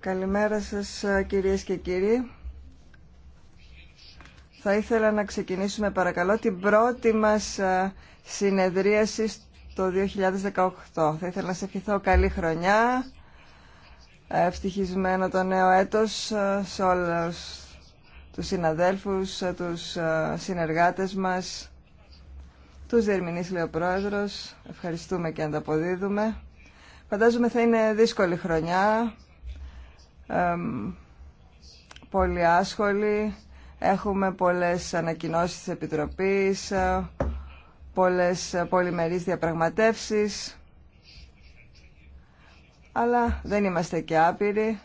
Καλημέρα σας κυρίες και κύριοι. Θα ήθελα να ξεκινήσουμε παρακαλώ την πρώτη μας ε, συνεδρίαση το 2018. Θα ήθελα να σε ευχηθώ καλή χρονιά, ευτυχισμένο το νέο έτος ε, σε όλους τους συναδέλφους, ε, τους συνεργάτες μας, του διερμηνείς, λέει ο Πρόεδρος. Ευχαριστούμε και ανταποδίδουμε. Φαντάζομαι θα είναι δύσκολη χρονιά, πολύ άσχολη. Έχουμε πολλές ανακοινώσεις της Επιτροπής, ε, πολλές πολυμερείς διαπραγματεύσεις. Αλλά δεν είμαστε και άπειροι,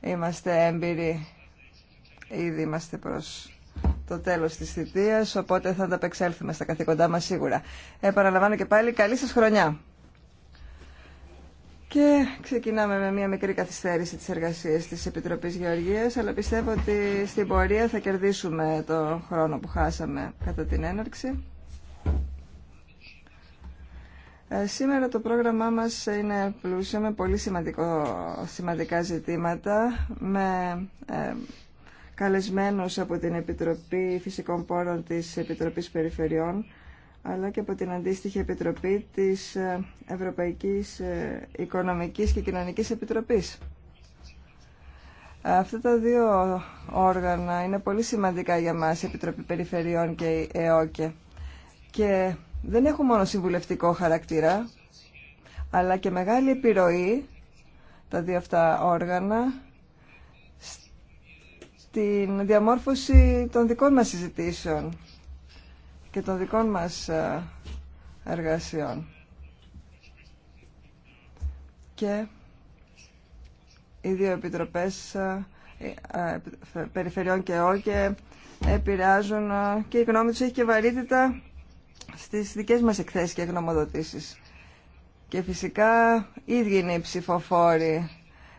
είμαστε έμπειροι, ήδη είμαστε προς το τέλο τη θητεία, οπότε θα ανταπεξέλθουμε στα καθήκοντά μα σίγουρα. Επαναλαμβάνω και πάλι, καλή σα χρονιά. Και ξεκινάμε με μια μικρή καθυστέρηση της εργασίας της Επιτροπής Γεωργίας, αλλά πιστεύω ότι στην πορεία θα κερδίσουμε το χρόνο που χάσαμε κατά την έναρξη. Ε, σήμερα το πρόγραμμά μας είναι πλούσιο με πολύ σημαντικό, σημαντικά ζητήματα, με ε, καλεσμένος από την Επιτροπή Φυσικών Πόρων της Επιτροπής Περιφερειών αλλά και από την αντίστοιχη Επιτροπή της ε, Ευρωπαϊκής ε, Οικονομικής και Κοινωνικής Επιτροπής. Αυτά τα δύο όργανα είναι πολύ σημαντικά για μας, η Επιτροπή Περιφερειών και η ΕΟΚΕ. Και δεν έχουν μόνο συμβουλευτικό χαρακτήρα, αλλά και μεγάλη επιρροή τα δύο αυτά όργανα την διαμόρφωση των δικών μας συζητήσεων και των δικών μας ε, εργασιών. Και οι δύο επιτροπές ε, ε, περιφερειών και ΟΚΕ επηρεάζουν και η γνώμη τους έχει και βαρύτητα στις δικές μας εκθέσεις και γνωμοδοτήσεις. Και φυσικά ίδιοι είναι οι ψηφοφόροι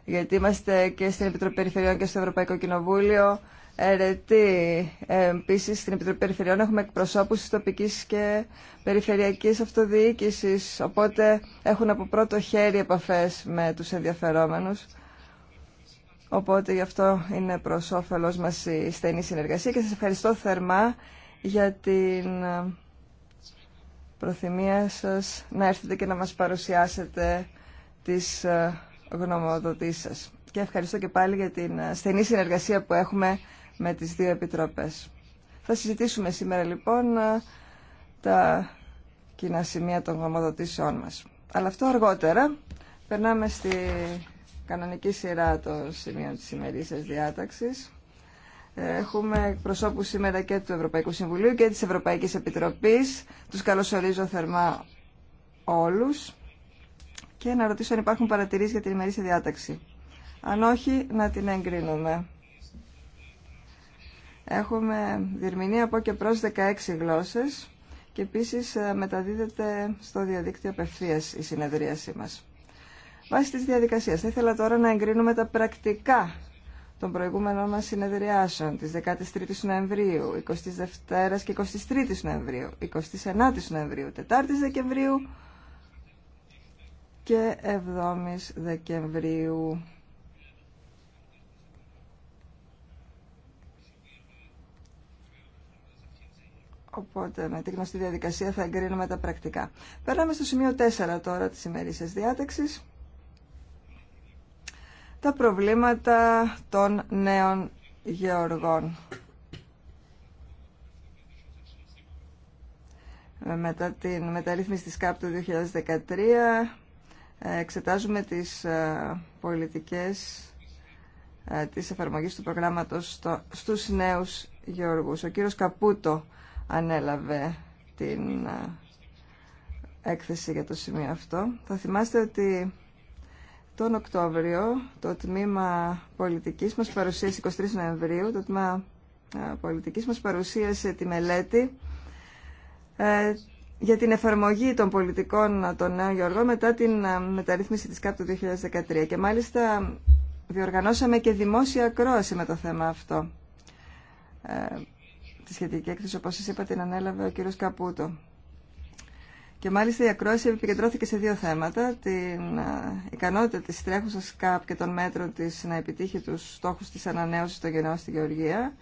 γιατί είμαστε και στην Επιτροπή Περιφερειών και στο Ευρωπαϊκό Κοινοβούλιο αιρετοί. Ε, Επίση, στην Επιτροπή Περιφερειών έχουμε εκπροσώπους τη τοπική και περιφερειακή αυτοδιοίκηση, οπότε έχουν από πρώτο χέρι επαφέ με του ενδιαφερόμενου. Οπότε γι' αυτό είναι προ όφελό μα η στενή συνεργασία και σα ευχαριστώ θερμά για την ε, προθυμία σας να έρθετε και να μας παρουσιάσετε τις ε, ο Και ευχαριστώ και πάλι για την ε, στενή συνεργασία που έχουμε με τις δύο επιτροπές. Θα συζητήσουμε σήμερα λοιπόν ε, τα κοινά σημεία των γνωμοδοτήσεών μας. Αλλά αυτό αργότερα. Περνάμε στη κανονική σειρά των σημείων της σημερινής διάταξης. Έχουμε προσώπους σήμερα και του Ευρωπαϊκού Συμβουλίου και της Ευρωπαϊκής Επιτροπής. Τους καλωσορίζω θερμά όλους και να ρωτήσω αν υπάρχουν παρατηρήσεις για την ημερήσια διάταξη. Αν όχι, να την εγκρίνουμε. Έχουμε διερμηνία από και προς 16 γλώσσες και επίσης ε, μεταδίδεται στο διαδίκτυο απευθεία η συνεδρίασή μας. Βάσει της διαδικασίας, θα ήθελα τώρα να εγκρίνουμε τα πρακτικά των προηγούμενων μας συνεδριάσεων της 13ης Νοεμβρίου, 22ης και 23ης Νοεμβρίου, 29ης Νοεμβρίου, 4ης Δεκεμβρίου, και 7 Δεκεμβρίου. Οπότε με τη γνωστή διαδικασία θα εγκρίνουμε τα πρακτικά. Περνάμε στο σημείο 4 τώρα της ημερήσιας διάταξης. Τα προβλήματα των νέων γεωργών. Μετά την μεταρρύθμιση της ΚΑΠ του 2013 ε, εξετάζουμε τις ε, πολιτικές ε, της εφαρμογής του προγράμματος στους νέους γεωργούς. Ο κύριος Καπούτο ανέλαβε την έκθεση για το σημείο αυτό. Θα θυμάστε ότι τον Οκτώβριο το τμήμα πολιτικής μας παρουσίασε 23 Νοεμβρίου το τμήμα πολιτικής μας παρουσίασε τη μελέτη για την εφαρμογή των πολιτικών των νέων γεωργών μετά την ε, μεταρρύθμιση της ΚΑΠ του 2013. Και μάλιστα διοργανώσαμε και δημόσια ακρόαση με το θέμα αυτό. Ε, τη σχετική έκθεση, όπως σας είπα, την ανέλαβε ο κύριος Καπούτο. Και μάλιστα η ακρόαση επικεντρώθηκε σε δύο θέματα. Την ε, ικανότητα της τρέχουσας ΚΑΠ και των μέτρων της να επιτύχει τους στόχους της ανανέωσης των γενναιών στη Γεωργία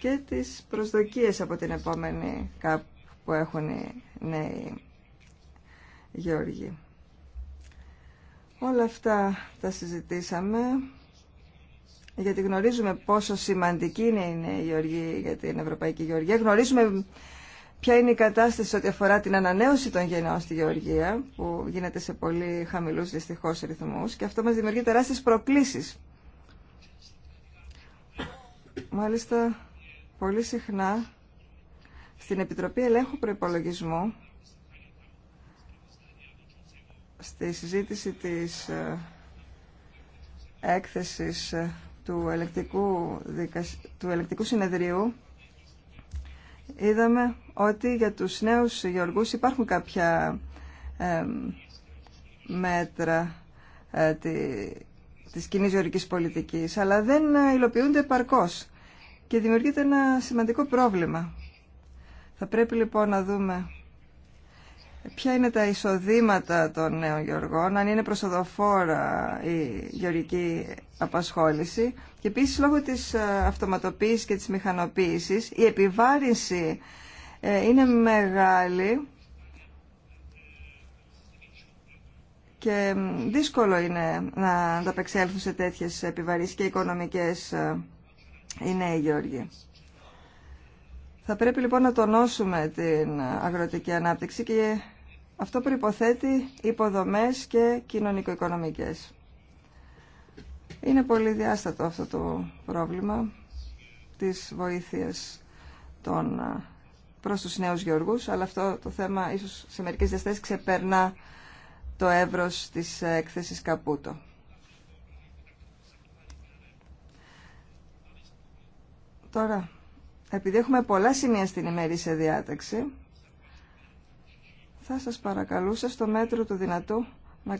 και τις προσδοκίες από την επόμενη ΚΑΠ που έχουν οι νέοι γεωργοί. Όλα αυτά τα συζητήσαμε γιατί γνωρίζουμε πόσο σημαντική είναι η νέη γεωργία για την Ευρωπαϊκή Γεωργία. Γνωρίζουμε ποια είναι η κατάσταση ό,τι αφορά την ανανέωση των γενεών στη γεωργία, που γίνεται σε πολύ χαμηλούς δυστυχώς ρυθμούς και αυτό μας δημιουργεί τεράστιες προκλήσεις. Μάλιστα, πολύ συχνά στην Επιτροπή Ελέγχου Προϋπολογισμού, στη συζήτηση της ε, έκθεσης ε, του ελεκτικού, του ελεκτικού συνεδρίου, είδαμε ότι για τους νέους γεωργούς υπάρχουν κάποια μέτρα ε, τη, της κοινή γεωργικής πολιτικής, αλλά δεν υλοποιούνται παρκώς και δημιουργείται ένα σημαντικό πρόβλημα. Θα πρέπει λοιπόν να δούμε ποια είναι τα εισοδήματα των νέων γεωργών, αν είναι προσοδοφόρα η γεωργική απασχόληση και επίσης λόγω της ε, αυτοματοποίησης και της μηχανοποίησης η επιβάρυνση ε, είναι μεγάλη και δύσκολο είναι να ανταπεξέλθουν σε τέτοιες επιβαρύσεις και οικονομικές ε, οι νέοι Γεώργοι. Θα πρέπει λοιπόν να τονώσουμε την αγροτική ανάπτυξη και αυτό προϋποθέτει υποδομές και κοινωνικο-οικονομικές. Είναι πολύ διάστατο αυτό το πρόβλημα της βοήθειας των, προς τους νέους γεωργούς, αλλά αυτό το θέμα ίσως σε μερικές διαστάσεις ξεπερνά το εύρος της έκθεσης Καπούτο. Τώρα, επειδή έχουμε πολλά σημεία στην σε διάταξη, θα σας παρακαλούσα στο μέτρο του δυνατού να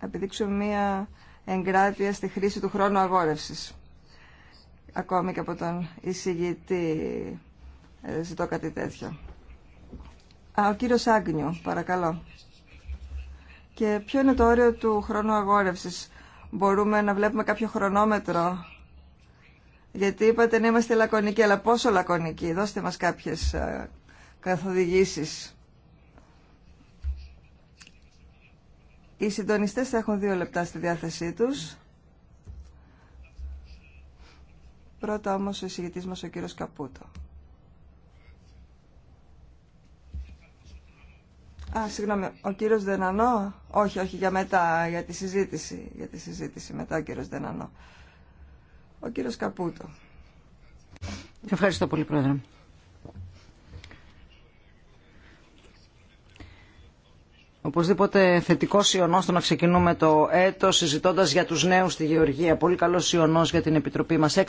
επιδείξω μία εγκράτεια στη χρήση του χρόνου αγόρευσης. Ακόμη και από τον εισηγητή ε, ζητώ κάτι τέτοιο. Α, ο κύριος Άγνιου, παρακαλώ. Και ποιο είναι το όριο του χρόνου αγόρευσης. Μπορούμε να βλέπουμε κάποιο χρονόμετρο γιατί είπατε να είμαστε λακωνικοί, αλλά πόσο λακωνικοί. Δώστε μας κάποιες ε, καθοδηγήσεις. Οι συντονιστές θα έχουν δύο λεπτά στη διάθεσή τους. Πρώτα όμως ο εισηγητής μας ο κύριος Καπούτο. Α, συγγνώμη, ο κύριος Δενανό. Όχι, όχι, για μετά, για τη συζήτηση. Για τη συζήτηση μετά ο κύριος Δενανό. Ο κύριος Καπούτο. Ευχαριστώ πολύ, Πρόεδρε. Οπωσδήποτε θετικό ιονό το να ξεκινούμε το έτο συζητώντα για του νέου στη Γεωργία. Πολύ καλό ιονό για την Επιτροπή μα. 6%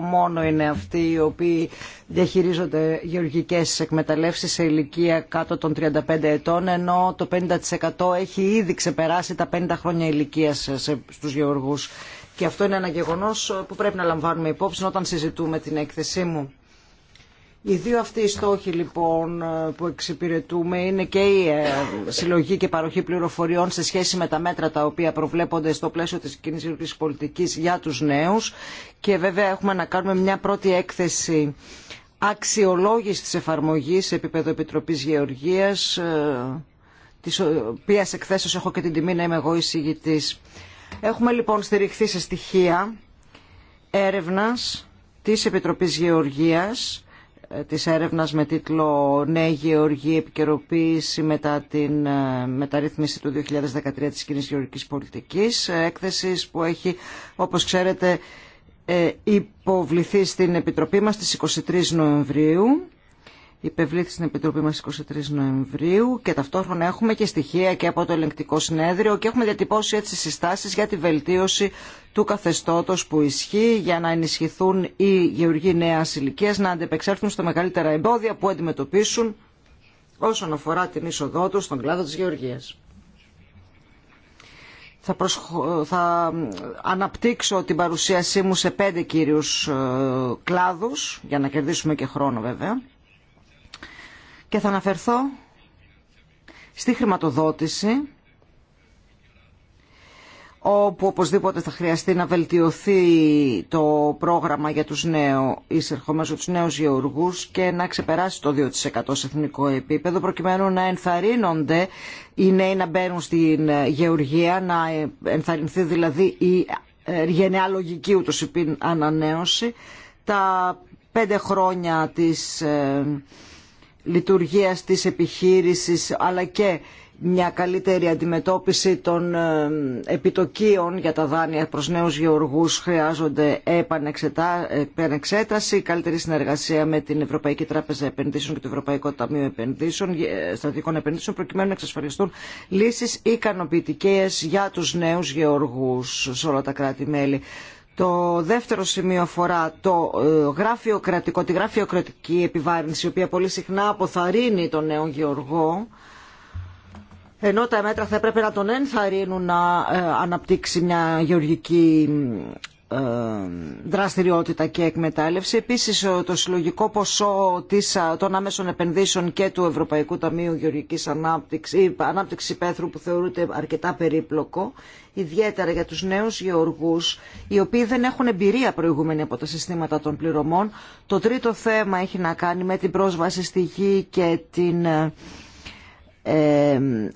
μόνο είναι αυτοί οι οποίοι διαχειρίζονται γεωργικέ εκμεταλλεύσει σε ηλικία κάτω των 35 ετών, ενώ το 50% έχει ήδη ξεπεράσει τα 50 χρόνια ηλικία στου γεωργού. Και αυτό είναι ένα γεγονός που πρέπει να λαμβάνουμε υπόψη όταν συζητούμε την έκθεσή μου. Οι δύο αυτοί οι στόχοι λοιπόν που εξυπηρετούμε είναι και η ε, συλλογή και παροχή πληροφοριών σε σχέση με τα μέτρα τα οποία προβλέπονται στο πλαίσιο της κοινής πολιτικής για τους νέους και βέβαια έχουμε να κάνουμε μια πρώτη έκθεση αξιολόγηση της εφαρμογής σε επίπεδο Επιτροπής Γεωργίας ε, της οποίας εκθέσεως έχω και την τιμή να είμαι εγώ εισηγητής. Έχουμε λοιπόν στηριχθεί σε στοιχεία έρευνας της Επιτροπής Γεωργίας, ε, της έρευνας με τίτλο «Νέη Γεωργία επικαιροποίηση μετά την ε, μεταρρύθμιση του 2013 της κοινής γεωργικής πολιτικής», ε, έκθεσης που έχει, όπως ξέρετε, υποβληθεί στην Επιτροπή μας στις 23 Νοεμβρίου υπευλήθη στην Επιτροπή μας 23 Νοεμβρίου και ταυτόχρονα έχουμε και στοιχεία και από το ελεγκτικό συνέδριο και έχουμε διατυπώσει έτσι συστάσεις για τη βελτίωση του καθεστώτος που ισχύει για να ενισχυθούν οι γεωργοί νέα ηλικία να αντεπεξέλθουν στα μεγαλύτερα εμπόδια που αντιμετωπίσουν όσον αφορά την είσοδό του στον κλάδο της γεωργίας. Θα, θα αναπτύξω την παρουσίασή μου σε πέντε κύριους ε, κλάδους, για να κερδίσουμε και χρόνο βέβαια και θα αναφερθώ στη χρηματοδότηση όπου οπωσδήποτε θα χρειαστεί να βελτιωθεί το πρόγραμμα για τους νέους εισερχόμενους τους νέους γεωργούς και να ξεπεράσει το 2% σε εθνικό επίπεδο προκειμένου να ενθαρρύνονται οι νέοι να μπαίνουν στην γεωργία, να ενθαρρυνθεί δηλαδή η γενεαλογική ούτως ανανέωση. Τα πέντε χρόνια της ε, λειτουργίας της επιχείρησης αλλά και μια καλύτερη αντιμετώπιση των ε, επιτοκίων για τα δάνεια προς νέους γεωργούς χρειάζονται επανεξέταση, καλύτερη συνεργασία με την Ευρωπαϊκή Τράπεζα Επενδύσεων και το Ευρωπαϊκό Ταμείο Επενδύσεων, ε, Στρατηγικών Επενδύσεων, προκειμένου να εξασφαλιστούν λύσεις ικανοποιητικές για τους νέους γεωργούς σε όλα τα κράτη-μέλη. Το δεύτερο σημείο αφορά το ε, κρατικό, τη γραφειοκρατική επιβάρυνση, η οποία πολύ συχνά αποθαρρύνει τον νέο γεωργό, ενώ τα μέτρα θα έπρεπε να τον ενθαρρύνουν να ε, αναπτύξει μια γεωργική δραστηριότητα και εκμετάλλευση. Επίσης το συλλογικό ποσό της, των άμεσων επενδύσεων και του Ευρωπαϊκού Ταμείου Γεωργικής Ανάπτυξης, Ανάπτυξη Πέθρου που θεωρούνται αρκετά περίπλοκο, ιδιαίτερα για τους νέους γεωργούς, οι οποίοι δεν έχουν εμπειρία προηγούμενη από τα συστήματα των πληρωμών. Το τρίτο θέμα έχει να κάνει με την πρόσβαση στη γη και την ε,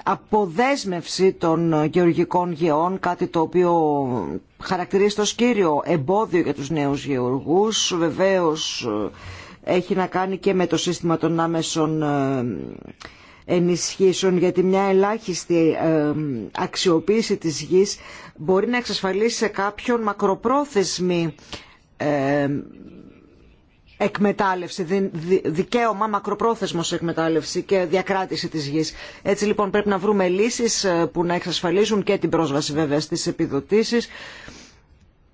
αποδέσμευση των γεωργικών γεών, κάτι το οποίο χαρακτηρίζει το σκύριο εμπόδιο για τους νέους γεωργούς. Βεβαίως έχει να κάνει και με το σύστημα των άμεσων ενισχύσεων γιατί μια ελάχιστη αξιοποίηση της γης μπορεί να εξασφαλίσει σε κάποιον μακροπρόθεσμη εκμετάλλευση, δικαίωμα μακροπρόθεσμο εκμετάλλευση και διακράτηση της γης. Έτσι λοιπόν πρέπει να βρούμε λύσεις ε, που να εξασφαλίζουν και την πρόσβαση βέβαια στις επιδοτήσεις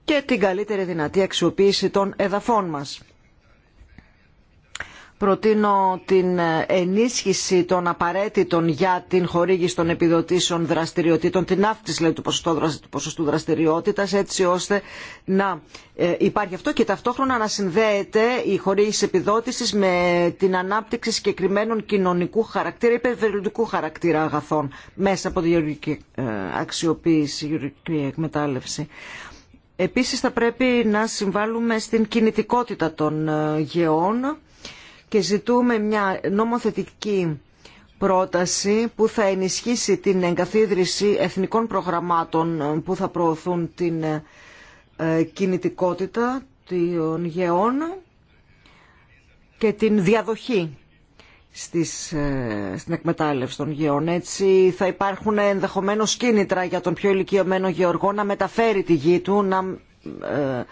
και την καλύτερη δυνατή αξιοποίηση των εδαφών μας προτείνω την ενίσχυση των απαραίτητων για την χορήγηση των επιδοτήσεων δραστηριοτήτων, την αύξηση του ποσοστού δραστηριότητας, έτσι ώστε να ε, υπάρχει αυτό και ταυτόχρονα να συνδέεται η χορήγηση επιδότησης με την ανάπτυξη συγκεκριμένων κοινωνικού χαρακτήρα ή περιβαλλοντικού χαρακτήρα αγαθών μέσα από τη γεωργική ε, αξιοποίηση, γεωργική εκμετάλλευση. Επίσης θα πρέπει να συμβάλλουμε στην κινητικότητα των ε, γεών και ζητούμε μια νομοθετική πρόταση που θα ενισχύσει την εγκαθίδρυση εθνικών προγραμμάτων που θα προωθούν την ε, κινητικότητα των γεών και την διαδοχή στις, ε, στην εκμετάλλευση των γεών. Έτσι θα υπάρχουν ενδεχομένως κίνητρα για τον πιο ηλικιωμένο γεωργό να μεταφέρει τη γη του, ε,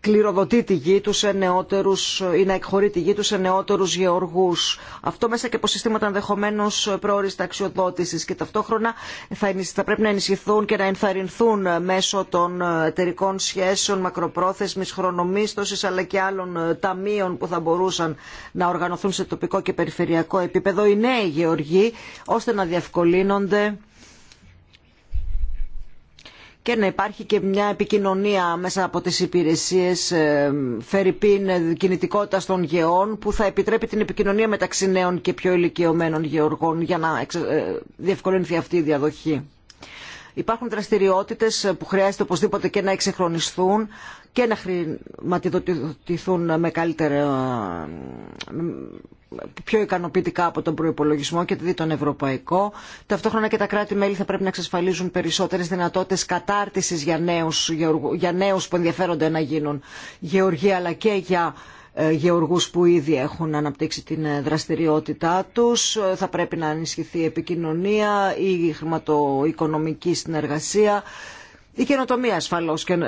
κληροδοτεί τη γη του σε νεότερους ή να εκχωρεί τη γη του σε νεότερους γεωργούς. Αυτό μέσα και από συστήματα ενδεχομένω προόριστα ταξιοδότηση. και ταυτόχρονα θα, θα πρέπει να ενισχυθούν και να ενθαρρυνθούν μέσω των εταιρικών σχέσεων, μακροπρόθεσμης, χρονομίστοσης αλλά και άλλων ε, ταμείων που θα μπορούσαν να οργανωθούν σε τοπικό και περιφερειακό επίπεδο οι νέοι γεωργοί ώστε να διευκολύνονται και να υπάρχει και μια επικοινωνία μέσα από τις υπηρεσίες ε, φερρυπίν ε, κινητικότητα των γεών που θα επιτρέπει την επικοινωνία μεταξύ νέων και πιο ηλικιωμένων γεωργών για να ε, διευκολυνθεί αυτή η διαδοχή. Υπάρχουν δραστηριότητες που χρειάζεται οπωσδήποτε και να εξεχρονιστούν και να χρηματοδοτηθούν με καλύτερα πιο ικανοποιητικά από τον προπολογισμό και δηλαδή τον ευρωπαϊκό. Ταυτόχρονα και τα κράτη-μέλη θα πρέπει να εξασφαλίζουν περισσότερε δυνατότητε κατάρτιση για νέου νέους που ενδιαφέρονται να γίνουν γεωργοί, αλλά και για ε, γεωργούς που ήδη έχουν αναπτύξει την ε, δραστηριότητά τους. Θα πρέπει να ενισχυθεί η επικοινωνία, η χρηματοοικονομική συνεργασία, η καινοτομία ασφαλώς και ε,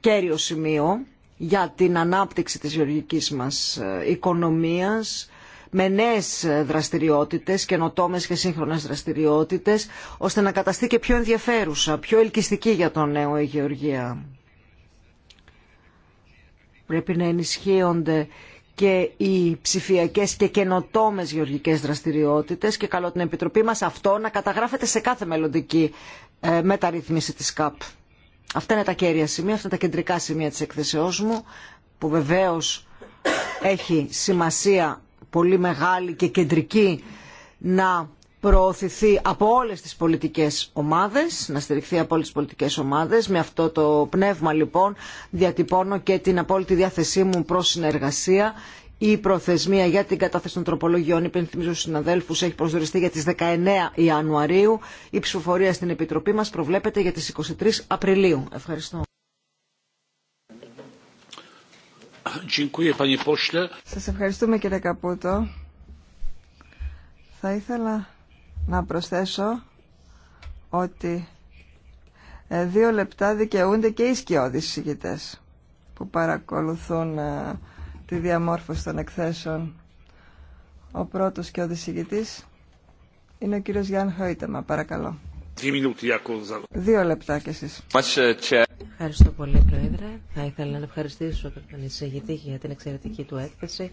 κέριο σημείο για την ανάπτυξη της γεωργικής μας οικονομίας με νέες δραστηριότητες, καινοτόμες και σύγχρονες δραστηριότητες, ώστε να καταστεί και πιο ενδιαφέρουσα, πιο ελκυστική για τον νέο η Γεωργία. Πρέπει να ενισχύονται και οι ψηφιακές και καινοτόμες γεωργικές δραστηριότητες και καλό την Επιτροπή μας αυτό να καταγράφεται σε κάθε μελλοντική ε, μεταρρύθμιση της ΚΑΠ. Αυτά είναι τα κέρια σημεία, αυτά είναι τα κεντρικά σημεία της εκθεσεώς μου, που βεβαίως έχει σημασία πολύ μεγάλη και κεντρική να προωθηθεί από όλες τις πολιτικές ομάδες, να στηριχθεί από όλες τις πολιτικές ομάδες. Με αυτό το πνεύμα λοιπόν διατυπώνω και την απόλυτη διάθεσή μου προς συνεργασία. Η προθεσμία για την κατάθεση των τροπολογιών, υπενθυμίζω στους συναδέλφους, έχει προσδιοριστεί για τις 19 Ιανουαρίου. Η ψηφοφορία στην Επιτροπή μας προβλέπεται για τις 23 Απριλίου. Ευχαριστώ. Σας ευχαριστούμε κύριε Καπούτο. Θα ήθελα να προσθέσω ότι ε, δύο λεπτά δικαιούνται και οι σκιώδεις συγκητές που παρακολουθούν ε, τη διαμόρφωση των εκθέσεων. Ο πρώτος σκιώδης συγκητής είναι ο κύριος Γιάνν Χόιτεμα, Παρακαλώ. Δύο λεπτά κι εσείς. Ευχαριστώ πολύ, Πρόεδρε. Θα ήθελα να ευχαριστήσω τον εισηγητή για την εξαιρετική του έκθεση.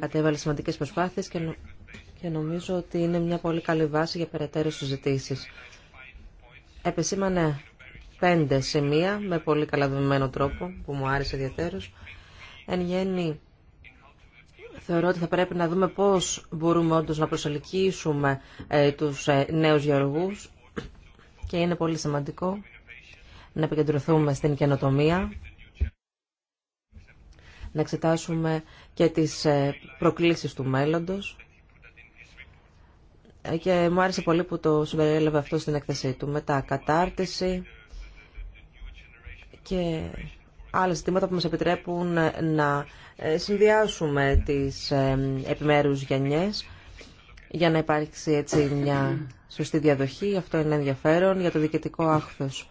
Κατέβαλε σημαντικέ προσπάθειε και, και νομίζω ότι είναι μια πολύ καλή βάση για περαιτέρω συζητήσει. Επεσήμανε πέντε σημεία με πολύ καλά δομημένο τρόπο που μου άρεσε ιδιαίτερω. Εν γέννη, θεωρώ ότι θα πρέπει να δούμε πώ μπορούμε όντω να προσελκύσουμε ε, τους ε, νέου γεωργού και είναι πολύ σημαντικό να επικεντρωθούμε στην καινοτομία, να εξετάσουμε και τις ε, προκλήσεις του μέλλοντος ε, και μου άρεσε πολύ που το συμπεριέλαβε αυτό στην έκθεσή του. Μετά κατάρτιση και άλλα ζητήματα που μας επιτρέπουν να ε, συνδυάσουμε τις επιμέρους γενιές για να υπάρξει έτσι μια σωστή διαδοχή. Αυτό είναι ενδιαφέρον για το διοικητικό άχθος.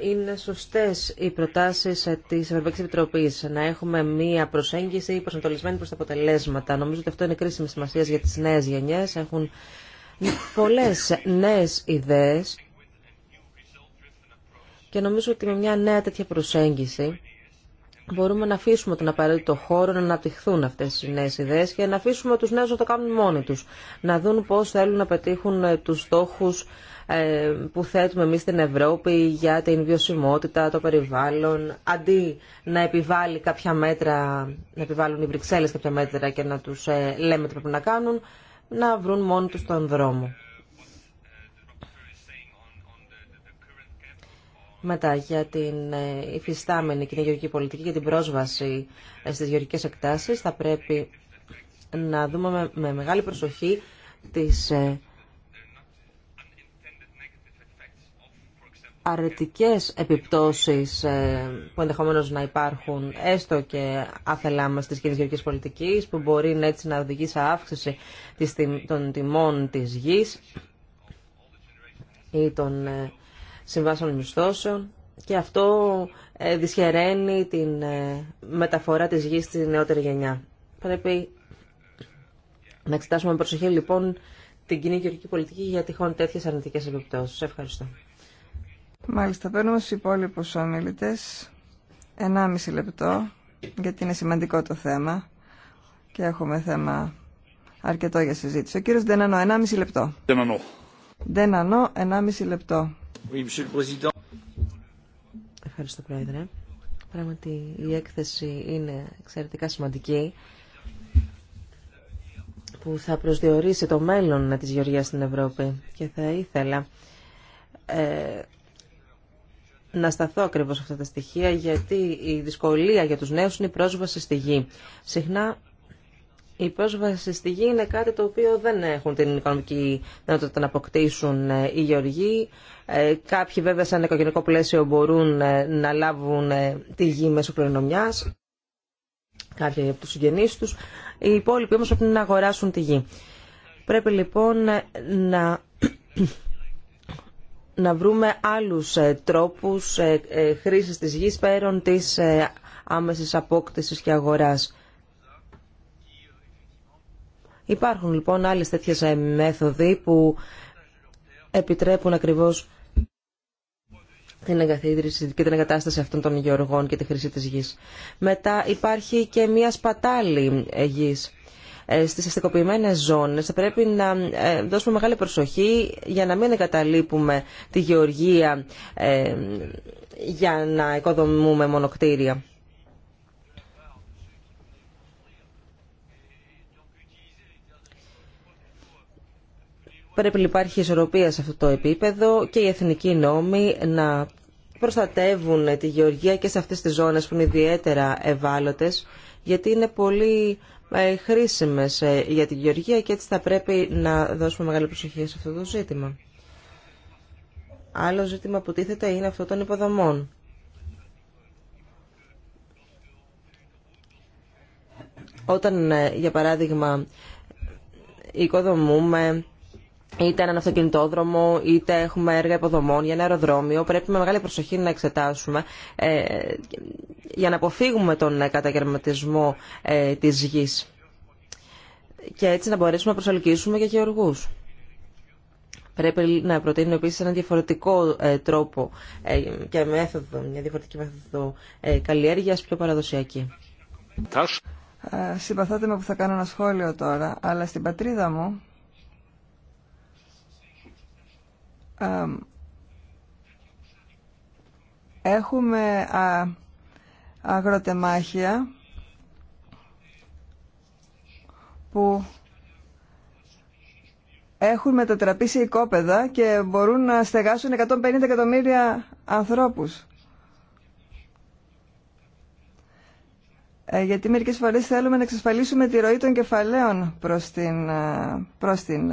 είναι σωστές οι προτάσεις της Ευρωπαϊκής Επιτροπής να έχουμε μία προσέγγιση προσανατολισμένη προς τα αποτελέσματα. Νομίζω ότι αυτό είναι κρίσιμη σημασία για τις νέες γενιές. Έχουν πολλές νέες ιδέες και νομίζω ότι με μια νέα τέτοια προσέγγιση μπορούμε να αφήσουμε τον απαραίτητο χώρο να αναπτυχθούν αυτές οι νέες ιδέες και να αφήσουμε τους νέους να το κάνουν μόνοι τους, να δουν πώς θέλουν να πετύχουν τους στόχους ε, που θέτουμε εμείς στην Ευρώπη για την βιωσιμότητα, το περιβάλλον, αντί να επιβάλλει κάποια μέτρα, να επιβάλλουν οι Βρυξέλλες κάποια μέτρα και να τους ε, λέμε τι πρέπει να κάνουν, να βρουν μόνο τους τον δρόμο. Μετά για την ε, υφιστάμενη κοινή πολιτική και την πρόσβαση στις γεωργικές εκτάσεις θα πρέπει να δούμε με μεγάλη προσοχή τις αρνητικές επιπτώσεις ε, που ενδεχομένως να υπάρχουν έστω και άθελά μας της κοινή γεωργικής πολιτικής που μπορεί να έτσι να οδηγεί σε αύξηση των τιμών της γης ή των ε, συμβάσεων μισθώσεων και αυτό ε, δυσχεραίνει την μεταφορά της γης στη νεότερη γενιά. Πρέπει να εξετάσουμε με προσοχή λοιπόν την κοινή γεωργική πολιτική για τυχόν τέτοιες αρνητικές επιπτώσεις. Ευχαριστώ. Μάλιστα, παίρνουμε στους υπόλοιπους ομιλητές 1,5 λεπτό, γιατί είναι σημαντικό το θέμα και έχουμε θέμα αρκετό για συζήτηση. Ο κύριος Ντενανό, 1,5 λεπτό. Ντενανό, 1,5 λεπτό. Ευχαριστώ, Πρόεδρε. Πράγματι, η έκθεση είναι εξαιρετικά σημαντική που θα προσδιορίσει το μέλλον της Γεωργίας στην Ευρώπη και θα ήθελα ε, να σταθώ ακριβώ σε αυτά τα στοιχεία, γιατί η δυσκολία για τους νέους είναι η πρόσβαση στη γη. Συχνά η πρόσβαση στη γη είναι κάτι το οποίο δεν έχουν την οικονομική δυνατότητα να αποκτήσουν ε, οι γεωργοί. Ε, κάποιοι βέβαια σαν οικογενειακό πλαίσιο μπορούν ε, να λάβουν τη γη μέσω κληρονομιά. κάποιοι από τους συγγενείς του Οι υπόλοιποι όμω πρέπει να αγοράσουν τη γη. Πρέπει λοιπόν να να βρούμε άλλους ε, τρόπους ε, ε, χρήσης της γης πέραν της άμεσης απόκτησης και αγοράς. Υπάρχουν λοιπόν άλλες τέτοιες μέθοδοι που επιτρέπουν ακριβώς την εγκαθίδρυση και την εγκατάσταση αυτών των γεωργών και τη χρήση της γης. Μετά υπάρχει και μία σπατάλη γης ε, Στι αστικοποιημένε ζώνες θα πρέπει να ε, δώσουμε μεγάλη προσοχή για να μην εγκαταλείπουμε τη γεωργία ε, για να οικοδομούμε μονοκτήρια. Πρέπει να υπάρχει ισορροπία σε αυτό το επίπεδο και οι εθνικοί νόμοι να προστατεύουν τη γεωργία και σε αυτές τις ζώνες που είναι ιδιαίτερα ευάλωτες, γιατί είναι πολύ ε, χρήσιμες ε, για τη Γεωργία και έτσι θα πρέπει να δώσουμε μεγάλη προσοχή σε αυτό το ζήτημα. Άλλο ζήτημα που τίθεται είναι αυτό των υποδομών. Όταν, ε, για παράδειγμα, οικοδομούμε είτε έναν αυτοκινητόδρομο, είτε έχουμε έργα υποδομών για ένα αεροδρόμιο, πρέπει με μεγάλη προσοχή να εξετάσουμε ε, για να αποφύγουμε τον ε, καταγερματισμό ε, της γης και έτσι να μπορέσουμε να προσελκύσουμε και γεωργούς. Πρέπει να προτείνουμε επίσης ένα διαφορετικό ε, τρόπο ε, και μέθοδο, μια διαφορετική μέθοδο καλλιέργειας πιο παραδοσιακή. Συμπαθάτε με που θα κάνω ένα σχόλιο τώρα, αλλά στην πατρίδα μου έχουμε αγροτεμάχια που έχουν μετατραπεί σε οικόπεδα και μπορούν να στεγάσουν 150 εκατομμύρια ανθρώπους. Ε, γιατί μερικές φορές θέλουμε να εξασφαλίσουμε τη ροή των κεφαλαίων προς την, ε, προς την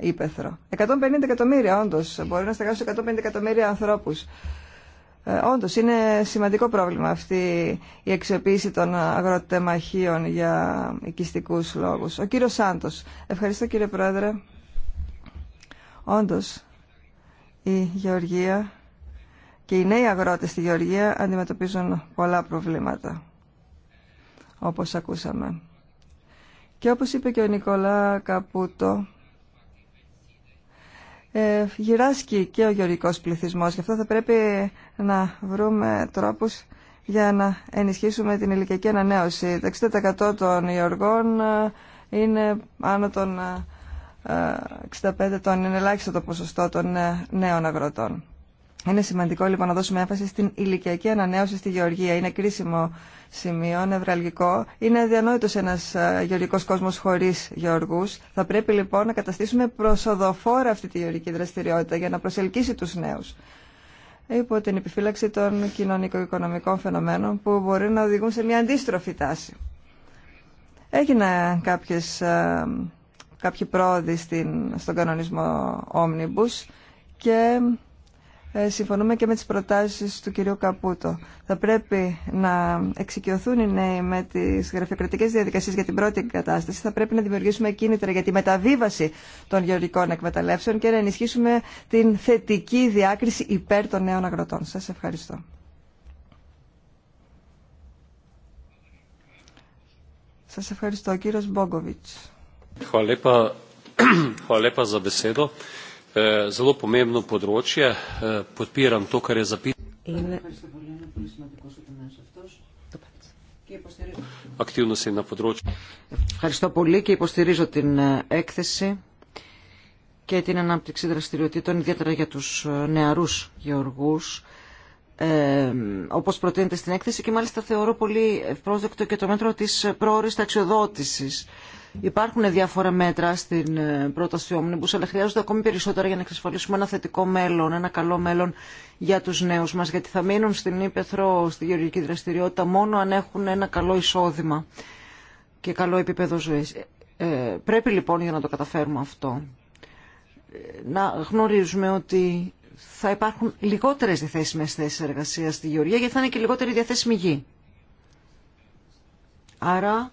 Ήπεθρο. Ε, 150 εκατομμύρια όντως, μπορεί να στεγάσουν 150 εκατομμύρια ανθρώπους. Ε, είναι σημαντικό πρόβλημα αυτή η αξιοποίηση των αγροτεμαχίων για οικιστικούς λόγους. Ο κύριος Σάντος. Ευχαριστώ κύριε Πρόεδρε. Όντως η Γεωργία και οι νέοι αγρότες στη Γεωργία αντιμετωπίζουν πολλά προβλήματα όπως ακούσαμε. Και όπως είπε και ο Νικολά Καπούτο, ε, γυράσκει και ο γεωργικός πληθυσμός. Γι' αυτό θα πρέπει να βρούμε τρόπους για να ενισχύσουμε την ηλικιακή ανανέωση. Το 60% των γεωργών ε, είναι άνω των 65 ε, ετών. είναι ελάχιστο το ποσοστό των ε, νέων αγροτών. Είναι σημαντικό λοιπόν να δώσουμε έμφαση στην ηλικιακή ανανέωση στη γεωργία. Είναι κρίσιμο σημείο, νευραλγικό. Είναι αδιανόητο ένα ε, γεωργικό κόσμο χωρί γεωργού. Θα πρέπει λοιπόν να καταστήσουμε προσοδοφόρα αυτή τη γεωργική δραστηριότητα για να προσελκύσει του νέου. Υπό την επιφύλαξη των κοινωνικο-οικονομικών φαινομένων που μπορεί να οδηγούν σε μια αντίστροφη τάση. Έγιναν κάποιες, ε, κάποιοι πρόοδοι στον κανονισμό Omnibus και ε, συμφωνούμε και με τις προτάσεις του κυρίου Καπούτο. Θα πρέπει να εξοικειωθούν οι νέοι με τις γραφειοκρατικές διαδικασίες για την πρώτη κατάσταση. Θα πρέπει να δημιουργήσουμε κίνητρα για τη μεταβίβαση των γεωργικών εκμεταλλεύσεων και να ενισχύσουμε την θετική διάκριση υπέρ των νέων αγροτών. Σας ευχαριστώ. Σας ευχαριστώ, κύριος Μπόγκοβιτς. E, zelo pomembno področje. E, podpiram to, kar je zapisano. Ευχαριστώ πολύ και υποστηρίζω την ε, έκθεση και την ανάπτυξη δραστηριοτήτων, ιδιαίτερα για τους ε, νεαρούς γεωργούς, ε, όπως προτείνεται στην έκθεση και μάλιστα θεωρώ πολύ πρόσδεκτο και το μέτρο της ε, πρόορης ταξιοδότησης Υπάρχουν διάφορα μέτρα στην ε, πρόταση Omnibus, αλλά χρειάζονται ακόμη περισσότερα για να εξασφαλίσουμε ένα θετικό μέλλον, ένα καλό μέλλον για τους νέους μας, γιατί θα μείνουν στην Ήπεθρο, στη γεωργική δραστηριότητα, μόνο αν έχουν ένα καλό εισόδημα και καλό επίπεδο ζωής. Ε, ε πρέπει λοιπόν για να το καταφέρουμε αυτό ε, να γνωρίζουμε ότι θα υπάρχουν λιγότερες διαθέσιμε θέσεις εργασίας στη Γεωργία γιατί θα είναι και λιγότερη διαθέσιμη γη. Άρα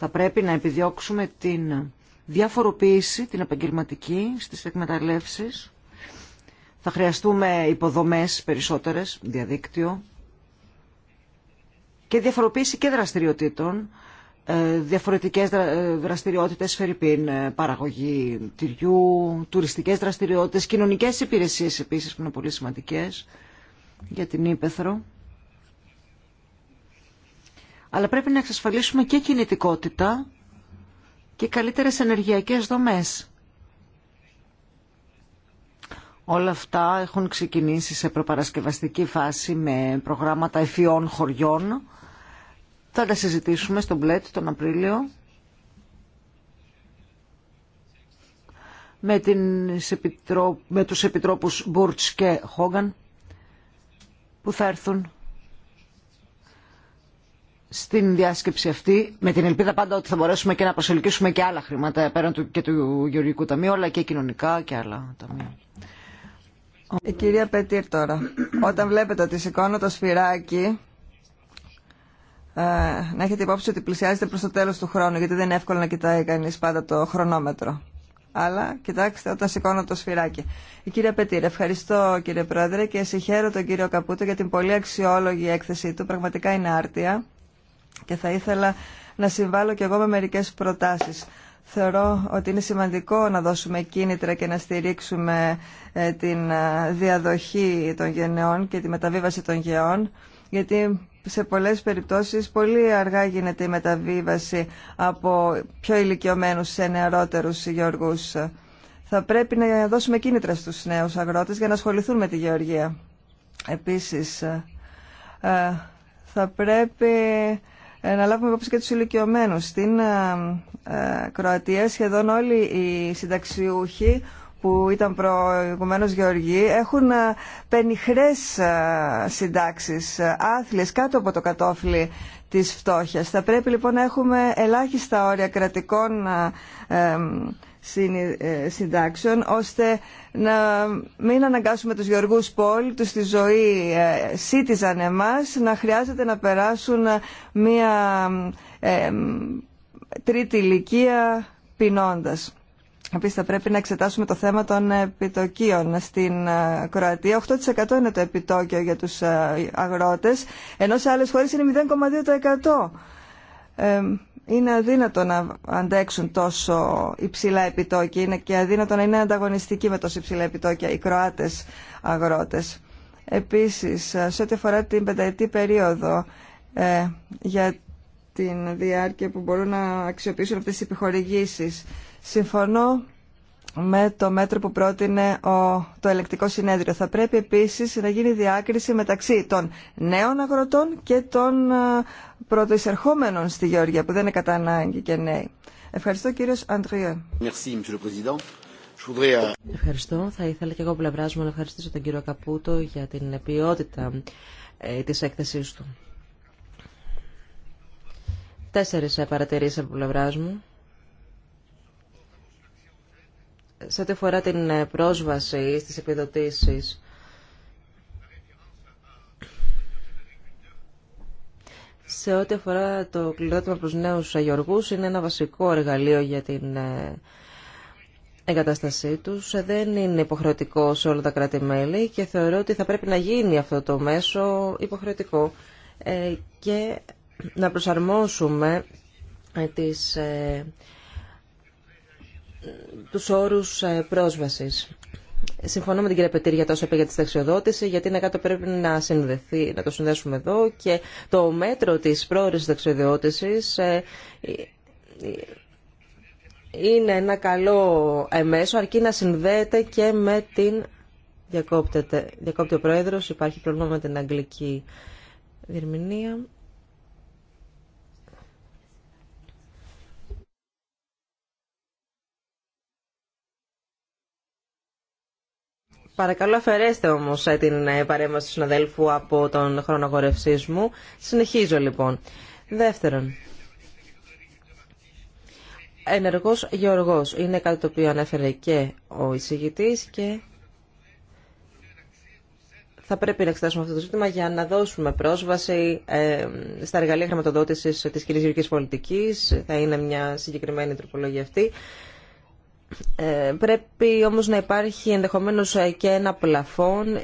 θα πρέπει να επιδιώξουμε την διαφοροποίηση, την επαγγελματική στις εκμεταλλεύσεις. Θα χρειαστούμε υποδομές περισσότερες, διαδίκτυο και διαφοροποίηση και δραστηριοτήτων, ε, διαφορετικές ε, δραστηριότητες, φερρυπίν, ε, παραγωγή τυριού, τουριστικές δραστηριότητες, κοινωνικές υπηρεσίες επίσης που είναι πολύ σημαντικές για την Ήπεθρο αλλά πρέπει να εξασφαλίσουμε και κινητικότητα και καλύτερες ενεργειακές δομές. Όλα αυτά έχουν ξεκινήσει σε προπαρασκευαστική φάση με προγράμματα εφιών χωριών. Θα τα συζητήσουμε στον Μπλέτ τον Απρίλιο. Με, την, με τους επιτρόπους Μπούρτς και Χόγκαν που θα έρθουν στην διάσκεψη αυτή, με την ελπίδα πάντα ότι θα μπορέσουμε και να προσελκύσουμε και άλλα χρήματα πέραν του, και του Γεωργικού Ταμείου, αλλά και κοινωνικά και άλλα ταμεία. Η κυρία Πετήρ τώρα. Όταν βλέπετε ότι σηκώνω το σφυράκι, ε, να έχετε υπόψη ότι πλησιάζετε προς το τέλος του χρόνου, γιατί δεν είναι εύκολο να κοιτάει κανείς πάντα το χρονόμετρο. Αλλά κοιτάξτε όταν σηκώνω το σφυράκι. Η κυρία Πετήρ, ευχαριστώ κύριε Πρόεδρε και συγχαίρω τον κύριο Καπούτο για την πολύ αξιόλογη έκθεσή του. Πραγματικά είναι άρτια και θα ήθελα να συμβάλλω και εγώ με μερικές προτάσεις. Θεωρώ ότι είναι σημαντικό να δώσουμε κίνητρα και να στηρίξουμε ε, την ε, διαδοχή των γενεών και τη μεταβίβαση των γεών, γιατί σε πολλές περιπτώσεις πολύ αργά γίνεται η μεταβίβαση από πιο ηλικιωμένους σε νεαρότερους γεωργούς. Θα πρέπει να δώσουμε κίνητρα στους νέους αγρότες για να ασχοληθούν με τη γεωργία. Επίσης, ε, θα πρέπει ε, να λάβουμε υπόψη και τους ηλικιωμένους. Στην ε, ε, Κροατία σχεδόν όλοι οι συνταξιούχοι που ήταν προηγουμένω γεωργοί έχουν πενιχρές συντάξεις, άθλιες κάτω από το κατόφλι της φτώχειας. Θα πρέπει λοιπόν να έχουμε ελάχιστα όρια κρατικών ε, συντάξεων ώστε να μην αναγκάσουμε τους γεωργούς τους στη ζωή σύτιζαν ε, εμάς να χρειάζεται να περάσουν ε, μία ε, τρίτη ηλικία πεινώντας. Επίση θα πρέπει να εξετάσουμε το θέμα των επιτοκίων στην Κροατία. 8% είναι το επιτόκιο για τους αγρότες, ενώ σε άλλες χώρες είναι 0,2% είναι αδύνατο να αντέξουν τόσο υψηλά επιτόκια. Είναι και αδύνατο να είναι ανταγωνιστικοί με τόσο υψηλά επιτόκια οι Κροάτες αγρότες. Επίσης, σε ό,τι αφορά την πενταετή περίοδο ε, για την διάρκεια που μπορούν να αξιοποιήσουν αυτές τις επιχορηγήσεις, συμφωνώ με το μέτρο που πρότεινε το ελεκτικό συνέδριο. Θα πρέπει επίσης να γίνει διάκριση μεταξύ των νέων αγροτών και των ε, πρωτοεισερχόμενων στη Γεωργία, που δεν είναι κατά ανάγκη και νέοι. Ευχαριστώ κύριος Αντριέ. Euh, Ευχαριστώ. Θα ήθελα και εγώ πλευρά μου να ευχαριστήσω τον κύριο Καπούτο για την ποιότητα ε, της έκθεσής του. Τέσσερις ε, παρατηρήσεις από πλευρά μου. σε ό,τι αφορά την ε, πρόσβαση στις επιδοτήσεις. Σε ό,τι αφορά το κληρότημα προς νέους αγιοργούς, είναι ένα βασικό εργαλείο για την ε, εγκαταστασή τους. Δεν είναι υποχρεωτικό σε όλα τα κράτη-μέλη και θεωρώ ότι θα πρέπει να γίνει αυτό το μέσο υποχρεωτικό ε, και να προσαρμόσουμε τις τους όρους ε, πρόσβαση. Συμφωνώ με την κυρία Πετήρ για τόσο είπε για τη δεξιοδότηση γιατί είναι κάτι που πρέπει να συνδεθεί, να το συνδέσουμε εδώ και το μέτρο της πρόορης δεξιοδότηση ε, είναι ένα καλό εμέσο αρκεί να συνδέεται και με την... Διακόπτεται. Διακόπτει ο Πρόεδρος, υπάρχει πρόβλημα με την αγγλική διερμηνία. Παρακαλώ αφαιρέστε όμω ε, την ε, παρέμβαση του συναδέλφου από τον χρόνο μου. Συνεχίζω λοιπόν. Δεύτερον, ενεργός γεωργό. είναι κάτι το οποίο ανέφερε και ο εισηγητή και θα πρέπει να εξετάσουμε αυτό το ζήτημα για να δώσουμε πρόσβαση ε, στα εργαλεία χρηματοδότηση τη κοινής γεωργικής πολιτικής. Θα είναι μια συγκεκριμένη τροπολογία αυτή. Ε, πρέπει όμως να υπάρχει ενδεχομένως και ένα πλαφόν.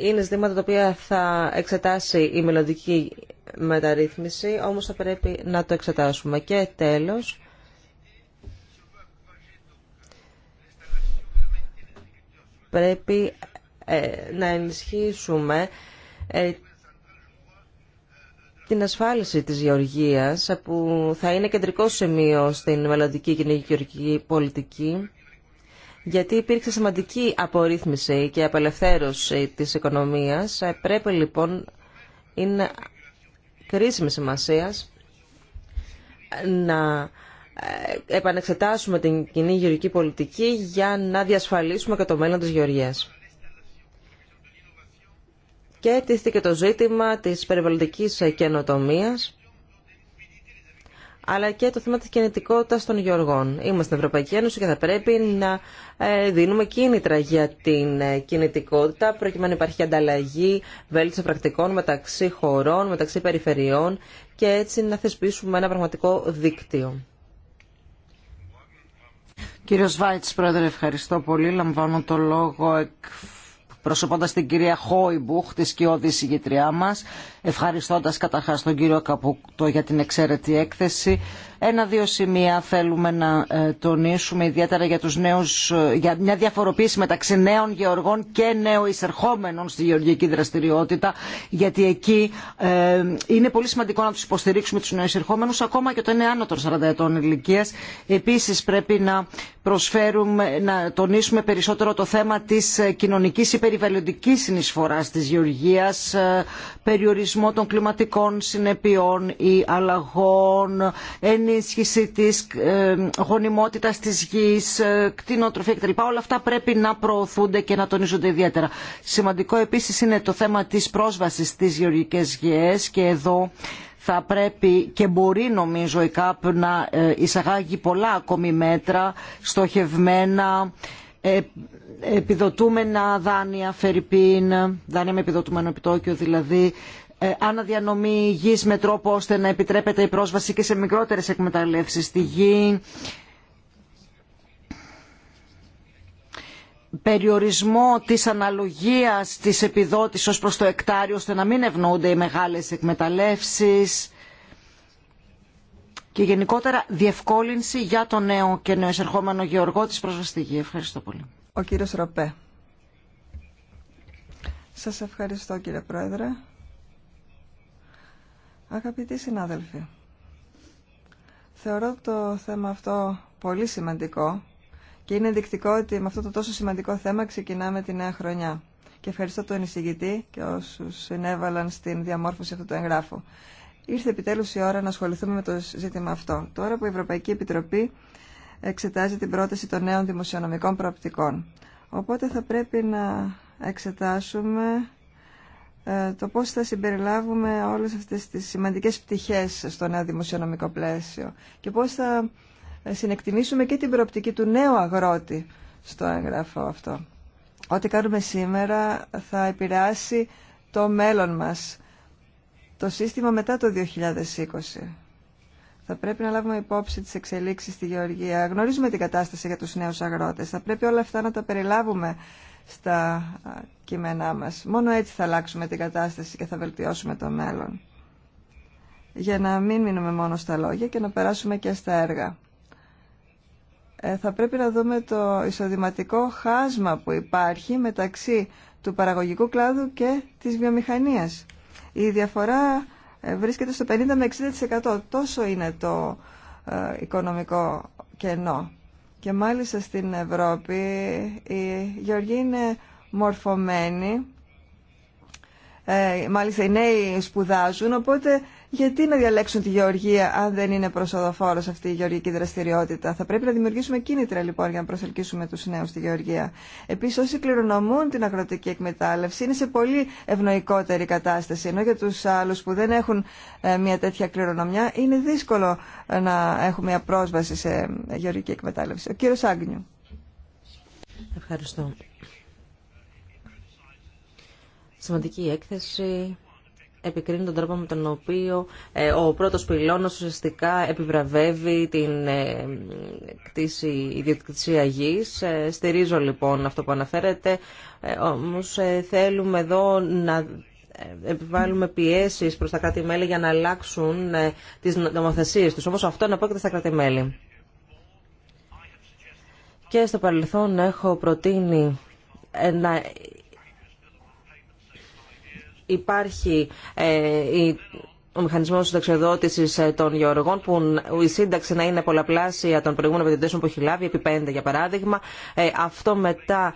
Είναι ζητήματα τα οποία θα εξετάσει η μελλοντική μεταρρύθμιση, όμως θα πρέπει να το εξετάσουμε. Και τέλος, πρέπει ε, να ενισχύσουμε ε, την ασφάλιση της γεωργίας που θα είναι κεντρικό σημείο στην μελλοντική κοινή γεωργική πολιτική γιατί υπήρξε σημαντική απορρίθμιση και απελευθέρωση της οικονομίας. Ε, πρέπει λοιπόν, είναι κρίσιμη σημασία να ε, επανεξετάσουμε την κοινή γεωργική πολιτική για να διασφαλίσουμε και το μέλλον της γεωργίας και και το ζήτημα της περιβαλλοντικής καινοτομία, αλλά και το θέμα της κινητικότητας των γεωργών. Είμαστε στην Ευρωπαϊκή Ένωση και θα πρέπει να ε, δίνουμε κίνητρα για την ε, κινητικότητα προκειμένου να υπάρχει ανταλλαγή βέλτιση πρακτικών μεταξύ χωρών, μεταξύ περιφερειών και έτσι να θεσπίσουμε ένα πραγματικό δίκτυο. Κύριο Βάιτς, Πρόεδρε, ευχαριστώ πολύ. Λαμβάνω το λόγο εκ προσωπώντας την κυρία Χόιμπουχ, τη σκιώδη συγγητριά μας, ευχαριστώντας καταρχάς τον κύριο Καπούτο για την εξαίρετη έκθεση, ένα-δύο σημεία θέλουμε να ε, τονίσουμε ιδιαίτερα για, τους νέους, ε, για μια διαφοροποίηση μεταξύ νέων γεωργών και νέων εισερχόμενων στη γεωργική δραστηριότητα γιατί εκεί ε, είναι πολύ σημαντικό να τους υποστηρίξουμε τους νέους εισερχόμενους ακόμα και όταν είναι άνω των 40 ετών ηλικίας. Επίσης πρέπει να προσφέρουμε, να τονίσουμε περισσότερο το θέμα της κοινωνικής ή περιβαλλοντικής συνεισφοράς της γεωργίας, περιορισμό των κλιματικών συνεπειών ή αλλαγών, ενίσχυση ενίσχυση της ε, γονιμότητας της γης, ε, κτηνοτροφία κτλ. Όλα αυτά πρέπει να προωθούνται και να τονίζονται ιδιαίτερα. Σημαντικό επίσης είναι το θέμα της πρόσβασης στις γεωργικές γης και εδώ θα πρέπει και μπορεί νομίζω η ΚΑΠ να ε, εισαγάγει πολλά ακόμη μέτρα στοχευμένα επιδοτούμενα δάνεια, φερρυπίν, δάνεια με επιδοτούμενο επιτόκιο δηλαδή, ε, αναδιανομή γης με τρόπο ώστε να επιτρέπεται η πρόσβαση και σε μικρότερες εκμεταλλεύσεις στη γη, περιορισμό της αναλογίας της επιδότησης ως προς το εκτάριο ώστε να μην ευνοούνται οι μεγάλες εκμεταλλεύσεις και γενικότερα διευκόλυνση για τον νέο και νεοεσερχόμενο γεωργό της πρόσβασης στη γη. Ευχαριστώ πολύ. Ο κύριος Ροπέ. Σας ευχαριστώ κύριε Πρόεδρε. Αγαπητοί συνάδελφοι, θεωρώ το θέμα αυτό πολύ σημαντικό και είναι ενδεικτικό ότι με αυτό το τόσο σημαντικό θέμα ξεκινάμε τη νέα χρονιά. Και ευχαριστώ τον εισηγητή και όσους συνέβαλαν στην διαμόρφωση αυτού του εγγράφου. Ήρθε επιτέλους η ώρα να ασχοληθούμε με το ζήτημα αυτό. Τώρα που η Ευρωπαϊκή Επιτροπή εξετάζει την πρόταση των νέων δημοσιονομικών προοπτικών. Οπότε θα πρέπει να εξετάσουμε ε, το πώς θα συμπεριλάβουμε όλες αυτές τις σημαντικές πτυχές στο νέο δημοσιονομικό πλαίσιο και πώς θα ε, συνεκτιμήσουμε και την προοπτική του νέου αγρότη στο έγγραφο αυτό. Ό,τι κάνουμε σήμερα θα επηρεάσει το μέλλον μας, το σύστημα μετά το 2020. Θα πρέπει να λάβουμε υπόψη τις εξελίξεις στη Γεωργία. Γνωρίζουμε την κατάσταση για τους νέους αγρότες. Θα πρέπει όλα αυτά να τα περιλάβουμε στα κείμενά μας. Μόνο έτσι θα αλλάξουμε την κατάσταση και θα βελτιώσουμε το μέλλον. Για να μην μείνουμε μόνο στα λόγια και να περάσουμε και στα έργα. Ε, θα πρέπει να δούμε το εισοδηματικό χάσμα που υπάρχει μεταξύ του παραγωγικού κλάδου και της βιομηχανίας. Η διαφορά ε, βρίσκεται στο 50 με 60%. Τόσο είναι το ε, οικονομικό κενό. Και μάλιστα στην Ευρώπη η Γεωργία είναι μορφωμένη. Ε, μάλιστα οι νέοι σπουδάζουν, οπότε γιατί να διαλέξουν τη γεωργία αν δεν είναι προσοδοφόρος αυτή η γεωργική δραστηριότητα. Θα πρέπει να δημιουργήσουμε κίνητρα λοιπόν για να προσελκύσουμε τους νέου στη γεωργία. Επίση, όσοι κληρονομούν την αγροτική εκμετάλλευση είναι σε πολύ ευνοϊκότερη κατάσταση. Ενώ για του άλλου που δεν έχουν ε, μια τέτοια κληρονομιά είναι δύσκολο ε, να έχουν μια πρόσβαση σε γεωργική εκμετάλλευση. Ο κύριο Άγνιου. Ευχαριστώ. Σημαντική έκθεση επικρίνει τον τρόπο με τον οποίο ε, ο πρώτος πυλώνος ουσιαστικά επιβραβεύει την ε, κτήση ιδιοκτησία γης. Ε, στηρίζω λοιπόν αυτό που αναφέρεται, όμως θέλουμε εδώ να επιβάλλουμε πιέσεις προς τα κράτη-μέλη για να αλλάξουν τις νομοθεσίες τους. Όμως αυτό να πω στα κράτη-μέλη. Και στο παρελθόν έχω προτείνει να υπάρχει ε, ο μηχανισμό συνταξιοδότηση ε, των γεωργών, που η σύνταξη να είναι πολλαπλάσια των προηγούμενων επιδοτήσεων που έχει λάβει, επί 5 για παράδειγμα. Ε, αυτό μετά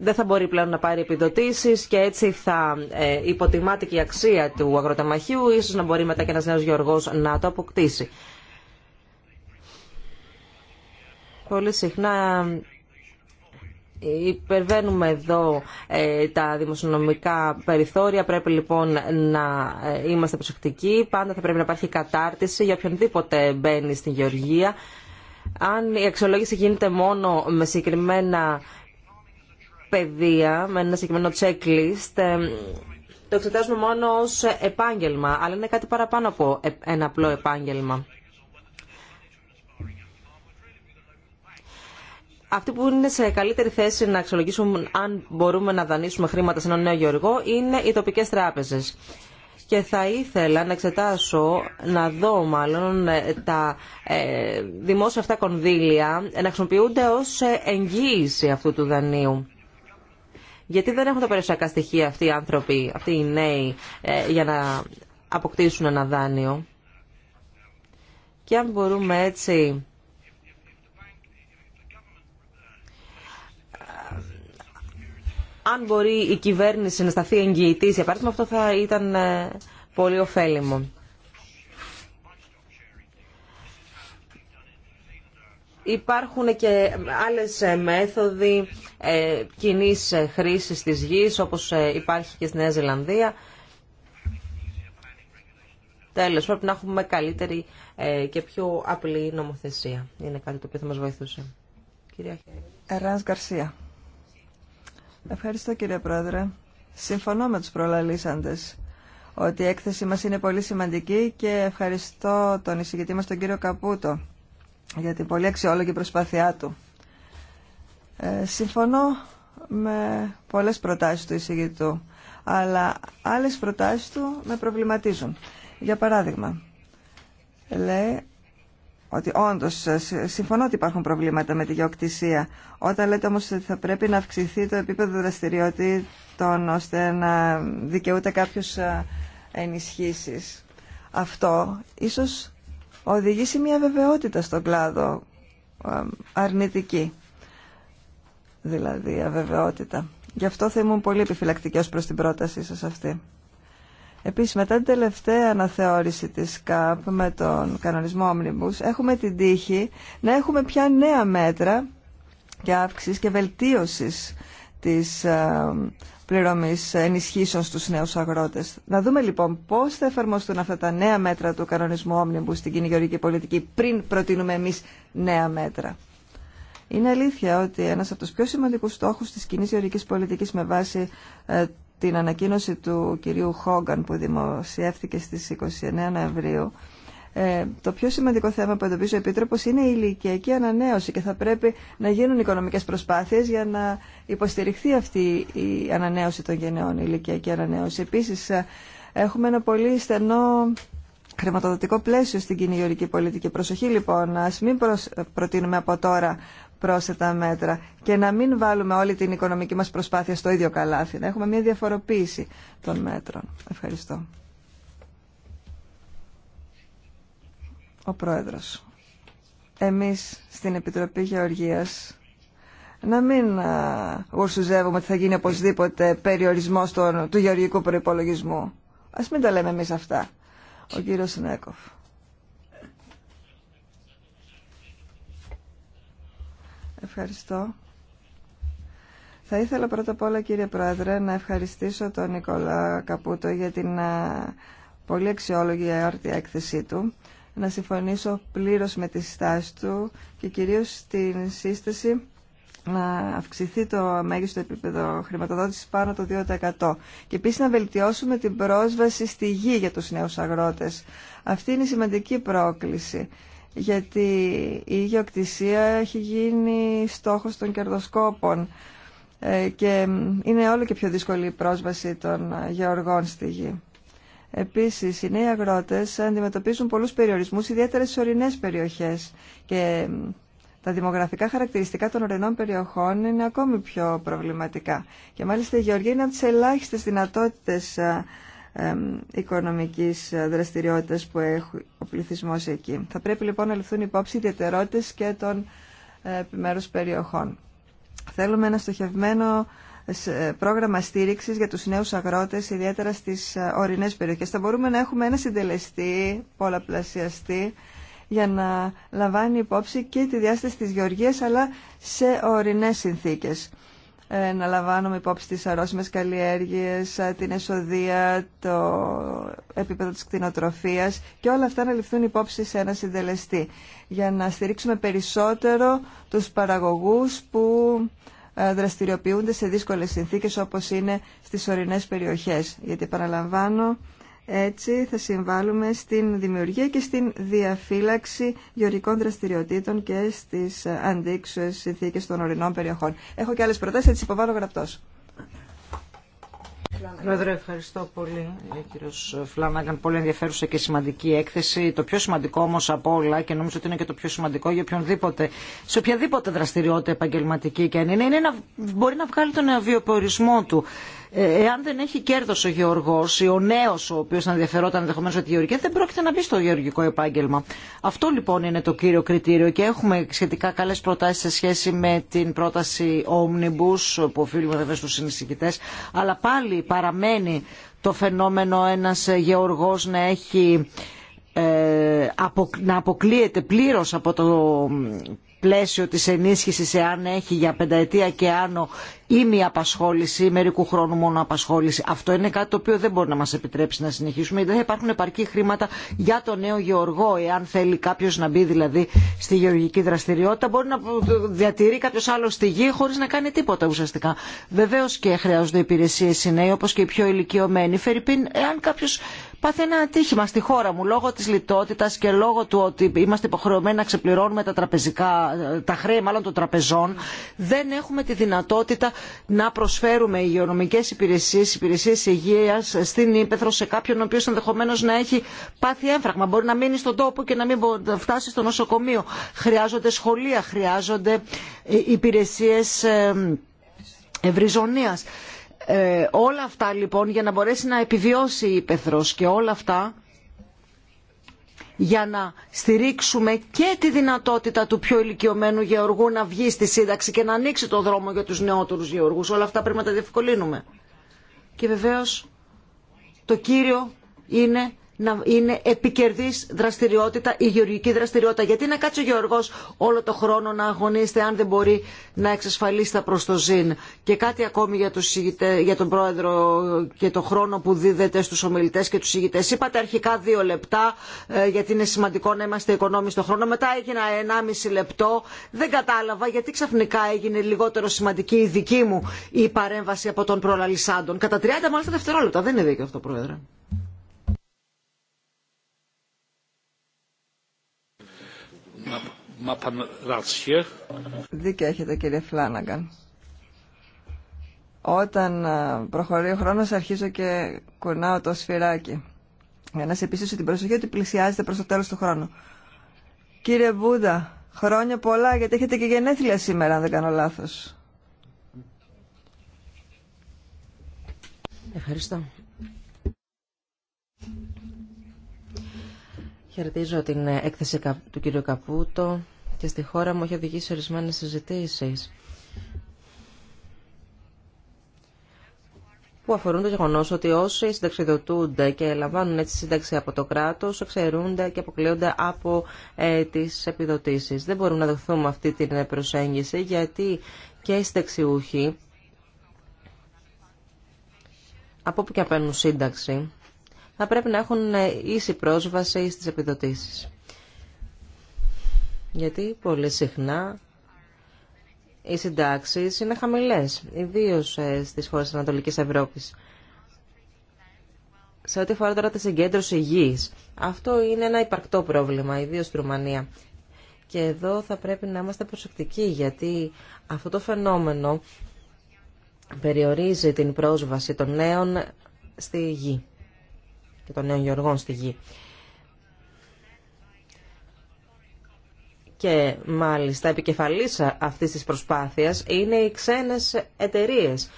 δεν θα μπορεί πλέον να πάρει επιδοτήσεις και έτσι θα υποτιμάται και η αξία του αγροταμαχίου, ίσως να μπορεί μετά και ένα νέο γεωργό να το αποκτήσει. Πολύ συχνά υπερβαίνουμε εδώ ε, τα δημοσιονομικά περιθώρια. Πρέπει λοιπόν να ε, είμαστε προσεκτικοί. Πάντα θα πρέπει να υπάρχει κατάρτιση για οποιονδήποτε μπαίνει στην γεωργία. Αν η αξιολόγηση γίνεται μόνο με συγκεκριμένα παιδεία, με ένα συγκεκριμένο checklist, ε, το εξετάζουμε μόνο ως επάγγελμα, αλλά είναι κάτι παραπάνω από ένα απλό επάγγελμα. αυτοί που είναι σε καλύτερη θέση να αξιολογήσουν αν μπορούμε να δανείσουμε χρήματα σε έναν νέο γεωργό είναι οι τοπικές τράπεζε. Και θα ήθελα να εξετάσω, να δω μάλλον ε, τα ε, δημόσια αυτά κονδύλια να χρησιμοποιούνται ως ε, εγγύηση αυτού του δανείου. Γιατί δεν έχουν τα περιουσιακά στοιχεία αυτοί οι άνθρωποι, αυτοί οι νέοι, για να αποκτήσουν ένα δάνειο. Και αν μπορούμε έτσι αν μπορεί η κυβέρνηση να σταθεί εγγυητή, για παράδειγμα, αυτό θα ήταν ε, πολύ ωφέλιμο. Υπάρχουν και άλλες ε, μέθοδοι ε, κοινή ε, χρήσης της γης, όπως υπάρχει και στη Νέα Ζηλανδία. Τέλος, πρέπει να έχουμε καλύτερη και πιο απλή νομοθεσία. Είναι κάτι το οποίο θα μας βοηθούσε. Κυρία Γκαρσία. Ευχαριστώ κύριε Πρόεδρε. Συμφωνώ με τους προλαλήσαντες ότι η έκθεση μας είναι πολύ σημαντική και ευχαριστώ τον εισηγητή μας τον κύριο Καπούτο για την πολύ αξιόλογη προσπάθειά του. Ε, συμφωνώ με πολλές προτάσεις του εισηγητού, αλλά άλλες προτάσεις του με προβληματίζουν. Για παράδειγμα, λέει ότι όντω ε, συμφωνώ ότι υπάρχουν προβλήματα με τη γεωκτησία. Όταν λέτε όμω ότι θα πρέπει να αυξηθεί το επίπεδο δραστηριοτήτων ώστε να δικαιούται κάποιο ε, ενισχύσει, αυτό ίσω οδηγήσει μια βεβαιότητα στον κλάδο ε, αρνητική. Δηλαδή αβεβαιότητα. Γι' αυτό θα ήμουν πολύ επιφυλακτική ως προς την πρότασή σας αυτή. Επίσης, μετά την τελευταία αναθεώρηση της ΚΑΠ με τον κανονισμό Omnibus, έχουμε την τύχη να έχουμε πια νέα μέτρα και αύξηση και βελτίωση της ε, πληρωμής ενισχύσεων στους νέους αγρότες. Να δούμε λοιπόν πώς θα εφαρμοστούν αυτά τα νέα μέτρα του κανονισμού Omnibus στην κοινή γεωργική πολιτική πριν προτείνουμε εμείς νέα μέτρα. Είναι αλήθεια ότι ένας από τους πιο σημαντικούς στόχους της κοινής γεωργικής πολιτικής με βάση ε, την ανακοίνωση του κυρίου Χόγκαν που δημοσιεύθηκε στις 29 Νοεμβρίου, ε, το πιο σημαντικό θέμα που εντοπίζει ο Επίτροπος είναι η ηλικιακή ανανέωση και θα πρέπει να γίνουν οικονομικές προσπάθειες για να υποστηριχθεί αυτή η ανανέωση των γενεών, η ηλικιακή ανανέωση. Επίσης, ε, έχουμε ένα πολύ στενό χρηματοδοτικό πλαίσιο στην κοινή γεωρική πολιτική. Προσοχή λοιπόν, α μην προτείνουμε από τώρα πρόσθετα μέτρα και να μην βάλουμε όλη την οικονομική μας προσπάθεια στο ίδιο καλάθι. Να έχουμε μια διαφοροποίηση των μέτρων. Ευχαριστώ. Ο Πρόεδρος. Εμείς στην Επιτροπή Γεωργίας να μην γουρσουζεύουμε ότι θα γίνει οπωσδήποτε περιορισμός του γεωργικού προϋπολογισμού. Ας μην τα λέμε εμείς αυτά. Ο κύριος Νέκοφ. Ευχαριστώ. Θα ήθελα πρώτα απ' όλα κύριε Πρόεδρε να ευχαριστήσω τον Νικόλα Καπούτο για την ε, πολύ αξιόλογη αόρτη έκθεσή του. Να συμφωνήσω πλήρως με τη στάση του και κυρίως την σύσταση να αυξηθεί το μέγιστο επίπεδο χρηματοδότησης πάνω το 2% και επίσης να βελτιώσουμε την πρόσβαση στη γη για τους νέους αγρότες. Αυτή είναι η σημαντική πρόκληση γιατί η ιδιοκτησία έχει γίνει στόχος των κερδοσκόπων ε, και είναι όλο και πιο δύσκολη η πρόσβαση των γεωργών στη γη. Επίσης, οι νέοι αγρότες αντιμετωπίζουν πολλούς περιορισμούς, ιδιαίτερα στις ορεινές περιοχές και τα δημογραφικά χαρακτηριστικά των ορεινών περιοχών είναι ακόμη πιο προβληματικά. Και μάλιστα η γεωργία είναι από τις ελάχιστες δυνατότητες ε, οικονομικής ε, δραστηριότητας που έχει ο πληθυσμός εκεί. Θα πρέπει λοιπόν να ληφθούν υπόψη οι και των ε, επιμέρους περιοχών. Θέλουμε ένα στοχευμένο ε, πρόγραμμα στήριξης για τους νέους αγρότες, ιδιαίτερα στις ορεινές περιοχές. Θα μπορούμε να έχουμε ένα συντελεστή, πολλαπλασιαστή, για να λαμβάνει υπόψη και τη διάσταση της γεωργίας, αλλά σε ορεινές συνθήκες. Ε, να λαμβάνουμε υπόψη τις αρρώσιμες καλλιέργειες, ε, την εσοδεία, το επίπεδο της κτηνοτροφίας και όλα αυτά να ληφθούν υπόψη σε ένα συντελεστή για να στηρίξουμε περισσότερο τους παραγωγούς που ε, δραστηριοποιούνται σε δύσκολες συνθήκες όπως είναι στις ορεινές περιοχές. Γιατί παραλαμβάνω έτσι θα συμβάλλουμε στην δημιουργία και στην διαφύλαξη γεωρικών δραστηριοτήτων και στις αντίξουες συνθήκες των ορεινών περιοχών. Έχω και άλλες προτάσεις, έτσι τις υποβάλλω γραπτός. Πρόεδρε, ευχαριστώ πολύ. Ε, Κύριο Φλάνναγκαν, πολύ ενδιαφέρουσα και σημαντική έκθεση. Το πιο σημαντικό όμω από όλα, και νομίζω ότι είναι και το πιο σημαντικό για οποιονδήποτε, σε οποιαδήποτε δραστηριότητα επαγγελματική και αν είναι, είναι να μπορεί να βγάλει τον βιοπορισμό του εάν δεν έχει κέρδο ο γεωργό ή ο νέο ο οποίος ενδιαφερόταν ενδεχομένω για τη γεωργία δεν πρόκειται να μπει στο γεωργικό επάγγελμα. Αυτό λοιπόν είναι το κύριο κριτήριο και έχουμε σχετικά καλές προτάσεις σε σχέση με την πρόταση Omnibus που οφείλουμε βέβαια στου συνεισηγητέ. αλλά πάλι παραμένει το φαινόμενο ένα γεωργό να έχει ε, να αποκλείεται πλήρως από το πλαίσιο της ενίσχυσης εάν έχει για πενταετία και άνω ή μη απασχόληση ή μερικού χρόνου μόνο απασχόληση. Αυτό είναι κάτι το οποίο δεν μπορεί να μας επιτρέψει να συνεχίσουμε. Δεν υπάρχουν επαρκή χρήματα για το νέο γεωργό. Εάν θέλει κάποιο να μπει δηλαδή στη γεωργική δραστηριότητα μπορεί να διατηρεί κάποιο άλλο στη γη χωρίς να κάνει τίποτα ουσιαστικά. Βεβαίω και χρειάζονται υπηρεσίε οι νέοι όπω και οι πιο ηλικιωμένοι. Φερρυπίν, εάν κάποιο πάθει ένα ατύχημα στη χώρα μου λόγω της λιτότητας και λόγω του ότι είμαστε υποχρεωμένοι να ξεπληρώνουμε τα, τραπεζικά, τα χρέη μάλλον των τραπεζών δεν έχουμε τη δυνατότητα να προσφέρουμε υγειονομικές υπηρεσίες, υπηρεσίες υγείας στην Ήπεθρο σε κάποιον ο οποίος ενδεχομένως να έχει πάθει έμφραγμα. Μπορεί να μείνει στον τόπο και να μην φτάσει στο νοσοκομείο. Χρειάζονται σχολεία, χρειάζονται ε, υπηρεσίες ε, ευρυζωνίας. Ε, όλα αυτά λοιπόν για να μπορέσει να επιβιώσει η Πεθρός και όλα αυτά για να στηρίξουμε και τη δυνατότητα του πιο ηλικιωμένου γεωργού να βγει στη σύνταξη και να ανοίξει το δρόμο για τους νεότερους γεωργούς. Όλα αυτά πρέπει να τα διευκολύνουμε. Και βεβαίως το κύριο είναι να είναι επικερδής δραστηριότητα η γεωργική δραστηριότητα. Γιατί να κάτσει ο γεωργός όλο το χρόνο να αγωνίζεται αν δεν μπορεί να εξασφαλίσει τα προστοζήν. Και κάτι ακόμη για, τους για τον πρόεδρο και το χρόνο που δίδεται στους ομιλητές και τους ηγητές. Είπατε αρχικά δύο λεπτά ε, γιατί είναι σημαντικό να είμαστε οικονόμοι στο χρόνο. Μετά έγινα 1,5 λεπτό. Δεν κατάλαβα γιατί ξαφνικά έγινε λιγότερο σημαντική η δική μου η παρέμβαση από τον προλαλισάντων. Κατά 30 μάλιστα δευτερόλεπτα. Δεν είναι δίκαιο αυτό, Πρόεδρε. Δίκαια έχετε κύριε Φλάναγκαν. Όταν ε, προχωρεί ο χρόνος αρχίζω και κουνάω το σφυράκι. Για να σε πιστήσω την προσοχή ότι πλησιάζεται προς το τέλος του χρόνου. Κύριε Βούδα, χρόνια πολλά γιατί έχετε και γενέθλια σήμερα αν δεν κάνω λάθος. Ευχαριστώ. Χαιρετίζω την έκθεση του κύριου Καπούτο στη χώρα μου έχει οδηγήσει ορισμένε συζητήσει που αφορούν το γεγονό ότι όσοι συνταξιδοτούνται και λαμβάνουν έτσι σύνταξη από το κράτο, εξαιρούνται και αποκλείονται από ε, τι επιδοτήσει. Δεν μπορούμε να δεχθούμε αυτή την προσέγγιση, γιατί και οι συνταξιούχοι, από όπου και απένουν σύνταξη, θα πρέπει να έχουν ε, ίση πρόσβαση στι επιδοτήσει γιατί πολύ συχνά οι συντάξει είναι χαμηλέ, ιδίω ε, στι χώρε της Ανατολική Ευρώπη. Σε ό,τι αφορά τώρα τη συγκέντρωση γη, αυτό είναι ένα υπαρκτό πρόβλημα, ιδίω στη Ρουμανία. Και εδώ θα πρέπει να είμαστε προσεκτικοί, γιατί αυτό το φαινόμενο περιορίζει την πρόσβαση των νέων στη γη και των νέων γεωργών στη γη. και μάλιστα επικεφαλής αυτής της προσπάθειας είναι οι ξένες εταιρείες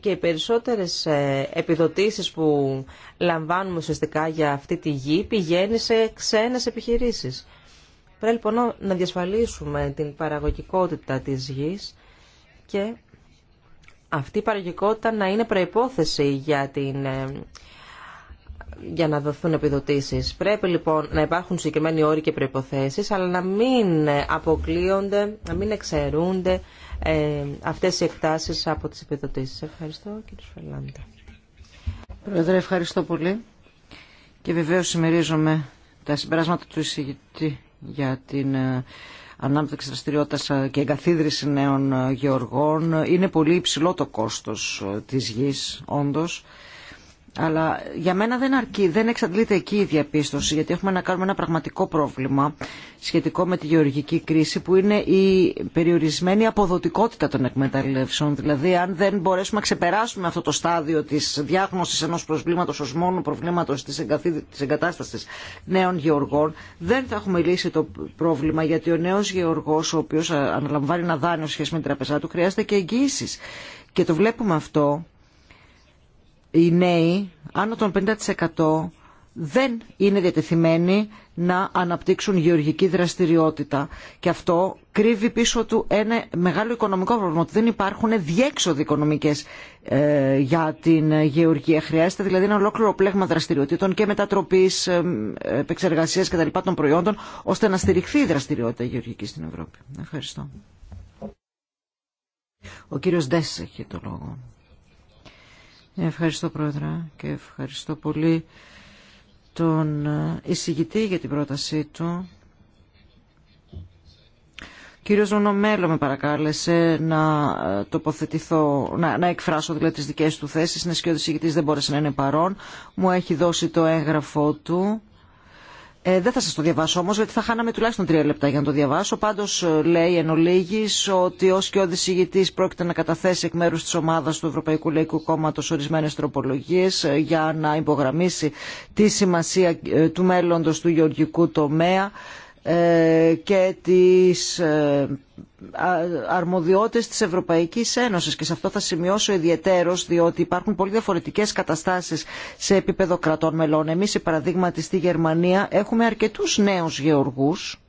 και οι περισσότερες ε, επιδοτήσεις που λαμβάνουμε ουσιαστικά για αυτή τη γη πηγαίνει σε ξένες επιχειρήσεις. Πρέπει λοιπόν να διασφαλίσουμε την παραγωγικότητα της γης και αυτή η παραγωγικότητα να είναι προϋπόθεση για την ε, για να δοθούν επιδοτήσεις. Πρέπει λοιπόν να υπάρχουν συγκεκριμένοι όροι και προποθέσει, αλλά να μην αποκλείονται, να μην εξαιρούνται ε, αυτές οι εκτάσεις από τις επιδοτήσεις. Ευχαριστώ κύριε Σφελάντα. Πρόεδρε, ευχαριστώ πολύ. Και βεβαίω συμμερίζομαι τα συμπεράσματα του εισηγητή για την ε, ανάπτυξη δραστηριότητα ε, και εγκαθίδρυση νέων ε, γεωργών. Είναι πολύ υψηλό το κόστος της γης, όντως. Αλλά για μένα δεν αρκεί, δεν εξαντλείται εκεί η διαπίστωση, γιατί έχουμε να κάνουμε ένα πραγματικό πρόβλημα σχετικό με τη γεωργική κρίση, που είναι η περιορισμένη αποδοτικότητα των εκμεταλλεύσεων. Δηλαδή, αν δεν μπορέσουμε να ξεπεράσουμε αυτό το στάδιο τη διάγνωση ενό προβλήματο ω μόνο προβλήματο τη εγκατάσταση νέων γεωργών, δεν θα έχουμε λύσει το πρόβλημα, γιατί ο νέο γεωργό, ο οποίο αναλαμβάνει ένα δάνειο σχέση με την τραπεζά του, χρειάζεται και εγγύησει. Και το βλέπουμε αυτό οι νέοι άνω των 50% δεν είναι διατεθειμένοι να αναπτύξουν γεωργική δραστηριότητα. Και αυτό κρύβει πίσω του ένα μεγάλο οικονομικό πρόβλημα, ότι δεν υπάρχουν διέξοδοι οικονομικές ε, για την γεωργία. Χρειάζεται δηλαδή ένα ολόκληρο πλέγμα δραστηριοτήτων και μετατροπής, ε, επεξεργασίας κτλ. των προϊόντων, ώστε να στηριχθεί η δραστηριότητα γεωργική στην Ευρώπη. Ευχαριστώ. Ο κύριος Δέσσε έχει το λόγο. Ευχαριστώ Πρόεδρε και ευχαριστώ πολύ τον ε, εισηγητή για την πρότασή του. κύριο Ρονομέλο με παρακάλεσε να ε, τοποθετηθώ, να, εκφράσω δηλαδή τις δικές του θέσεις. Είναι σκιώδης ο δεν μπόρεσε να είναι παρόν. Μου έχει δώσει το έγγραφό του ε, δεν θα σας το διαβάσω όμως γιατί θα χάναμε τουλάχιστον τρία λεπτά για να το διαβάσω. Πάντως ε, λέει εν ολίγη ότι ως και ο πρόκειται να καταθέσει εκ μέρου τη ομάδα του Ευρωπαϊκού Λαϊκού Κόμματο ορισμένες τροπολογίες ε, για να υπογραμμίσει τη σημασία του μέλλοντο του γεωργικού τομέα ε, και τις ε, αρμοδιότητες της Ευρωπαϊκής Ένωσης και σε αυτό θα σημειώσω ιδιαιτέρως διότι υπάρχουν πολύ διαφορετικές καταστάσεις σε επίπεδο κρατών μελών. Εμείς, η παραδείγματι στη Γερμανία, έχουμε αρκετούς νέους γεωργούς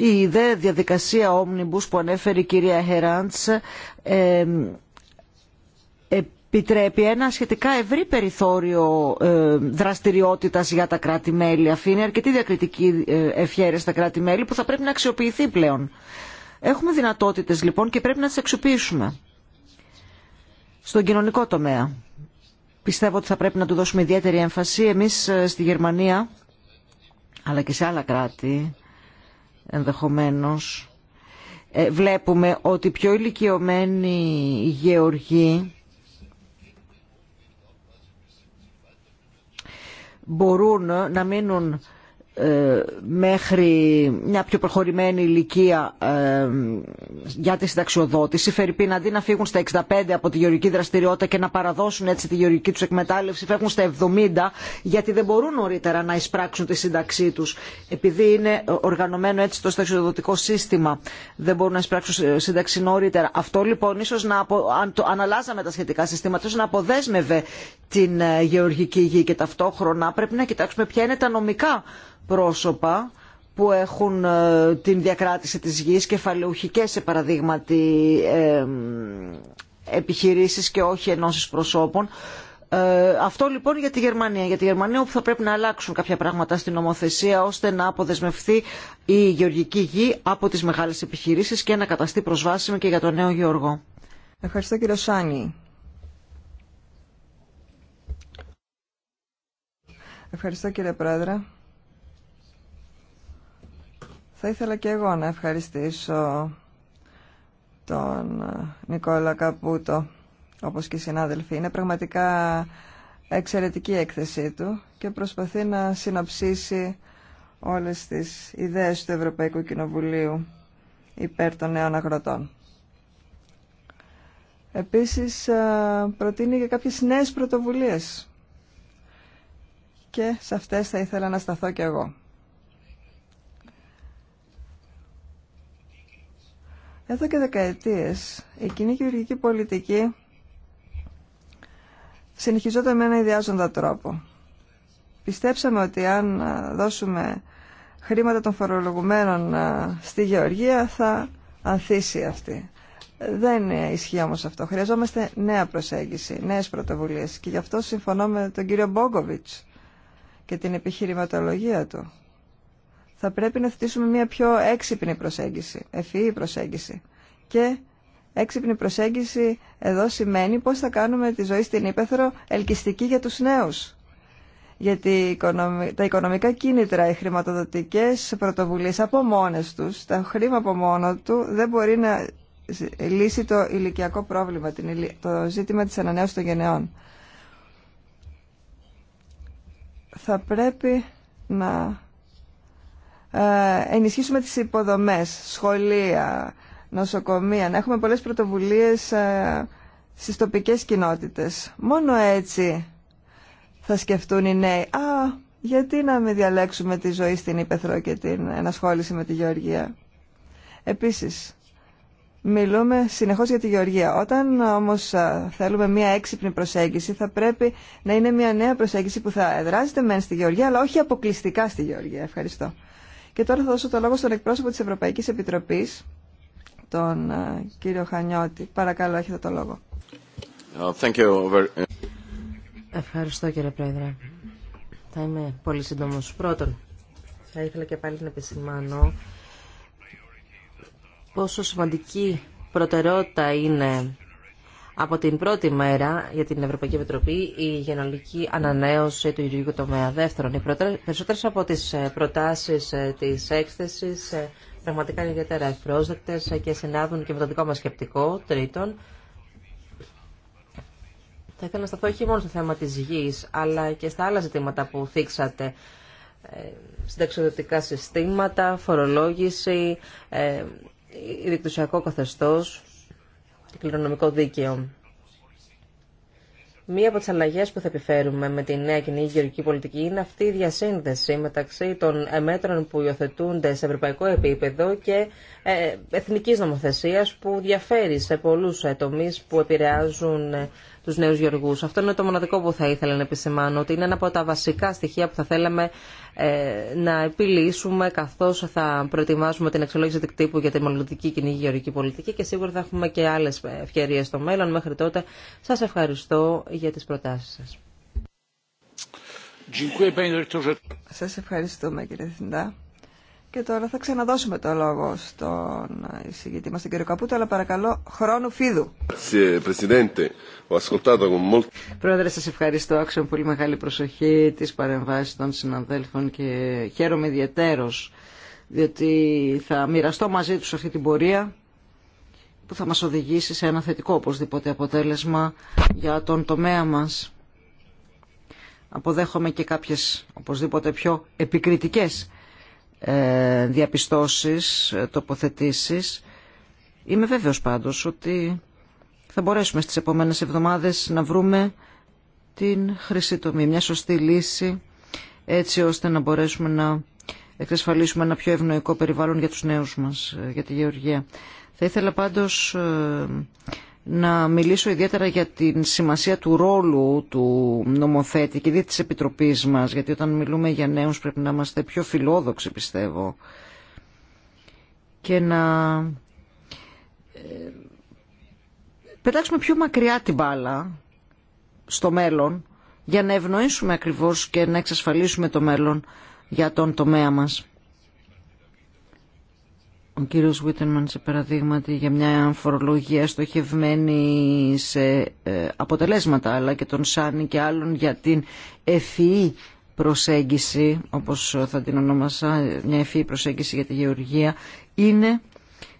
Η ιδέα διαδικασία Omnibus που ανέφερε η κυρία Χεράντς επιτρέπει ένα σχετικά ευρύ περιθώριο ε, δραστηριότητας για τα κράτη-μέλη. Αφήνει αρκετή διακριτική ε, ευχαίρεση στα κράτη-μέλη που θα πρέπει να αξιοποιηθεί πλέον. Έχουμε δυνατότητες λοιπόν και πρέπει να τις αξιοποιήσουμε. Στον κοινωνικό τομέα. Πιστεύω ότι θα πρέπει να του δώσουμε ιδιαίτερη έμφαση. Εμείς ε, στη Γερμανία, αλλά και σε άλλα κράτη ενδεχομένως, βλέπουμε ότι πιο ηλικιωμένοι γεωργοί μπορούν να μείνουν ε, μέχρι μια πιο προχωρημένη ηλικία ε, για τη συνταξιοδότηση. Φερρυπίν αντί να φύγουν στα 65 από τη γεωργική δραστηριότητα και να παραδώσουν έτσι τη γεωργική του εκμετάλλευση, φεύγουν στα 70 γιατί δεν μπορούν νωρίτερα να εισπράξουν τη σύνταξή του Επειδή είναι οργανωμένο έτσι το συνταξιοδοτικό σύστημα, δεν μπορούν να εισπράξουν σύνταξη νωρίτερα. Αυτό λοιπόν ίσως να απο... αν το αναλάζαμε τα σχετικά συστήματα, ίσω να αποδέσμευε την ε, γεωργική γη και ταυτόχρονα πρέπει να κοιτάξουμε ποια είναι τα νομικά πρόσωπα που έχουν ε, την διακράτηση της γης, κεφαλαιουχικές σε παραδείγματι ε, επιχειρήσεις και όχι ενώσεις προσώπων. Ε, αυτό λοιπόν για τη Γερμανία. Για τη Γερμανία όπου θα πρέπει να αλλάξουν κάποια πράγματα στην νομοθεσία ώστε να αποδεσμευθεί η γεωργική γη από τις μεγάλες επιχειρήσεις και να καταστεί προσβάσιμη και για τον νέο γεωργό. Ευχαριστώ κύριο Σάνι. Ευχαριστώ κύριε Πρόεδρε. Θα ήθελα και εγώ να ευχαριστήσω τον ε, Νικόλα Καπούτο, όπως και οι συνάδελφοι. Είναι πραγματικά εξαιρετική έκθεσή του και προσπαθεί να συνοψίσει όλες τις ιδέες του Ευρωπαϊκού Κοινοβουλίου υπέρ των νέων αγροτών. Επίσης ε, προτείνει και κάποιες νέες πρωτοβουλίες και σε αυτές θα ήθελα να σταθώ και εγώ. Εδώ και δεκαετίες η κοινή γεωργική πολιτική συνεχιζόταν με ένα ιδιάζοντα τρόπο. Πιστέψαμε ότι αν δώσουμε χρήματα των φορολογουμένων στη γεωργία θα ανθίσει αυτή. Δεν ισχύει όμως αυτό. Χρειαζόμαστε νέα προσέγγιση, νέες πρωτοβουλίες και γι' αυτό συμφωνώ με τον κύριο Μπόγκοβιτς και την επιχειρηματολογία του θα πρέπει να θετήσουμε μια πιο έξυπνη προσέγγιση, ευφυή προσέγγιση. Και έξυπνη προσέγγιση εδώ σημαίνει πώς θα κάνουμε τη ζωή στην Ήπεθρο ελκυστική για τους νέους. Γιατί τα οικονομικά κίνητρα, οι χρηματοδοτικές πρωτοβουλίες από μόνες τους, τα χρήμα από μόνο του δεν μπορεί να λύσει το ηλικιακό πρόβλημα, το ζήτημα της ανανέωσης των γενεών. Θα πρέπει να ε, ενισχύσουμε τις υποδομές, σχολεία, νοσοκομεία, να έχουμε πολλές πρωτοβουλίες ε, στις τοπικές κοινότητες. Μόνο έτσι θα σκεφτούν οι νέοι. Α, γιατί να μην διαλέξουμε τη ζωή στην Ήπεθρο και την ενασχόληση με τη Γεωργία. Επίσης, μιλούμε συνεχώς για τη Γεωργία. Όταν όμως ε, θέλουμε μια έξυπνη προσέγγιση, θα πρέπει να είναι μια νέα προσέγγιση που θα εδράζεται μεν στη Γεωργία, αλλά όχι αποκλειστικά στη Γεωργία. Ευχαριστώ. Και τώρα θα δώσω το λόγο στον εκπρόσωπο της Ευρωπαϊκής Επιτροπής, τον ε, κύριο Χανιώτη. Παρακαλώ, έχετε το λόγο. Oh, thank you. Ευχαριστώ κύριε Πρόεδρε. Θα είμαι πολύ σύντομος. Πρώτον, θα ήθελα και πάλι να επισημάνω πόσο σημαντική προτεραιότητα είναι από την πρώτη μέρα για την Ευρωπαϊκή Επιτροπή η γενολική ανανέωση του ιδιωτικού τομέα. Δεύτερον, οι περισσότερες από τις ε, προτάσεις ε, της έκθεσης ε, πραγματικά είναι ιδιαίτερα ευπρόσδεκτε και συνάδουν και με το δικό μας σκεπτικό. Τρίτον, θα ήθελα να σταθώ όχι μόνο στο θέμα της γη, αλλά και στα άλλα ζητήματα που θίξατε. Συνταξιδοτικά συστήματα, φορολόγηση, ιδικτουσιακό καθεστώς κληρονομικό δίκαιο. Μία από τι αλλαγέ που θα επιφέρουμε με τη νέα κοινή γεωργική πολιτική είναι αυτή η διασύνδεση μεταξύ των ε, μέτρων που υιοθετούνται σε ευρωπαϊκό επίπεδο και ε, εθνική νομοθεσία που διαφέρει σε πολλού ε, τομεί που επηρεάζουν του νέου γεωργού. Αυτό είναι το μοναδικό που θα ήθελα να επισημάνω, ότι είναι ένα από τα βασικά στοιχεία που θα θέλαμε ε, να επιλύσουμε καθώς θα προετοιμάσουμε την αξιολόγηση δικτύπου για τη μελλοντική κοινή γεωργική πολιτική και σίγουρα θα έχουμε και άλλες ευκαιρίες στο μέλλον. Μέχρι τότε σας ευχαριστώ για τις προτάσεις σας. Σας ευχαριστούμε κύριε Θυντά. Και τώρα θα ξαναδώσουμε το λόγο στον εισηγητή μας, τον κύριο Καπούτο, αλλά παρακαλώ χρόνου φίδου. Πρόεδρε, σας ευχαριστώ. Άξιον πολύ μεγάλη προσοχή τη παρεμβάση των συναδέλφων και χαίρομαι ιδιαίτερω διότι θα μοιραστώ μαζί τους αυτή την πορεία που θα μας οδηγήσει σε ένα θετικό οπωσδήποτε αποτέλεσμα για τον τομέα μας. Αποδέχομαι και κάποιες οπωσδήποτε πιο επικριτικές ε, διαπιστώσεις, ε, τοποθετήσεις. Είμαι βέβαιος πάντως ότι θα μπορέσουμε στις επόμενες εβδομάδες να βρούμε την χρυσή τομή, μια σωστή λύση έτσι ώστε να μπορέσουμε να εξασφαλίσουμε ένα πιο ευνοϊκό περιβάλλον για τους νέους μας, ε, για τη γεωργία. Θα ήθελα πάντως να μιλήσω ιδιαίτερα για την σημασία του ρόλου του νομοθέτη και της Επιτροπής μας, γιατί όταν μιλούμε για νέους πρέπει να είμαστε πιο φιλόδοξοι πιστεύω και να ε, πετάξουμε πιο μακριά την μπάλα στο μέλλον για να ευνοήσουμε ακριβώς και να εξασφαλίσουμε το μέλλον για τον τομέα μας ο κύριος Βίτερμαν σε παραδείγματι για μια φορολογία στοχευμένη σε ε, αποτελέσματα αλλά και τον Σάνι και άλλων για την ευφυή προσέγγιση όπως θα την ονόμασα μια ευφυή προσέγγιση για τη γεωργία είναι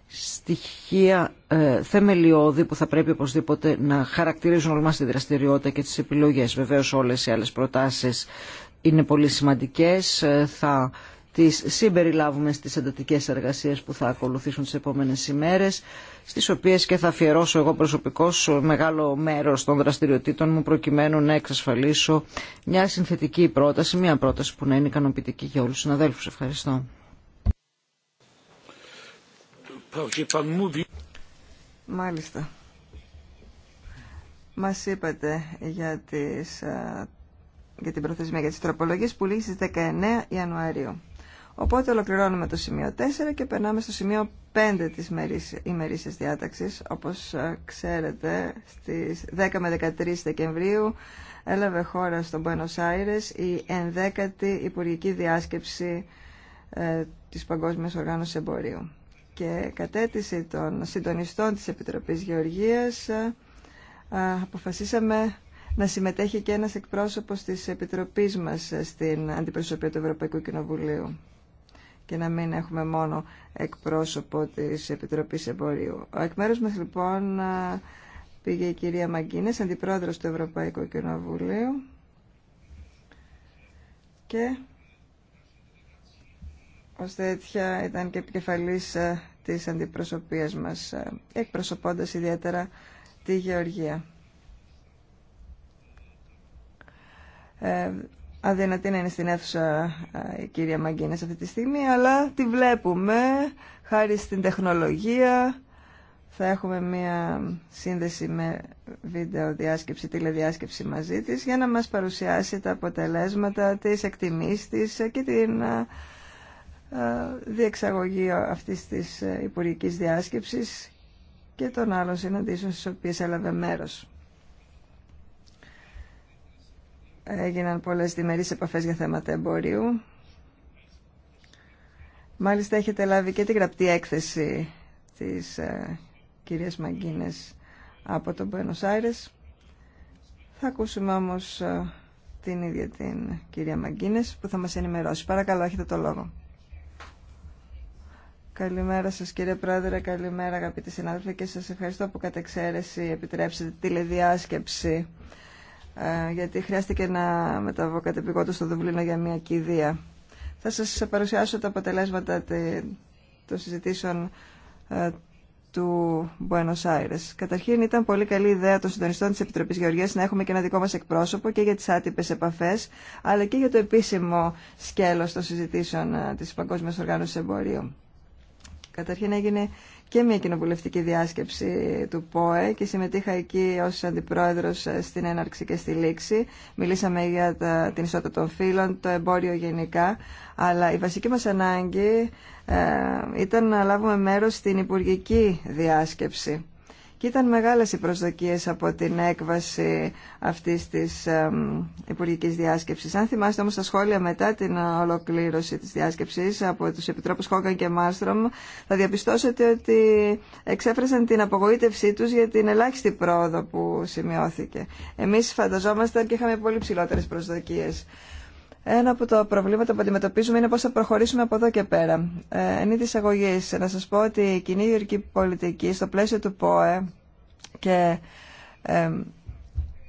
στοιχεία ε, θεμελιώδη που θα πρέπει οπωσδήποτε να χαρακτηρίζουν όλη μας τη δραστηριότητα και τις επιλογές. Βεβαίως όλες οι άλλες προτάσεις είναι πολύ σημαντικές. Ε, θα τις συμπεριλάβουμε στις εντατικές εργασίες που θα ακολουθήσουν τις επόμενες ημέρες, στις οποίες και θα αφιερώσω εγώ προσωπικώς μεγάλο μέρος των δραστηριοτήτων μου προκειμένου να εξασφαλίσω μια συνθετική πρόταση, μια πρόταση που να είναι ικανοποιητική για όλους τους συναδέλφους. Ευχαριστώ. Μάλιστα. Μας είπατε για, τις, ε, για την προθεσμία για τις τροπολογίες που λήγει στις 19 Ιανουαρίου. Οπότε ολοκληρώνουμε το σημείο 4 και περνάμε στο σημείο 5 της ημερήσιας διάταξης. Όπως ε, ξέρετε, στις 10 με 13 Δεκεμβρίου έλαβε χώρα στον Πένος Άιρες η 11η Υπουργική Διάσκεψη ε, της Παγκόσμιας Οργάνωσης Εμπορίου και κατέτηση των συντονιστών της Επιτροπής Γεωργίας ε, αποφασίσαμε να συμμετέχει και ένας εκπρόσωπος της Επιτροπής μας στην αντιπροσωπεία του Ευρωπαϊκού Κοινοβουλίου και να μην έχουμε μόνο εκπρόσωπο της Επιτροπής Εμπορίου. Ο εκ μέρους μας λοιπόν πήγε η κυρία Μαγκίνες, αντιπρόεδρος του Ευρωπαϊκού Κοινοβουλίου και ως τέτοια ήταν και επικεφαλής ε, της αντιπροσωπείας μας, ε, εκπροσωπώντας ιδιαίτερα τη Γεωργία. Ε, αδυνατή να είναι στην αίθουσα η κυρία Μαγκίνες αυτή τη στιγμή, αλλά τη βλέπουμε, χάρη στην τεχνολογία θα έχουμε μία σύνδεση με βίντεο διάσκεψη, τηλεδιάσκεψη μαζί της για να μας παρουσιάσει τα αποτελέσματα της εκτιμής της και την διεξαγωγή αυτής της ε, υπουργικής διάσκεψης και των άλλων συναντήσεων στις οποίες έλαβε μέρος. έγιναν πολλές διμερείς επαφές για θέματα εμπορίου. Μάλιστα έχετε λάβει και τη γραπτή έκθεση της ε, κυρίας Μαγκίνες από τον Buenos Άιρες. Θα ακούσουμε όμως ε, την ίδια την κυρία Μαγκίνες που θα μας ενημερώσει. Παρακαλώ, έχετε το λόγο. Καλημέρα σας κύριε Πρόεδρε, καλημέρα αγαπητοί συνάδελφοι και σας ευχαριστώ που κατεξαίρεση επιτρέψετε τηλεδιάσκεψη ε, γιατί χρειάστηκε να μεταβώ κατεπηγόντως στο Δουβλίνο για μια κηδεία. Θα σας παρουσιάσω τα αποτελέσματα των συζητήσεων ε, του Buenos Aires. Καταρχήν ήταν πολύ καλή ιδέα των συντονιστών της Επιτροπής Γεωργίας να έχουμε και ένα δικό μας εκπρόσωπο και για τις άτυπες επαφές, αλλά και για το επίσημο σκέλος των συζητήσεων ε, της Παγκόσμιας Οργάνωσης Εμπορίου. Καταρχήν έγινε και μια κοινοβουλευτική διάσκεψη του ΠΟΕ και συμμετείχα εκεί ως αντιπρόεδρος στην έναρξη και στη λήξη. Μιλήσαμε για τα, την ισότητα των φύλων, το εμπόριο γενικά, αλλά η βασική μας ανάγκη ε, ήταν να λάβουμε μέρος στην υπουργική διάσκεψη και ήταν μεγάλες οι προσδοκίες από την έκβαση αυτής της υπουργικής διάσκεψης. Αν θυμάστε όμως τα σχόλια μετά την ολοκλήρωση της διάσκεψης από τους Επιτρόπους Χόγκαν και Μάστρομ θα διαπιστώσετε ότι εξέφρασαν την απογοήτευσή τους για την ελάχιστη πρόοδο που σημειώθηκε. Εμείς φανταζόμασταν και είχαμε πολύ ψηλότερες προσδοκίες. Ένα από τα προβλήματα που αντιμετωπίζουμε είναι πώς θα προχωρήσουμε από εδώ και πέρα. Ε, εν είδη να σα πω ότι η κοινή γεωργική πολιτική στο πλαίσιο του ΠΟΕ και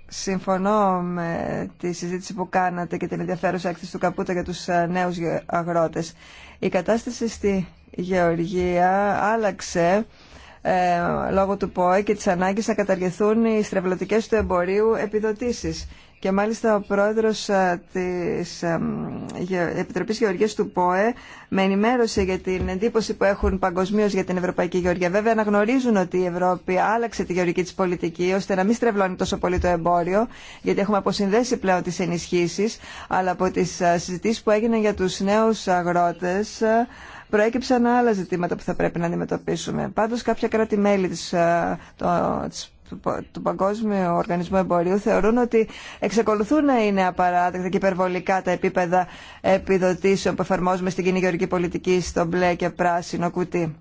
συμφωνώ με τη συζήτηση που κάνατε και την ενδιαφέρουσα έκθεση του Καπούτα για τους ε, νέους αγρότε, Η κατάσταση στη γεωργία άλλαξε ε, λόγω του ΠΟΕ και της ανάγκης να καταργηθούν οι στρεβλωτικές του εμπορίου επιδοτήσεις και μάλιστα ο πρόεδρος ε, της ε, Επιτροπής Γεωργίας του ΠΟΕ με ενημέρωσε για την εντύπωση που έχουν παγκοσμίω για την Ευρωπαϊκή Γεωργία. Βέβαια αναγνωρίζουν ότι η Ευρώπη άλλαξε τη γεωργική της πολιτική ώστε να μην στρεβλώνει τόσο πολύ το εμπόριο γιατί έχουμε αποσυνδέσει πλέον τις ενισχύσεις αλλά από τις ε, συζητήσεις που έγιναν για τους νέους αγρότες προέκυψαν άλλα ζητήματα που θα πρέπει να αντιμετωπίσουμε. Πάντως κάποια κράτη-μέλη της, του Παγκόσμιου Οργανισμού Εμπορίου θεωρούν ότι εξακολουθούν να είναι απαράδεκτα και υπερβολικά τα επίπεδα επιδοτήσεων που εφαρμόζουμε στην κοινή γεωργική πολιτική στο μπλε και πράσινο κουτί.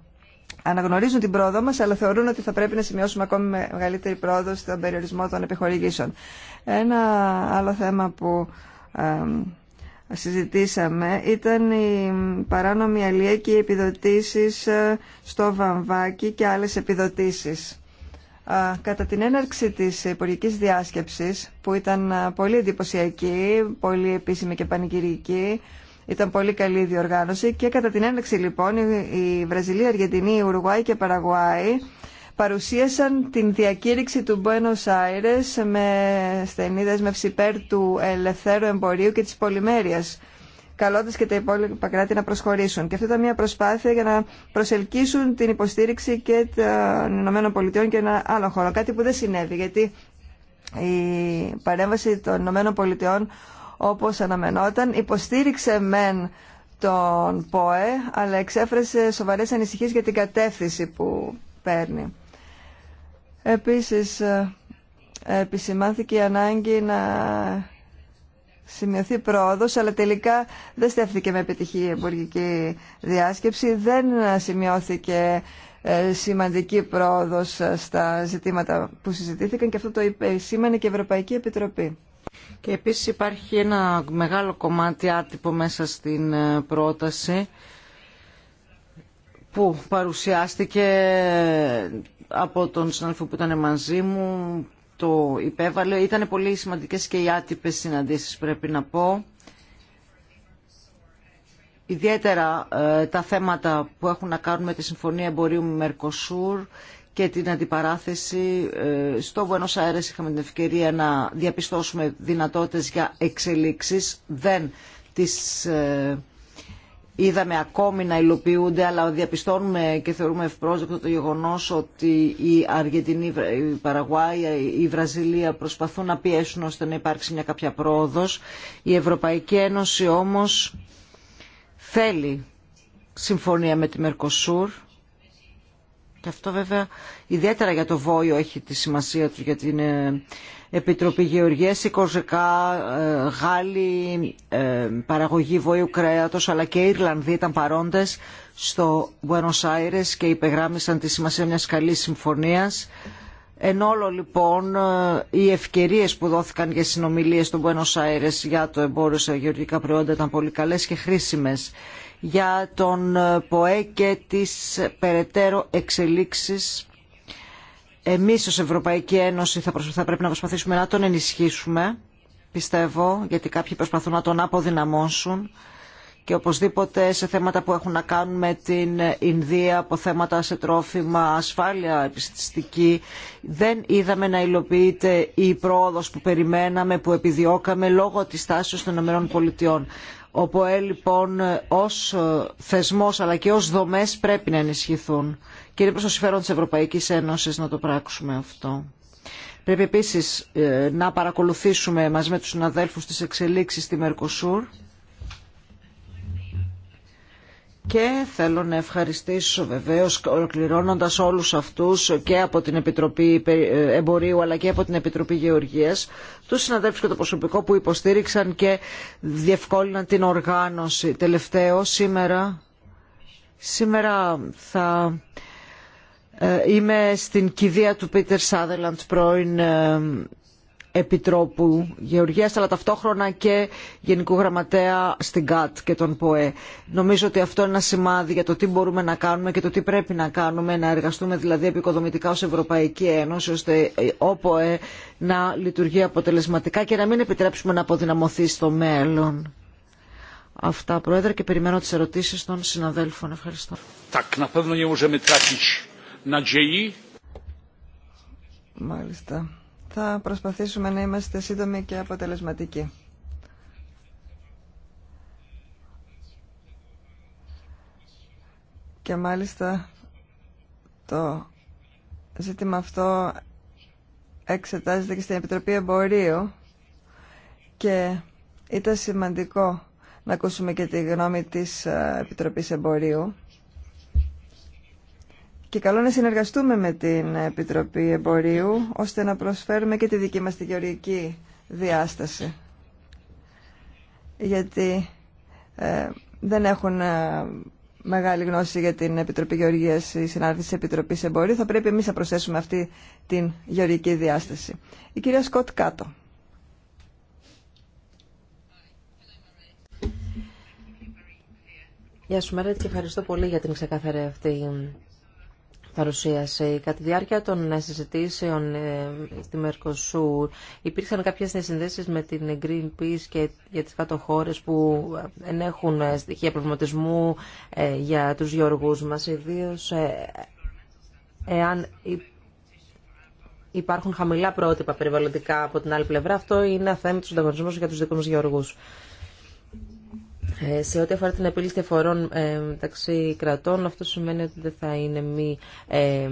Αναγνωρίζουν την πρόοδο μα, αλλά θεωρούν ότι θα πρέπει να σημειώσουμε ακόμη μεγαλύτερη πρόοδο στον περιορισμό των επιχορηγήσεων. Ένα άλλο θέμα που συζητήσαμε ήταν η παράνομη αλληλεία και οι επιδοτήσει ε, στο βαμβάκι και άλλε επιδοτήσει κατά την έναρξη της υπουργικής διάσκεψης που ήταν πολύ εντυπωσιακή, πολύ επίσημη και πανηγυρική, ήταν πολύ καλή διοργάνωση και κατά την έναρξη λοιπόν η Βραζιλία, Αργεντινή, Ουρουάη και Παραγουάη παρουσίασαν την διακήρυξη του Buenos Aires με στενή δεσμευση υπέρ του ελευθέρου εμπορίου και της πολυμέρειας καλώντα και τα υπόλοιπα κράτη να προσχωρήσουν. Και αυτή ήταν μια προσπάθεια για να προσελκύσουν την υποστήριξη και των Πολιτειών και ένα άλλο χώρο. Κάτι που δεν συνέβη, γιατί η παρέμβαση των Πολιτειών, όπως αναμενόταν υποστήριξε μεν τον ΠΟΕ, αλλά εξέφρασε σοβαρές ανησυχίες για την κατεύθυνση που παίρνει. Επίσης, ε, επισημάνθηκε η ανάγκη να σημειωθεί πρόοδος, αλλά τελικά δεν στέφθηκε με επιτυχή η εμπορική διάσκεψη, δεν σημειώθηκε ε, σημαντική πρόοδος ε, στα ζητήματα που συζητήθηκαν και αυτό το σήμανε και η Ευρωπαϊκή Επιτροπή. Και επίσης υπάρχει ένα μεγάλο κομμάτι άτυπο μέσα στην ε, πρόταση που παρουσιάστηκε από τον συνάδελφο που ήταν μαζί μου το υπέβαλε. Ήταν πολύ σημαντικές και οι άτυπες συναντήσεις πρέπει να πω. Ιδιαίτερα ε, τα θέματα που έχουν να κάνουν με τη Συμφωνία Εμπορίου με Μερκοσούρ και την αντιπαράθεση. Ε, στο Βουένος Αέρες είχαμε την ευκαιρία να διαπιστώσουμε δυνατότητες για εξελίξεις. Δεν τις ε, είδαμε ακόμη να υλοποιούνται, αλλά διαπιστώνουμε και θεωρούμε ευπρόσδεκτο το γεγονός ότι η Αργεντινή, η Παραγουάια, η Βραζιλία προσπαθούν να πιέσουν ώστε να υπάρξει μια κάποια πρόοδος. Η Ευρωπαϊκή Ένωση όμως θέλει συμφωνία με τη Μερκοσούρ και αυτό βέβαια ιδιαίτερα για το Βόιο έχει τη σημασία του για την ε, Επιτροπή Γεωργίας, η Κορζικά, ε, Γάλλοι, ε, παραγωγή Βόιου κρέατος αλλά και Ιρλανδοί ήταν παρόντες στο Buenos Aires και υπεγράμμισαν τη σημασία μιας καλής συμφωνίας. Εν όλο λοιπόν οι ευκαιρίες που δόθηκαν για συνομιλίες στο Buenos Aires για το εμπόριο σε γεωργικά προϊόντα ήταν πολύ καλές και χρήσιμες για τον ε, ΠΟΕ και τις περαιτέρω εξελίξεις. Εμείς ως Ευρωπαϊκή Ένωση θα, πρέπει να προσπαθήσουμε να τον ενισχύσουμε, πιστεύω, γιατί κάποιοι προσπαθούν να τον αποδυναμώσουν και οπωσδήποτε σε θέματα που έχουν να κάνουν με την Ινδία, από θέματα σε τρόφιμα, ασφάλεια επιστηστική, δεν είδαμε να υλοποιείται η πρόοδος που περιμέναμε, που επιδιώκαμε λόγω της τάσης των ΗΠΑ. Ο ΠΟΕ λοιπόν ως θεσμός αλλά και ως δομές πρέπει να ενισχυθούν και είναι προς το συμφέρον της Ευρωπαϊκής Ένωσης να το πράξουμε αυτό. Πρέπει επίσης ε, να παρακολουθήσουμε μαζί με τους συναδέλφους τις εξελίξεις στη Μερκοσούρ και θέλω να ευχαριστήσω βεβαίως ολοκληρώνοντας όλους αυτούς και από την Επιτροπή Εμπορίου αλλά και από την Επιτροπή Γεωργίας τους συναδέλφους και το προσωπικό που υποστήριξαν και διευκόλυναν την οργάνωση. Τελευταίο σήμερα, σήμερα θα ε, είμαι στην κηδεία του Πίτερ Σάδελαντ πρώην ε, Επιτρόπου Γεωργίας αλλά ταυτόχρονα και Γενικού Γραμματέα στην ΚΑΤ και τον ΠΟΕ. Νομίζω ότι αυτό είναι ένα σημάδι για το τι μπορούμε να κάνουμε και το τι πρέπει να κάνουμε, να εργαστούμε δηλαδή επικοδομητικά ως Ευρωπαϊκή Ένωση ώστε ο ΠΟΕ να λειτουργεί αποτελεσματικά και να μην επιτρέψουμε να αποδυναμωθεί στο μέλλον. Αυτά, Πρόεδρε, και περιμένω τις ερωτήσεις των συναδέλφων. Ευχαριστώ. Μάλιστα. Θα προσπαθήσουμε να είμαστε σύντομοι και αποτελεσματικοί. Και μάλιστα το ζήτημα αυτό εξετάζεται και στην Επιτροπή Εμπορίου και ήταν σημαντικό να ακούσουμε και τη γνώμη της ε, Επιτροπής Εμπορίου και καλό να συνεργαστούμε με την Επιτροπή Εμπορίου, ώστε να προσφέρουμε και τη δική μας τη γεωργική διάσταση. Γιατί ε, δεν έχουν ε, μεγάλη γνώση για την Επιτροπή Γεωργίας η Συνάρτηση Επιτροπής Εμπορίου. Θα πρέπει εμείς να προσθέσουμε αυτή τη γεωργική διάσταση. συναρτηση της Επιτροπής Εμπορίου. Θα πρέπει εμείς να προσθέσουμε αυτή την γεωργική διάσταση. Η κυρία Σκοτ Κάτω. Γεια σου Μαρέτ και ευχαριστώ πολύ για την ξεκάθαρη αυτή παρουσίαση. Κατά τη διάρκεια των συζητήσεων ε, στη Μερκοσούρ υπήρξαν κάποιες συνδέσεις με την Greenpeace και για τις κάτω χώρες που ενέχουν ε, στοιχεία προβληματισμού ε, για τους γεωργούς μας, ιδίως εάν υπάρχουν χαμηλά πρότυπα περιβαλλοντικά από την άλλη πλευρά. Αυτό είναι του ανταγωνισμός για τους δικούς μας γεωργούς. Ε, σε ό,τι αφορά την επίλυση διαφορών ε, μεταξύ κρατών, αυτό σημαίνει ότι δεν θα είναι μη, ε,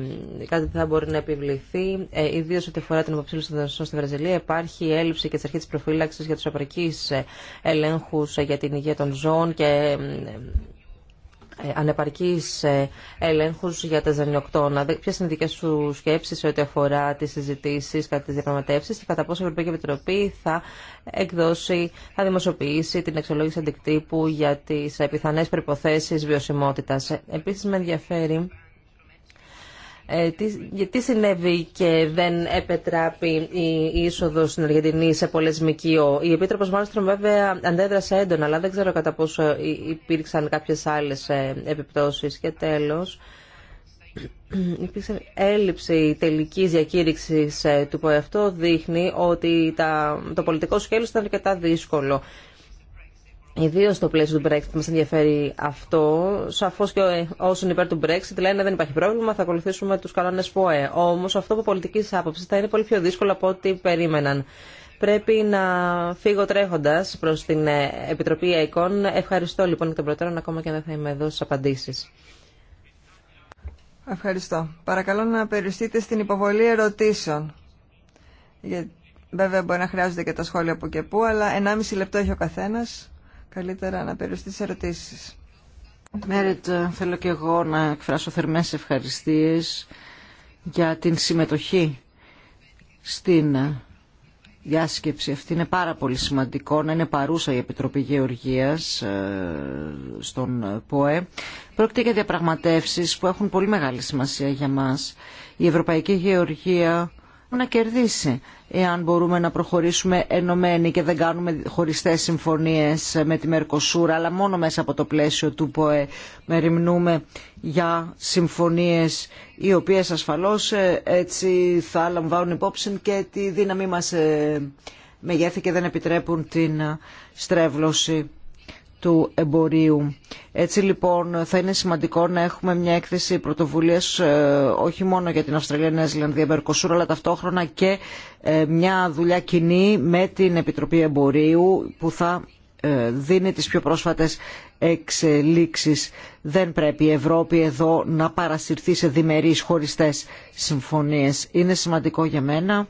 κάτι που θα μπορεί να επιβληθεί. Ε, Ιδίω ό,τι αφορά την υποψήφιση των δανειστών στη Βραζιλία, υπάρχει έλλειψη και τη αρχή τη προφύλαξη για του απαρκεί ε, ελέγχου για την υγεία των ζώων και ε, ε, ανεπαρκής ε, έλεγχους για τα ζανιοκτώνα. Ποιε είναι οι δικές σου σκέψεις σε ό,τι αφορά τις συζητήσεις κατά τις διαπραγματεύσεις και κατά πόσο η Ευρωπαϊκή Επιτροπή θα εκδώσει, θα δημοσιοποιήσει την εξολόγηση αντικτύπου για τις πιθανές προϋποθέσεις βιωσιμότητας. Ε, επίσης με ενδιαφέρει ε, τι, συνέβη και δεν επετράπη η είσοδο στην Αργεντινή σε πολλέ Η Επίτροπο Μάλστρομ βέβαια αντέδρασε έντονα, αλλά δεν ξέρω κατά πόσο υπήρξαν κάποιε άλλε επιπτώσει. Και τέλο, υπήρξε έλλειψη τελική διακήρυξη ε, του ΠΟΕ. Αυτό δείχνει ότι τα, το πολιτικό σχέδιο ήταν αρκετά δύσκολο. Ιδίω στο πλαίσιο του Brexit μα ενδιαφέρει αυτό. Σαφώ και ε, όσοι είναι υπέρ του Brexit λένε δεν υπάρχει πρόβλημα, θα ακολουθήσουμε του κανόνε ΠΟΕ. Όμω αυτό από πολιτική άποψη θα είναι πολύ πιο δύσκολο από ό,τι περίμεναν. Πρέπει να φύγω τρέχοντα προ την ε, Επιτροπή ΕΚΟΝ. Ευχαριστώ λοιπόν εκ των προτέρων, ακόμα και αν δεν θα είμαι εδώ στι απαντήσει. Ευχαριστώ. Παρακαλώ να περιστείτε στην υποβολή ερωτήσεων. Για... Βέβαια μπορεί να χρειάζονται και τα σχόλια από και που, αλλά 1,5 λεπτό έχει ο καθένα καλύτερα να περιοριστεί στις ερωτήσεις. Μέρετ, θέλω και εγώ να εκφράσω θερμές ευχαριστίες για την συμμετοχή στην διάσκεψη αυτή. Είναι πάρα πολύ σημαντικό να είναι παρούσα η Επιτροπή Γεωργίας ε, στον ΠΟΕ. Πρόκειται για διαπραγματεύσεις που έχουν πολύ μεγάλη σημασία για μας. Η Ευρωπαϊκή Γεωργία να κερδίσει εάν μπορούμε να προχωρήσουμε ενωμένοι και δεν κάνουμε χωριστές συμφωνίες με τη Μερκοσούρα αλλά μόνο μέσα από το πλαίσιο του ΠΟΕ μεριμνούμε για συμφωνίες οι οποίες ασφαλώς ε, έτσι θα λαμβάνουν υπόψη και τη δύναμή μας ε, μεγέθη και δεν επιτρέπουν την ε, στρέβλωση του εμπορίου. Έτσι λοιπόν θα είναι σημαντικό να έχουμε μια έκθεση πρωτοβουλίας ε, όχι μόνο για την Αυστραλία, Νέα Ζηλανδία, Μπερκοσούρα αλλά ταυτόχρονα και ε, μια δουλειά κοινή με την Επιτροπή Εμπορίου που θα ε, δίνει τις πιο πρόσφατες εξελίξεις. Δεν πρέπει η Ευρώπη εδώ να παρασυρθεί σε διμερείς χωριστές συμφωνίες. Είναι σημαντικό για μένα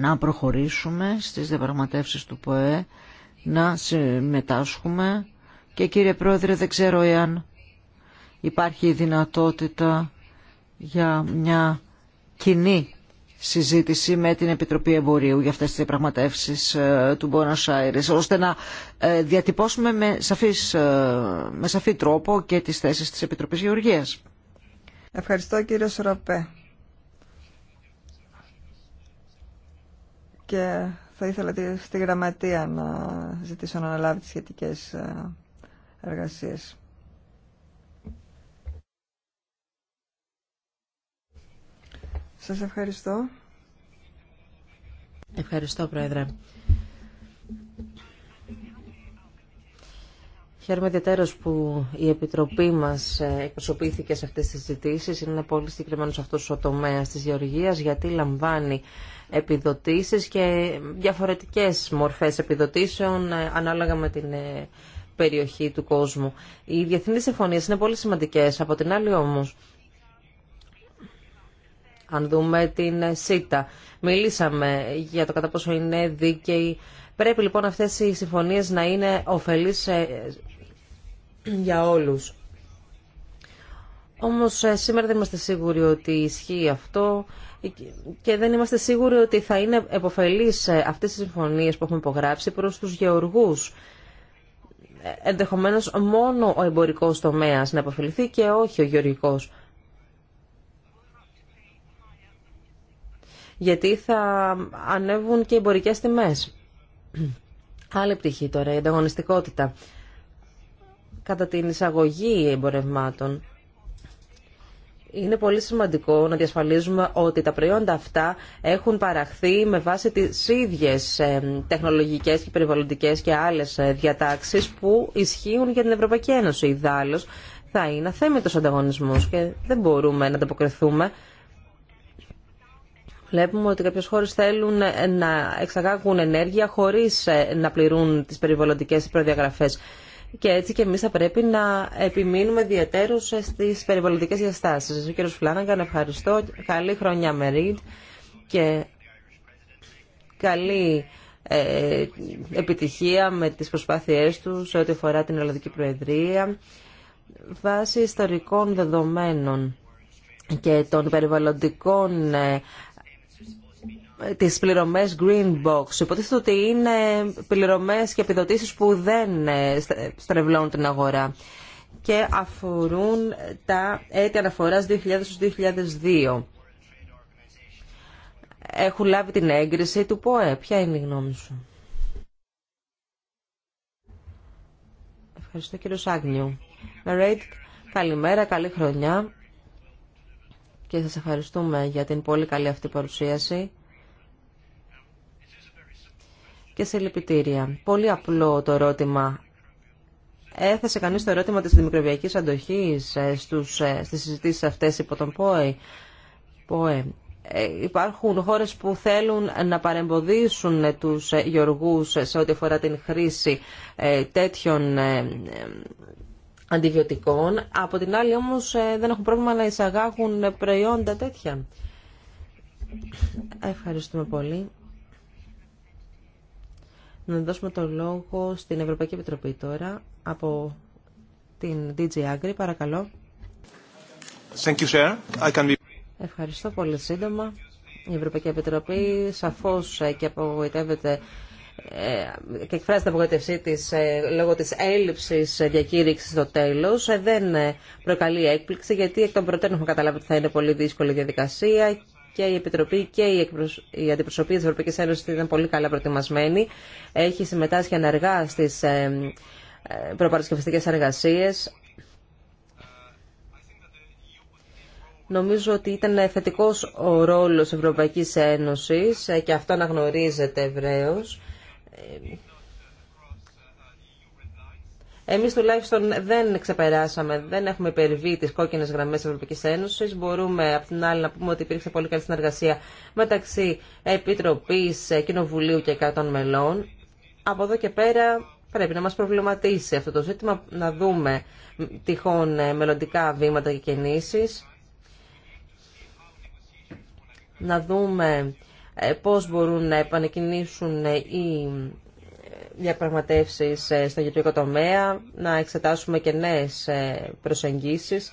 να προχωρήσουμε στις διαπραγματεύσεις του ΠΟΕ να συμμετάσχουμε και κύριε Πρόεδρε δεν ξέρω εάν υπάρχει η δυνατότητα για μια κοινή συζήτηση με την Επιτροπή Εμπορίου για αυτές τις διαπραγματεύσεις ε, του Μπόνα Aires ώστε να ε, διατυπώσουμε με, σαφής, ε, με σαφή τρόπο και τις θέσεις της Επιτροπής Γεωργίας. Ευχαριστώ κύριε Σοραπέ. Και θα ήθελα στη γραμματεία να ζητήσω να αναλάβει τις σχετικές ε, εργασίες. Σας ευχαριστώ. Ευχαριστώ, Πρόεδρε. Χαίρομαι ιδιαίτερω που η Επιτροπή μα ε, εκπροσωπήθηκε σε αυτέ τι συζητήσει. Είναι πολύ συγκεκριμένο αυτό ο τομέα τη γεωργία, γιατί λαμβάνει επιδοτήσει και διαφορετικέ μορφέ επιδοτήσεων ε, ανάλογα με την ε, περιοχή του κόσμου. Οι διεθνεί συμφωνίε είναι πολύ σημαντικέ. Από την άλλη όμω, αν δούμε την ΣΥΤΑ, μιλήσαμε για το κατά πόσο είναι δίκαιη Πρέπει λοιπόν αυτές οι συμφωνίες να είναι ωφελείς για όλους. Όμως ε, σήμερα δεν είμαστε σίγουροι ότι ισχύει αυτό και δεν είμαστε σίγουροι ότι θα είναι επωφελής ε, αυτές τις συμφωνίες που έχουμε υπογράψει προς τους γεωργούς. Ε, ενδεχομένως μόνο ο εμπορικός τομέας να επωφεληθεί και όχι ο γεωργικός. Γιατί θα ανέβουν και οι εμπορικές τιμές. Άλλη πτυχή τώρα, η ανταγωνιστικότητα κατά την εισαγωγή εμπορευμάτων. Είναι πολύ σημαντικό να διασφαλίζουμε ότι τα προϊόντα αυτά έχουν παραχθεί με βάση τις ίδιες ε, τεχνολογικές και περιβαλλοντικές και άλλες ε, διατάξεις που ισχύουν για την Ευρωπαϊκή Ένωση. Ιδάλλως θα είναι αθέμητος ανταγωνισμός και δεν μπορούμε να ανταποκριθούμε. Βλέπουμε ότι κάποιες χώρες θέλουν ε, να εξαγάγουν ενέργεια χωρίς να πληρούν τις περιβαλλοντικές προδιαγραφές και έτσι και εμεί θα πρέπει να επιμείνουμε ιδιαίτερου στις περιβαλλοντικές διαστάσεις. Ο κ. Φλάνναγκαν, ευχαριστώ. Καλή χρονιά Μερίτ και καλή ε, επιτυχία με τις προσπάθειές του σε ό,τι αφορά την Ελλαδική Προεδρία βάσει ιστορικών δεδομένων και των περιβαλλοντικών ε, τις πληρωμές Green Box. Υποτίθεται ότι είναι πληρωμές και επιδοτήσεις που δεν ε, στρεβλώνουν την αγορά και αφορούν τα έτη αναφοράς 2000-2002. Έχουν λάβει την έγκριση του ΠΟΕ. Ποια είναι η γνώμη σου. Ευχαριστώ κύριο Σάγνιου. καλημέρα, καλή χρονιά και σας ευχαριστούμε για την πολύ καλή αυτή παρουσίαση και σε λυπητήρια. Πολύ απλό το ερώτημα. Έθεσε κανείς το ερώτημα της δημικροβιακής αντοχής ε, στους, ε, στις συζητήσεις αυτές υπό τον ΠΟΕ. ΠΟΕ. Ε, υπάρχουν χώρες που θέλουν να παρεμποδίσουν τους γεωργούς σε ό,τι αφορά την χρήση τέτοιων αντιβιωτικών. Από την άλλη όμως δεν έχουν πρόβλημα να εισαγάγουν προϊόντα τέτοια. Ευχαριστούμε πολύ να δώσουμε το λόγο στην Ευρωπαϊκή Επιτροπή τώρα από την DG Agri. Παρακαλώ. Thank you, sir. I can be... Ευχαριστώ πολύ σύντομα. Η Ευρωπαϊκή Επιτροπή σαφώς ε, και απογοητεύεται ε, και εκφράζει την απογοήτευσή τη ε, λόγω τη έλλειψη διακήρυξη στο τέλο. Δεν προκαλεί έκπληξη, γιατί εκ των προτέρων έχουμε καταλάβει ότι θα είναι πολύ δύσκολη διαδικασία και η Επιτροπή και η, εκπροσ... η Αντιπροσωπή της Ευρωπαϊκής Ένωσης ήταν πολύ καλά προετοιμασμένη. Έχει συμμετάσχει ενεργά στις ε, ε προπαρασκευαστικές εργασίες. Νομίζω ότι ήταν θετικός ο ρόλος Ευρωπαϊκής Ένωσης ε, και αυτό αναγνωρίζεται ευρέως. Ε, εμείς τουλάχιστον δεν ξεπεράσαμε, δεν έχουμε υπερβεί τις κόκκινες γραμμές της Ευρωπαϊκής Ένωσης. Μπορούμε από την άλλη να πούμε ότι υπήρξε πολύ καλή συνεργασία μεταξύ Επιτροπής, ε, Κοινοβουλίου και κάτων μελών. Από εδώ και πέρα πρέπει να μας προβληματίσει αυτό το ζήτημα, να δούμε τυχόν ε, μελλοντικά βήματα και κινήσεις, να δούμε ε, πώς μπορούν να επανεκκινήσουν οι διαπραγματεύσεις ε, στο γειτονικό τομέα, να εξετάσουμε και νέες ε, προσεγγίσεις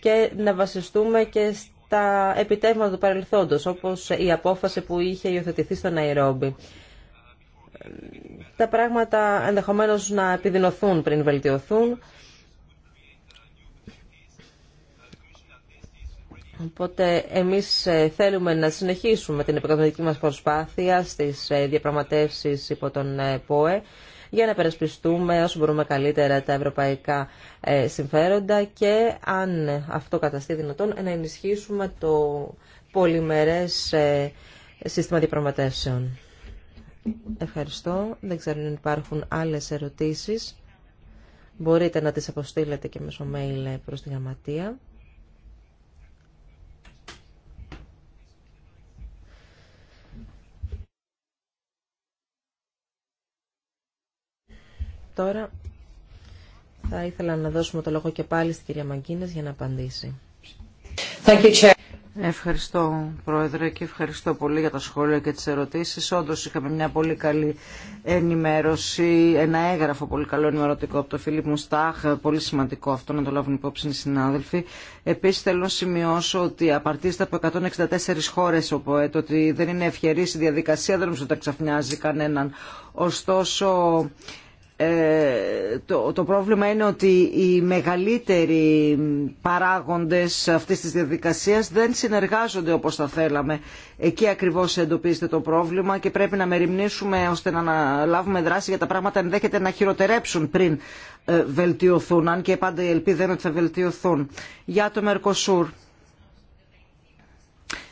και να βασιστούμε και στα επιτεύγματα του παρελθόντος, όπως η απόφαση που είχε υιοθετηθεί στο Ναϊρόμπι. Τα πράγματα ενδεχομένως να επιδεινωθούν πριν βελτιωθούν Οπότε εμείς ε, θέλουμε να συνεχίσουμε την επικοδομητική μας προσπάθεια στις ε, διαπραγματεύσεις υπό τον ε, ΠΟΕ για να περασπιστούμε όσο μπορούμε καλύτερα τα ευρωπαϊκά συμφέροντα και αν αυτό καταστεί δυνατόν να ενισχύσουμε το πολυμερές σύστημα διαπραγματεύσεων. Ευχαριστώ. Δεν ξέρω αν υπάρχουν άλλες ερωτήσεις. Μπορείτε να τις αποστείλετε και μέσω mail προς τη γραμματεία. Τώρα θα ήθελα να δώσουμε το λόγο και πάλι στην κυρία Μαγκίνες για να απαντήσει. Thank you, Chair. Ευχαριστώ Πρόεδρε και ευχαριστώ πολύ για τα σχόλια και τις ερωτήσεις. Όντως είχαμε μια πολύ καλή ενημέρωση, ένα έγγραφο πολύ καλό ενημερωτικό από τον Φιλίπ Μουστάχ, πολύ σημαντικό αυτό να το λάβουν υπόψη οι συνάδελφοι. Επίσης θέλω να σημειώσω ότι απαρτίζεται από 164 χώρες ΠΟΕΤ, ότι δεν είναι ευχερής η διαδικασία, δεν νομίζω ότι τα ξαφνιάζει κανέναν. Ωστόσο ε, το, το πρόβλημα είναι ότι οι μεγαλύτεροι παράγοντες αυτής της διαδικασίας δεν συνεργάζονται όπως θα θέλαμε. Εκεί ακριβώς εντοπίζεται το πρόβλημα και πρέπει να μεριμνήσουμε ώστε να λάβουμε δράση για τα πράγματα ενδέχεται να χειροτερέψουν πριν ε, βελτιωθούν, αν και πάντα η ελπίδα είναι ότι θα βελτιωθούν. Για το Μερκοσούρ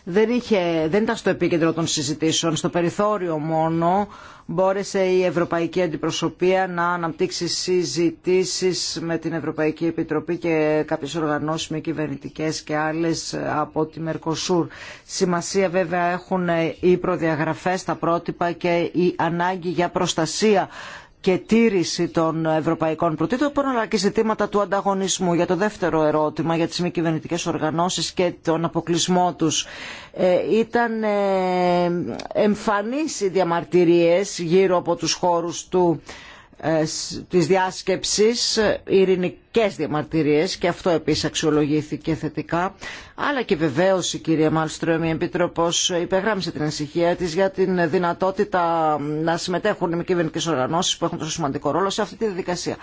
δεν, είχε, δεν ήταν στο επίκεντρο των συζητήσεων, στο περιθώριο μόνο μπόρεσε η Ευρωπαϊκή Αντιπροσωπεία να αναπτύξει συζητήσεις με την Ευρωπαϊκή Επιτροπή και κάποιες οργανώσεις με κυβερνητικές και άλλες από τη Μερκοσούρ. Σημασία βέβαια έχουν οι προδιαγραφές, τα πρότυπα και η ανάγκη για προστασία και τήρηση των ευρωπαϊκών πρωτήτων, αλλά και ζητήματα του ανταγωνισμού. Για το δεύτερο ερώτημα, για τις μη κυβερνητικέ οργανώσεις και τον αποκλεισμό τους, ε, ήταν ε, εμφανείς οι διαμαρτυρίες γύρω από τους χώρους του ε, της διάσκεψης ε, ειρηνικές διαμαρτυρίες και αυτό επίσης αξιολογήθηκε θετικά αλλά και βεβαίως η κυρία Μάλστρομ η Επίτροπος υπεγράμμισε την ανησυχία της για την δυνατότητα να συμμετέχουν οι κυβερνικές οργανώσεις που έχουν τόσο σημαντικό ρόλο σε αυτή τη διαδικασία.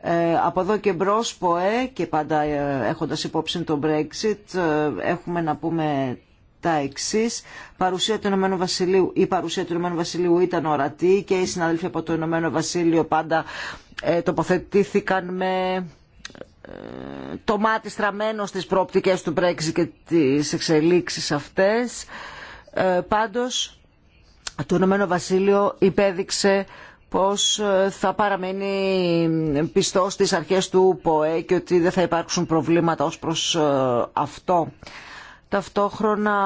Ε, από εδώ και μπρος ΠΟΕ και πάντα ε, έχοντας υπόψη τον Brexit ε, έχουμε να πούμε τα εξή. Παρουσία του Βασιλείου, η παρουσία του Ηνωμένου Βασιλείου ήταν ορατή και οι συναδέλφοι από το Ηνωμένο Βασίλειο πάντα ε, τοποθετήθηκαν με ε, το μάτι στραμμένο στις προοπτικές του Brexit και τις εξελίξεις αυτές. Ε, πάντως, το Ηνωμένο Βασίλειο υπέδειξε πως ε, θα παραμείνει πιστό στις αρχές του ΠΟΕ και ότι δεν θα υπάρξουν προβλήματα ως προς αυτό ταυτόχρονα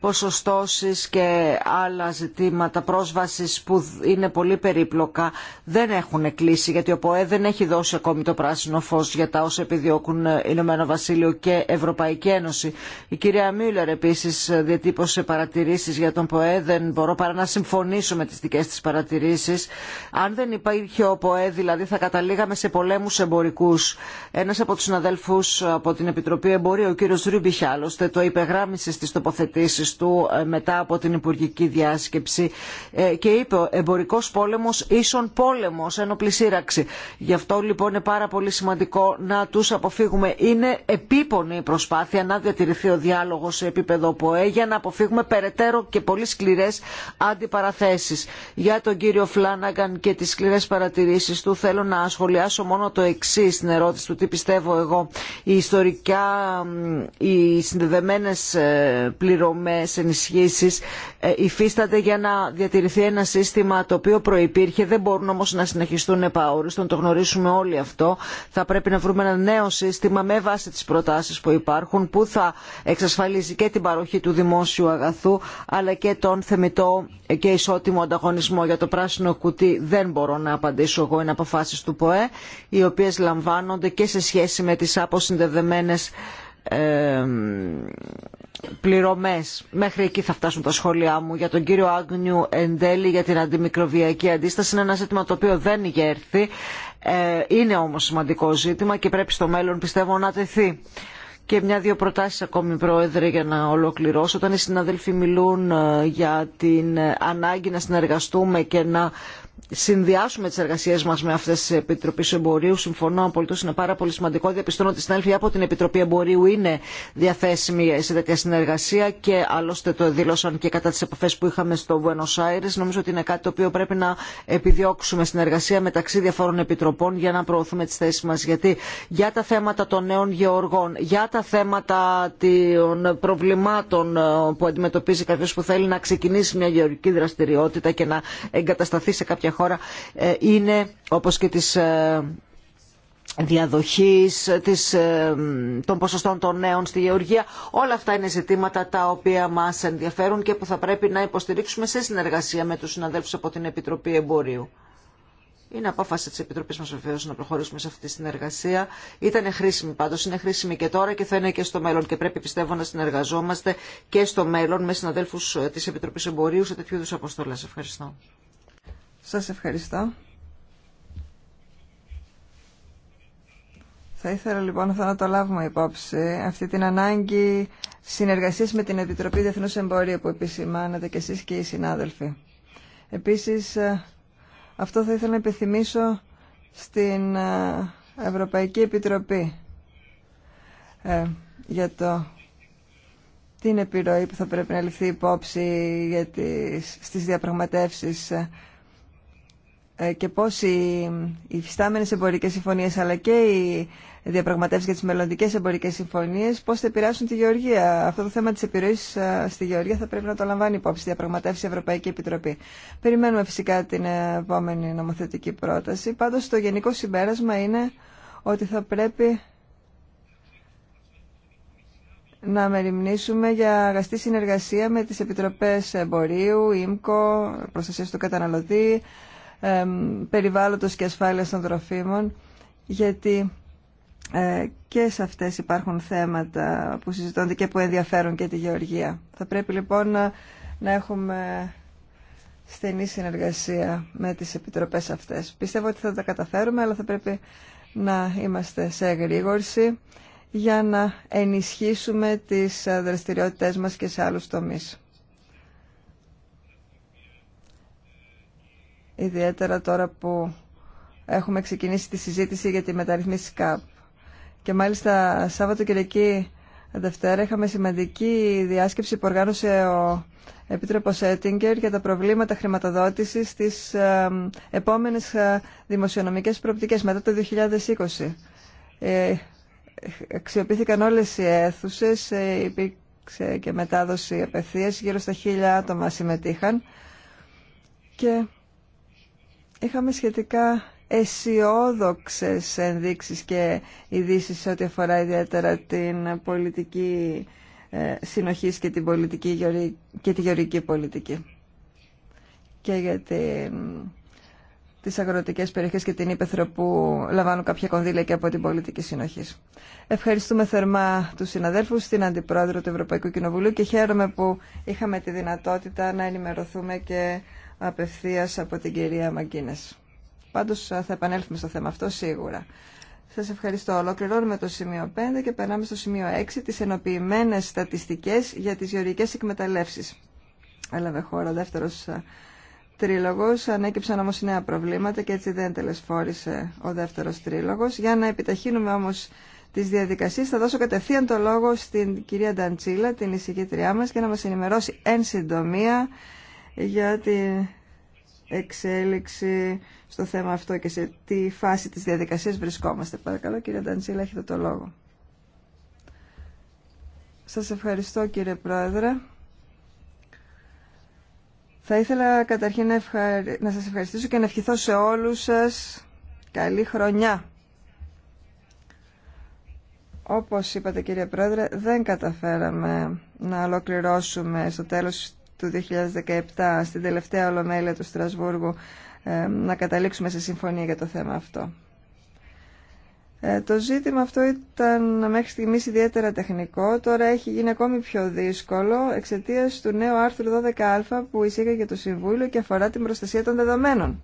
ποσοστώσεις και άλλα ζητήματα πρόσβασης που είναι πολύ περίπλοκα δεν έχουν κλείσει γιατί ο ΠΟΕ δεν έχει δώσει ακόμη το πράσινο φως για τα όσα επιδιώκουν Ηνωμένο Βασίλειο και Ευρωπαϊκή Ένωση. Η κυρία Μίλλερ επίσης διατύπωσε παρατηρήσεις για τον ΠΟΕ. Δεν μπορώ παρά να συμφωνήσω με τις δικές της παρατηρήσεις. Αν δεν υπήρχε ο ΠΟΕ δηλαδή θα καταλήγαμε σε πολέμους εμπορικούς. Ένας από τους συναδέλφους από την Επιτροπή Εμπορίου, ο κύριος Ρούμπιχ άλλωστε, το στις τοποθετήσεις του ε, μετά από την Υπουργική Διάσκεψη ε, και είπε εμπορικός πόλεμος ίσον πόλεμος, ένοπλη σύραξη. Γι' αυτό λοιπόν είναι πάρα πολύ σημαντικό να τους αποφύγουμε. Είναι επίπονη η προσπάθεια να διατηρηθεί ο διάλογος σε επίπεδο ΠΟΕ για να αποφύγουμε περαιτέρω και πολύ σκληρές αντιπαραθέσεις. Για τον κύριο Φλάναγκαν και τις σκληρές παρατηρήσεις του θέλω να ασχολιάσω μόνο το εξή στην ερώτηση του τι πιστεύω εγώ. Οι ιστορικά, οι συνδεδεμένες ε, πληρωμές ενισχύσεις ε, υφίσταται για να διατηρηθεί ένα σύστημα το οποίο προϋπήρχε. Δεν μπορούν όμως να συνεχιστούν επαόριστον, το γνωρίζουμε όλοι αυτό. Θα πρέπει να βρούμε ένα νέο σύστημα με βάση τις προτάσεις που υπάρχουν που θα εξασφαλίζει και την παροχή του δημόσιου αγαθού αλλά και τον θεμητό και ισότιμο ανταγωνισμό. Για το πράσινο κουτί δεν μπορώ να απαντήσω εγώ. Είναι αποφάσεις του ΠΟΕ οι οποίες λαμβάνονται και σε σχέση με τις αποσυνδεδεμένες ε, πληρωμές. Μέχρι εκεί θα φτάσουν τα σχόλιά μου για τον κύριο Άγνιου εν για την αντιμικροβιακή αντίσταση. Είναι ένα ζήτημα το οποίο δεν γέρθει. Είναι όμως σημαντικό ζήτημα και πρέπει στο μέλλον πιστεύω να τεθεί. Και μια-δύο προτάσεις ακόμη, Πρόεδρε, για να ολοκληρώσω. Όταν οι συναδέλφοι μιλούν ε, για την ε, ανάγκη να συνεργαστούμε και να συνδυάσουμε τι εργασίε μα με αυτέ τη Επιτροπή εμπορίου. Συμφωνώ απολύτω, είναι πάρα πολύ σημαντικό. Διαπιστώνω ότι στην έλφη από την Επιτροπή Εμπορίου είναι διαθέσιμη σε τέτοια συνεργασία και άλλωστε το δήλωσαν και κατά τι επαφέ που είχαμε στο Buenos Aires. Νομίζω ότι είναι κάτι το οποίο πρέπει να επιδιώξουμε συνεργασία μεταξύ διαφόρων επιτροπών για να προωθούμε τι θέσει μα. Γιατί για τα θέματα των νέων γεωργών, για τα θέματα των προβλημάτων ε, που αντιμετωπίζει κάποιο που θέλει να ξεκινήσει μια γεωργική δραστηριότητα και να εγκατασταθεί σε κάποια χώρα ε, είναι όπως και της ε, διαδοχής της, ε, των ποσοστών των νέων στη γεωργία. Όλα αυτά είναι ζητήματα τα οποία μας ενδιαφέρουν και που θα πρέπει να υποστηρίξουμε σε συνεργασία με τους συναδέλφους από την Επιτροπή Εμπορίου. Είναι απόφαση της Επιτροπής μας βεβαίως να προχωρήσουμε σε αυτή τη συνεργασία. Ήταν χρήσιμη πάντως, είναι χρήσιμη και τώρα και θα είναι και στο μέλλον. Και πρέπει πιστεύω να συνεργαζόμαστε και στο μέλλον με συναδέλφους της Επιτροπής Εμπορίου σε τέτοιου είδους αποστολές. Ευχαριστώ. Σας ευχαριστώ. Θα ήθελα λοιπόν αυτό να το λάβουμε υπόψη, αυτή την ανάγκη συνεργασίας με την Επιτροπή Διεθνούς Εμπορίου που επισημάνατε και εσείς και οι συνάδελφοι. Επίσης, ε, αυτό θα ήθελα να επιθυμίσω στην ε, Ευρωπαϊκή Επιτροπή ε, για το την επιρροή που θα πρέπει να ληφθεί υπόψη για τις, στις διαπραγματεύσεις ε, ε, και πώς οι υφιστάμενες εμπορικές συμφωνίες αλλά και οι διαπραγματεύσεις για τις μελλοντικές εμπορικές συμφωνίες πώς θα επηρεάσουν τη Γεωργία. Αυτό το θέμα της επιρροής ε, στη Γεωργία θα πρέπει να το λαμβάνει υπόψη η διαπραγματεύση Ευρωπαϊκή Επιτροπή. Περιμένουμε φυσικά την επόμενη νομοθετική πρόταση. Πάντως το γενικό συμπέρασμα είναι ότι θα πρέπει να μεριμνήσουμε για αγαστή συνεργασία με τις Επιτροπές Εμπορίου, ΙΜΚΟ, προστασία του Καταναλωτή, περιβάλλοντος και ασφάλειας των τροφίμων, γιατί ε, και σε αυτές υπάρχουν θέματα που συζητώνται και που ενδιαφέρουν και τη γεωργία. Θα πρέπει λοιπόν να, να έχουμε στενή συνεργασία με τις επιτροπές αυτές. Πιστεύω ότι θα τα καταφέρουμε, αλλά θα πρέπει να είμαστε σε εγρήγορση για να ενισχύσουμε τις ε, δραστηριότητές μας και σε άλλους τομείς. ιδιαίτερα τώρα που έχουμε ξεκινήσει τη συζήτηση για τη μεταρρυθμίση ΚΑΠ. Και μάλιστα Σάββατο Κυριακή Δευτέρα είχαμε σημαντική διάσκεψη που οργάνωσε ο Επίτροπος Έτιγκερ για τα προβλήματα χρηματοδότησης στις ε, επόμενες ε, δημοσιονομικές προοπτικές μετά το 2020. Ε, αξιοποιήθηκαν όλες οι αίθουσες, ε, υπήρξε και μετάδοση απευθείας, γύρω στα χίλια άτομα συμμετείχαν και είχαμε σχετικά αισιόδοξε ενδείξεις και ειδήσει σε ό,τι αφορά ιδιαίτερα την πολιτική ε, συνοχής και, την πολιτική, και τη γεωργική πολιτική και για την, τις αγροτικές περιοχές και την Ήπεθρο που λαμβάνουν κάποια κονδύλια και από την πολιτική συνοχή. Ευχαριστούμε θερμά τους συναδέλφους, την Αντιπρόεδρο του Ευρωπαϊκού Κοινοβουλίου και χαίρομαι που είχαμε τη δυνατότητα να ενημερωθούμε και απευθεία από την κυρία Μαγκίνε. Πάντως θα επανέλθουμε στο θέμα αυτό σίγουρα. Σα ευχαριστώ. Ολοκληρώνουμε το σημείο 5 και περνάμε στο σημείο 6, τι ενοποιημένες στατιστικέ για τι γεωργικέ εκμεταλλεύσεις. Έλαβε χώρα ο δεύτερος τρίλογος, ανέκυψαν όμω νέα προβλήματα και έτσι δεν τελεσφόρησε ο δεύτερο τρίλογο. Για να επιταχύνουμε όμω τι διαδικασίε, θα δώσω κατευθείαν το λόγο στην κυρία Νταντσίλα, την εισηγήτριά μα, και να μα ενημερώσει εν συντομία για την εξέλιξη στο θέμα αυτό και σε τι φάση της διαδικασίας βρισκόμαστε. Παρακαλώ κύριε Νταντσίλα, έχετε το λόγο. Σας ευχαριστώ κύριε Πρόεδρε. Θα ήθελα καταρχήν να, να σας ευχαριστήσω και να ευχηθώ σε όλους σας καλή χρονιά. Όπως είπατε κύριε Πρόεδρε, δεν καταφέραμε να ολοκληρώσουμε στο τέλος του 2017 στην τελευταία ολομέλεια του Στρασβούργου ε, να καταλήξουμε σε συμφωνία για το θέμα αυτό. Ε, το ζήτημα αυτό ήταν μέχρι στιγμής ιδιαίτερα τεχνικό, τώρα έχει γίνει ακόμη πιο δύσκολο εξαιτίας του νέου άρθρου 12α που εισήγαγε το Συμβούλιο και αφορά την προστασία των δεδομένων.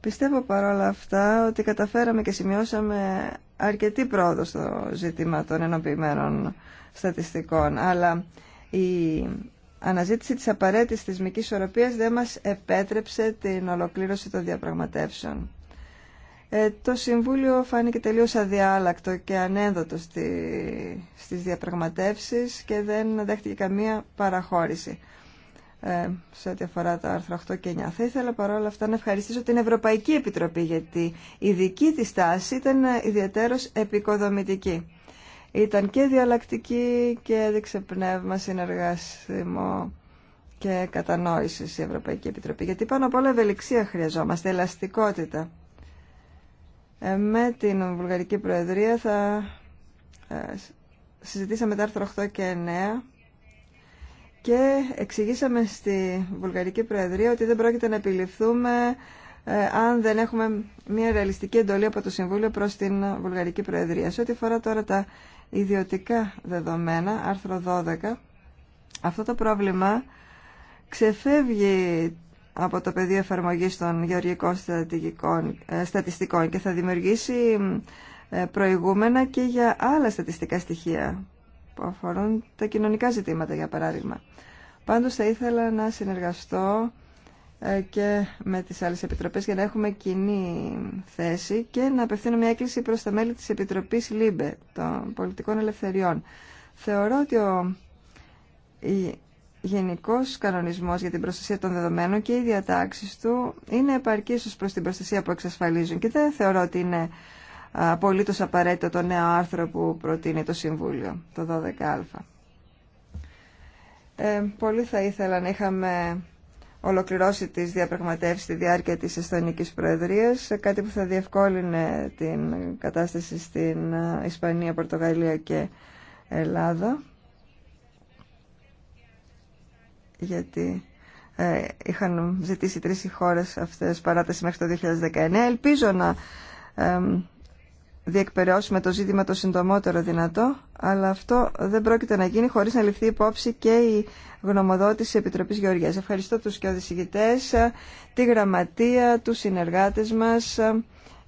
Πιστεύω παρόλα αυτά ότι καταφέραμε και σημειώσαμε αρκετή πρόοδο στο ζήτημα των ενοποιημένων στατιστικών, αλλά η αναζήτηση της απαραίτητης θεσμικής οροπίας δεν μας επέτρεψε την ολοκλήρωση των διαπραγματεύσεων. Ε, το Συμβούλιο φάνηκε τελείως αδιάλακτο και ανένδοτο στη, στις διαπραγματεύσεις και δεν δέχτηκε καμία παραχώρηση ε, σε ό,τι αφορά τα άρθρα 8 και 9. Θα ήθελα παρόλα αυτά να ευχαριστήσω την Ευρωπαϊκή Επιτροπή γιατί η δική της τάση ήταν ιδιαίτερος επικοδομητική ήταν και διαλλακτική και έδειξε πνεύμα συνεργάσιμο και κατανόηση η Ευρωπαϊκή Επιτροπή. Γιατί πάνω απ' όλα ευελιξία χρειαζόμαστε, ελαστικότητα. Ε, με την Βουλγαρική Προεδρία θα ε, συζητήσαμε τα άρθρα 8 και 9 και εξηγήσαμε στη Βουλγαρική Προεδρία ότι δεν πρόκειται να επιληφθούμε ε, αν δεν έχουμε μια ρεαλιστική εντολή από το Συμβούλιο προς την Βουλγαρική Προεδρία. Σε ό,τι αφορά τώρα τα ιδιωτικά δεδομένα, άρθρο 12, αυτό το πρόβλημα ξεφεύγει από το πεδίο εφαρμογή των γεωργικών ε, στατιστικών και θα δημιουργήσει ε, προηγούμενα και για άλλα στατιστικά στοιχεία που αφορούν τα κοινωνικά ζητήματα, για παράδειγμα. Πάντως θα ήθελα να συνεργαστώ ε, και με τις άλλες επιτροπές για να έχουμε κοινή θέση και να απευθύνω μια έκκληση προς τα μέλη της Επιτροπής ΛΥΜΠΕ των Πολιτικών Ελευθεριών. Θεωρώ ότι ο γενικός κανονισμός για την προστασία των δεδομένων και οι διατάξεις του είναι επαρκής ως προς την προστασία που εξασφαλίζουν και δεν θεωρώ ότι είναι απολύτως απαραίτητο το νέο άρθρο που προτείνει το Συμβούλιο, το 12α. Ε, πολύ θα ήθελα να είχαμε ολοκληρώσει τις διαπραγματεύσεις στη διάρκεια της Εσθονικής Προεδρίας, κάτι που θα διευκόλυνε την κατάσταση στην ε, Ισπανία, Πορτογαλία και Ελλάδα. Γιατί ε, είχαν ζητήσει τρεις χώρες αυτές παράταση μέχρι το 2019. Ελπίζω να ε, διεκπαιρεώσουμε το ζήτημα το συντομότερο δυνατό, αλλά αυτό δεν πρόκειται να γίνει χωρίς να ληφθεί υπόψη και η γνωμοδότηση Επιτροπής Γεωργίας. Ευχαριστώ τους και οδησηγητές, τη γραμματεία, τους συνεργάτες μας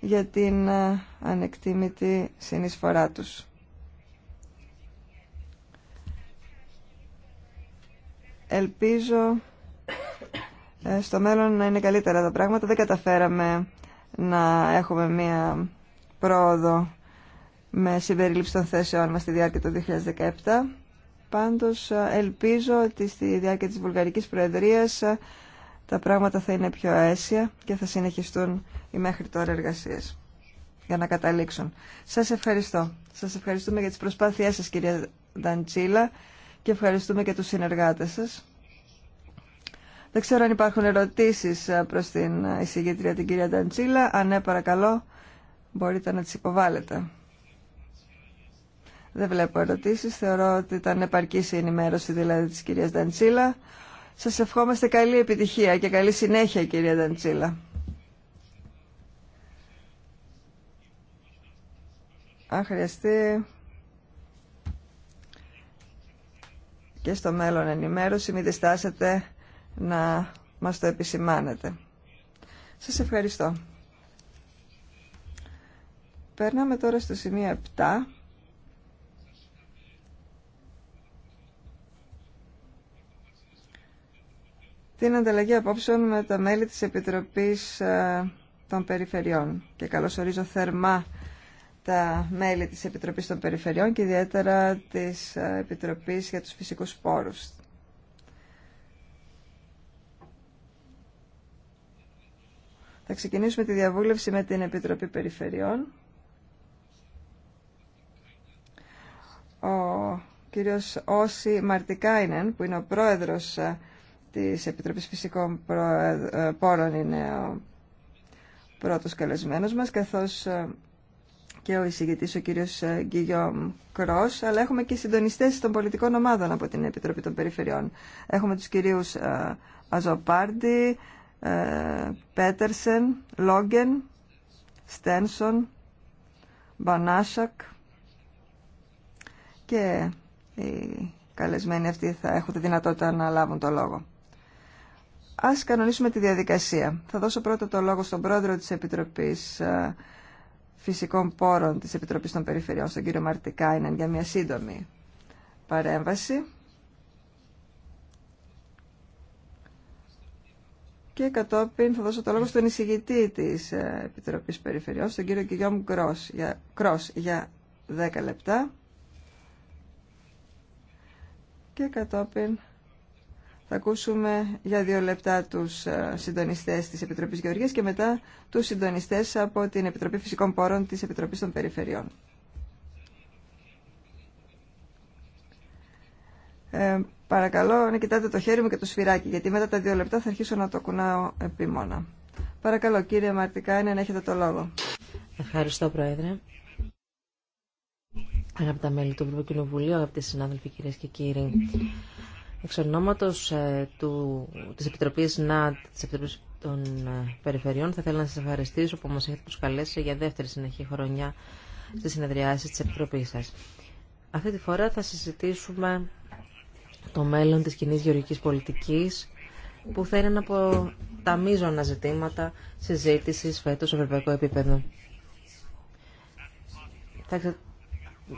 για την ε, ανεκτήμητη συνεισφορά τους. Ελπίζω ε, στο μέλλον να είναι καλύτερα τα πράγματα. Δεν καταφέραμε να έχουμε μία πρόοδο με συμπερίληψη των θέσεών μας στη διάρκεια του 2017. Πάντως ελπίζω ότι στη διάρκεια της Βουλγαρικής Προεδρίας τα πράγματα θα είναι πιο αίσια και θα συνεχιστούν οι μέχρι τώρα εργασίες για να καταλήξουν. Σας ευχαριστώ. Σας ευχαριστούμε για τις προσπάθειές σας κυρία Νταντσίλα και ευχαριστούμε και τους συνεργάτες σας. Δεν ξέρω αν υπάρχουν ερωτήσεις ε, προς την ε, εισηγήτρια την κυρία Νταντσίλα. Αν ναι, παρακαλώ, μπορείτε να τις υποβάλλετε. Δεν βλέπω ερωτήσεις. Θεωρώ ότι ήταν επαρκής η ενημέρωση δηλαδή της κυρίας Νταντσίλα. Σας ευχόμαστε καλή επιτυχία και καλή συνέχεια κυρία Νταντσίλα. Αν χρειαστεί και στο μέλλον ενημέρωση, μην διστάσετε να μας το επισημάνετε. Σας ευχαριστώ. Περνάμε τώρα στο σημείο 7. την ανταλλαγή απόψεων με τα μέλη της Επιτροπής ε, των Περιφερειών και καλωσορίζω θερμά τα μέλη της Επιτροπής των Περιφερειών και ιδιαίτερα της ε, Επιτροπής για τους Φυσικούς Πόρους. Θα ξεκινήσουμε τη διαβούλευση με την Επιτροπή Περιφερειών. Ο κύριος Όση Μαρτικάινεν, που είναι ο πρόεδρος ε, της Επιτροπής Φυσικών ε, Πόρων, είναι ο πρώτος καλεσμένος μας, καθώς ε, και ο εισηγητής ο κύριος Γκυγιόμ Κρός, αλλά έχουμε και συντονιστές των πολιτικών ομάδων από την Επιτροπή των Περιφερειών. Έχουμε τους κυρίους Αζοπάρντι, Πέτερσεν, Λόγκεν, Στένσον, Μπανάσακ, και οι καλεσμένοι αυτοί θα έχουν τη δυνατότητα να λάβουν το λόγο. Ας κανονίσουμε τη διαδικασία. Θα δώσω πρώτα το λόγο στον πρόεδρο της Επιτροπής ε, Φυσικών Πόρων της Επιτροπής των Περιφερειών, στον κύριο Μαρτικάινεν, για μια σύντομη παρέμβαση. Και κατόπιν θα δώσω το λόγο στον εισηγητή της ε, Επιτροπής Περιφερειών, στον κύριο Κιγιόμ Κρός, για, 10 λεπτά και κατόπιν θα ακούσουμε για δύο λεπτά τους ε, συντονιστές της Επιτροπής Γεωργίας και μετά τους συντονιστές από την Επιτροπή Φυσικών Πόρων της Επιτροπής των Περιφερειών. Ε, παρακαλώ να κοιτάτε το χέρι μου και το σφυράκι, γιατί μετά τα δύο λεπτά θα αρχίσω να το κουνάω επίμονα. Παρακαλώ κύριε Μαρτικά, να έχετε το λόγο. Ευχαριστώ Πρόεδρε. Αγαπητά μέλη του Ευρωκοινοβουλίου, Κοινοβουλίου, αγαπητοί συνάδελφοι, κυρίε και κύριοι. Εξ ονόματο ε, τη Επιτροπή ΝΑΤ, τη Επιτροπή των ε, Περιφερειών, θα ήθελα να σα ευχαριστήσω που μα έχετε προσκαλέσει για δεύτερη συνεχή χρονιά στι συνεδριάσει τη Επιτροπή σα. Αυτή τη φορά θα συζητήσουμε το μέλλον τη κοινή γεωργική Πολιτική που θα είναι ένα από τα μείζωνα ζητήματα συζήτηση φέτος σε ευρωπαϊκό επίπεδο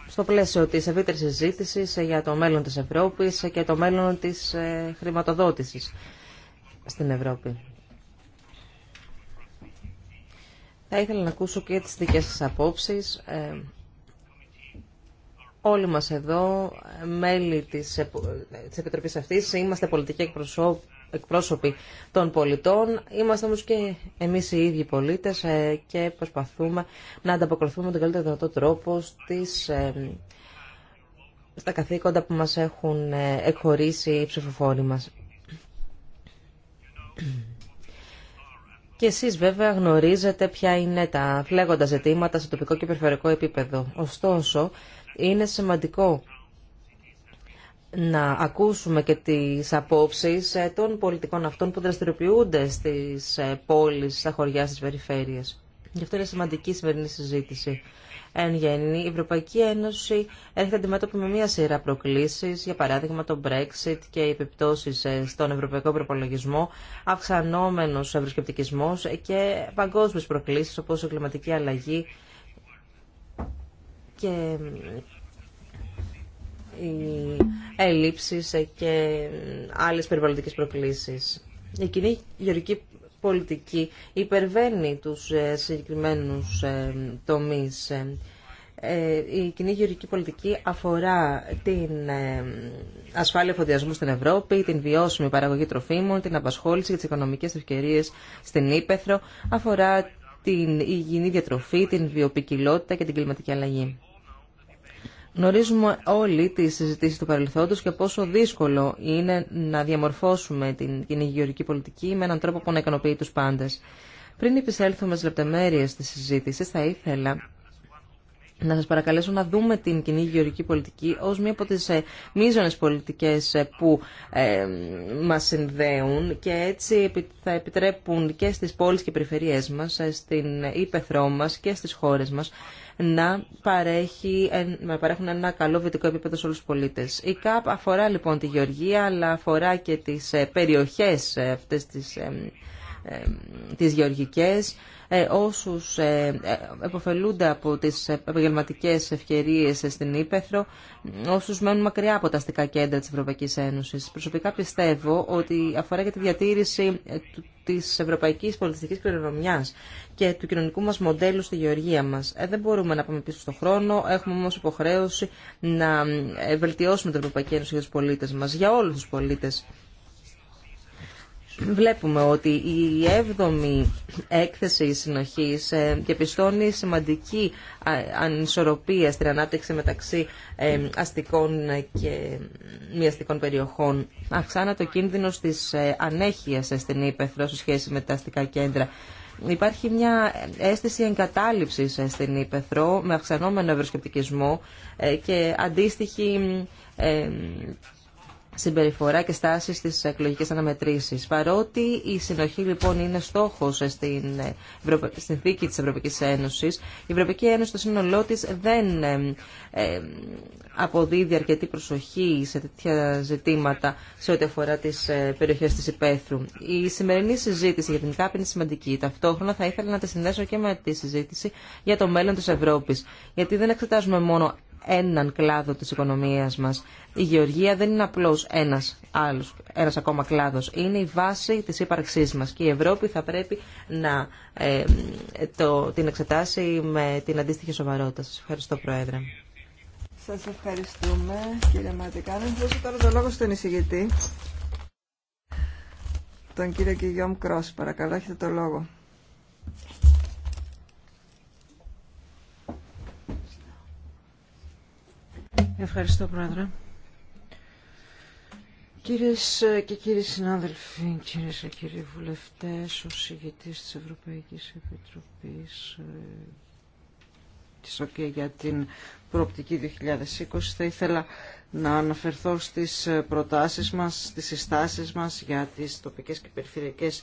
στο πλαίσιο τη ευρύτερη συζήτηση για το μέλλον της Ευρώπης και το μέλλον της ε, χρηματοδότησης στην Ευρώπη. Θα ήθελα να ακούσω και τις δικές σας απόψεις. Ε, όλοι μας εδώ, ε, μέλη της, της Επιτροπής αυτής, είμαστε πολιτικοί εκπροσώποι εκπρόσωποι των πολιτών. Είμαστε όμως και εμείς οι ίδιοι πολίτες ε, και προσπαθούμε να ανταποκριθούμε με τον καλύτερο δυνατό τρόπο στις, ε, στα καθήκοντα που μας έχουν ε, εκχωρήσει οι ψηφοφόροι μας. Και εσείς βέβαια γνωρίζετε ποια είναι τα φλέγοντα ζητήματα σε τοπικό και περιφερειακό επίπεδο. Ωστόσο, είναι σημαντικό να ακούσουμε και τις απόψεις ε, των πολιτικών αυτών που δραστηριοποιούνται στις ε, πόλεις, στα χωριά, στις περιφέρειες. Γι' αυτό είναι σημαντική η σημερινή συζήτηση. Εν γέννη, η Ευρωπαϊκή Ένωση έρχεται αντιμέτωπη με μία σειρά προκλήσει, για παράδειγμα το Brexit και οι επιπτώσει ε, στον ευρωπαϊκό προπολογισμό, αυξανόμενο ευρωσκεπτικισμό και παγκόσμιε προκλήσει όπω η κλιματική αλλαγή και οι ελλείψεις και άλλες περιβαλλοντικές προκλήσεις. Η κοινή γεωργική πολιτική υπερβαίνει τους ε, συγκεκριμένους ε, τομείς. Ε, η κοινή γεωργική πολιτική αφορά την ασφάλεια φωτιασμού στην Ευρώπη, την βιώσιμη παραγωγή τροφίμων, την απασχόληση και τις οικονομικές ευκαιρίες στην Ήπεθρο, αφορά την υγιεινή διατροφή, την βιοπικιλότητα και την κλιματική αλλαγή. Γνωρίζουμε όλοι τις συζητήσεις του παρελθόντος και πόσο δύσκολο είναι να διαμορφώσουμε την κοινή γεωργική πολιτική με έναν τρόπο που να ικανοποιεί τους πάντες. Πριν επισέλθουμε στις λεπτομέρειες της συζήτησης, θα ήθελα να σας παρακαλέσω να δούμε την κοινή γεωργική πολιτική ως μία από τις ε, μείζονες πολιτικές ε, που ε, μας συνδέουν και έτσι θα επιτρέπουν και στις πόλεις και περιφερειές μας, στην ύπεθρό μας και στις χώρες μας να, παρέχει, να παρέχουν ένα καλό βιωτικό επίπεδο σε όλους τους πολίτες. Η ΚΑΠ αφορά λοιπόν τη γεωργία, αλλά αφορά και τις ε, περιοχές ε, αυτές τις ε, τις γεωργικές, ε, όσους ε, ε, εποφελούνται από τις επαγγελματικέ ευκαιρίες στην Ήπεθρο, όσους μένουν μακριά από τα αστικά κέντρα της Ευρωπαϊκής Ένωσης. Προσωπικά πιστεύω ότι αφορά για τη διατήρηση της ευρωπαϊκής πολιτιστικής κληρονομιάς και του κοινωνικού μας μοντέλου στη γεωργία μας. δεν μπορούμε να πάμε πίσω στον χρόνο, έχουμε όμως υποχρέωση να βελτιώσουμε την Ευρωπαϊκή Ένωση για τους πολίτες μας, για όλους τους πολίτες βλέπουμε ότι η 7η έκθεση συνοχής ε, διαπιστώνει σημαντική ανισορροπία στην ανάπτυξη μεταξύ ε, αστικών ε, και μη αστικών περιοχών. αυξάνα το κίνδυνο της ανέχειας στην Ήπεθρο σε σχέση με τα αστικά κέντρα. Υπάρχει μια αίσθηση εγκατάλειψης στην Ήπεθρο με αυξανόμενο ευρωσκεπτικισμό και αντίστοιχη συμπεριφορά και στάση στι εκλογικέ αναμετρήσει. Παρότι η συνοχή λοιπόν είναι στόχο στην, στην θήκη της Ευρωπαϊκής Ένωσης, η Ευρωπαϊκή Ένωση στο σύνολό τη δεν αποδίδει αρκετή προσοχή σε τέτοια ζητήματα σε ό,τι αφορά τις ε, περιοχέ τη υπαίθρου. Η σημερινή συζήτηση για την ΚΑΠ είναι σημαντική. Ταυτόχρονα θα ήθελα να τη συνδέσω και με τη συζήτηση για το μέλλον τη Ευρώπη, Γιατί δεν εξετάζουμε μόνο έναν κλάδο της οικονομίας μας. Η γεωργία δεν είναι απλώς ένας, άλλος, ένας ακόμα κλάδος. Είναι η βάση της ύπαρξής μας και η Ευρώπη θα πρέπει να ε, το, την εξετάσει με την αντίστοιχη σοβαρότητα. Σας ευχαριστώ Πρόεδρε. Σας ευχαριστούμε κύριε Ματικά. Να δώσω τώρα το λόγο στον εισηγητή. Τον κύριο Κιγιόμ Κρός, παρακαλώ, έχετε το λόγο. Ευχαριστώ, Πρόεδρε. Κυρίες και κύριοι συνάδελφοι, κυρίες και κύριοι βουλευτές, ο συγγετής της Ευρωπαϊκής Επιτροπής ε, της ΟΚΕ για την προοπτική 2020, θα ήθελα να αναφερθώ στις προτάσεις μας, στις συστάσεις μας για τις τοπικές και περιφερειακές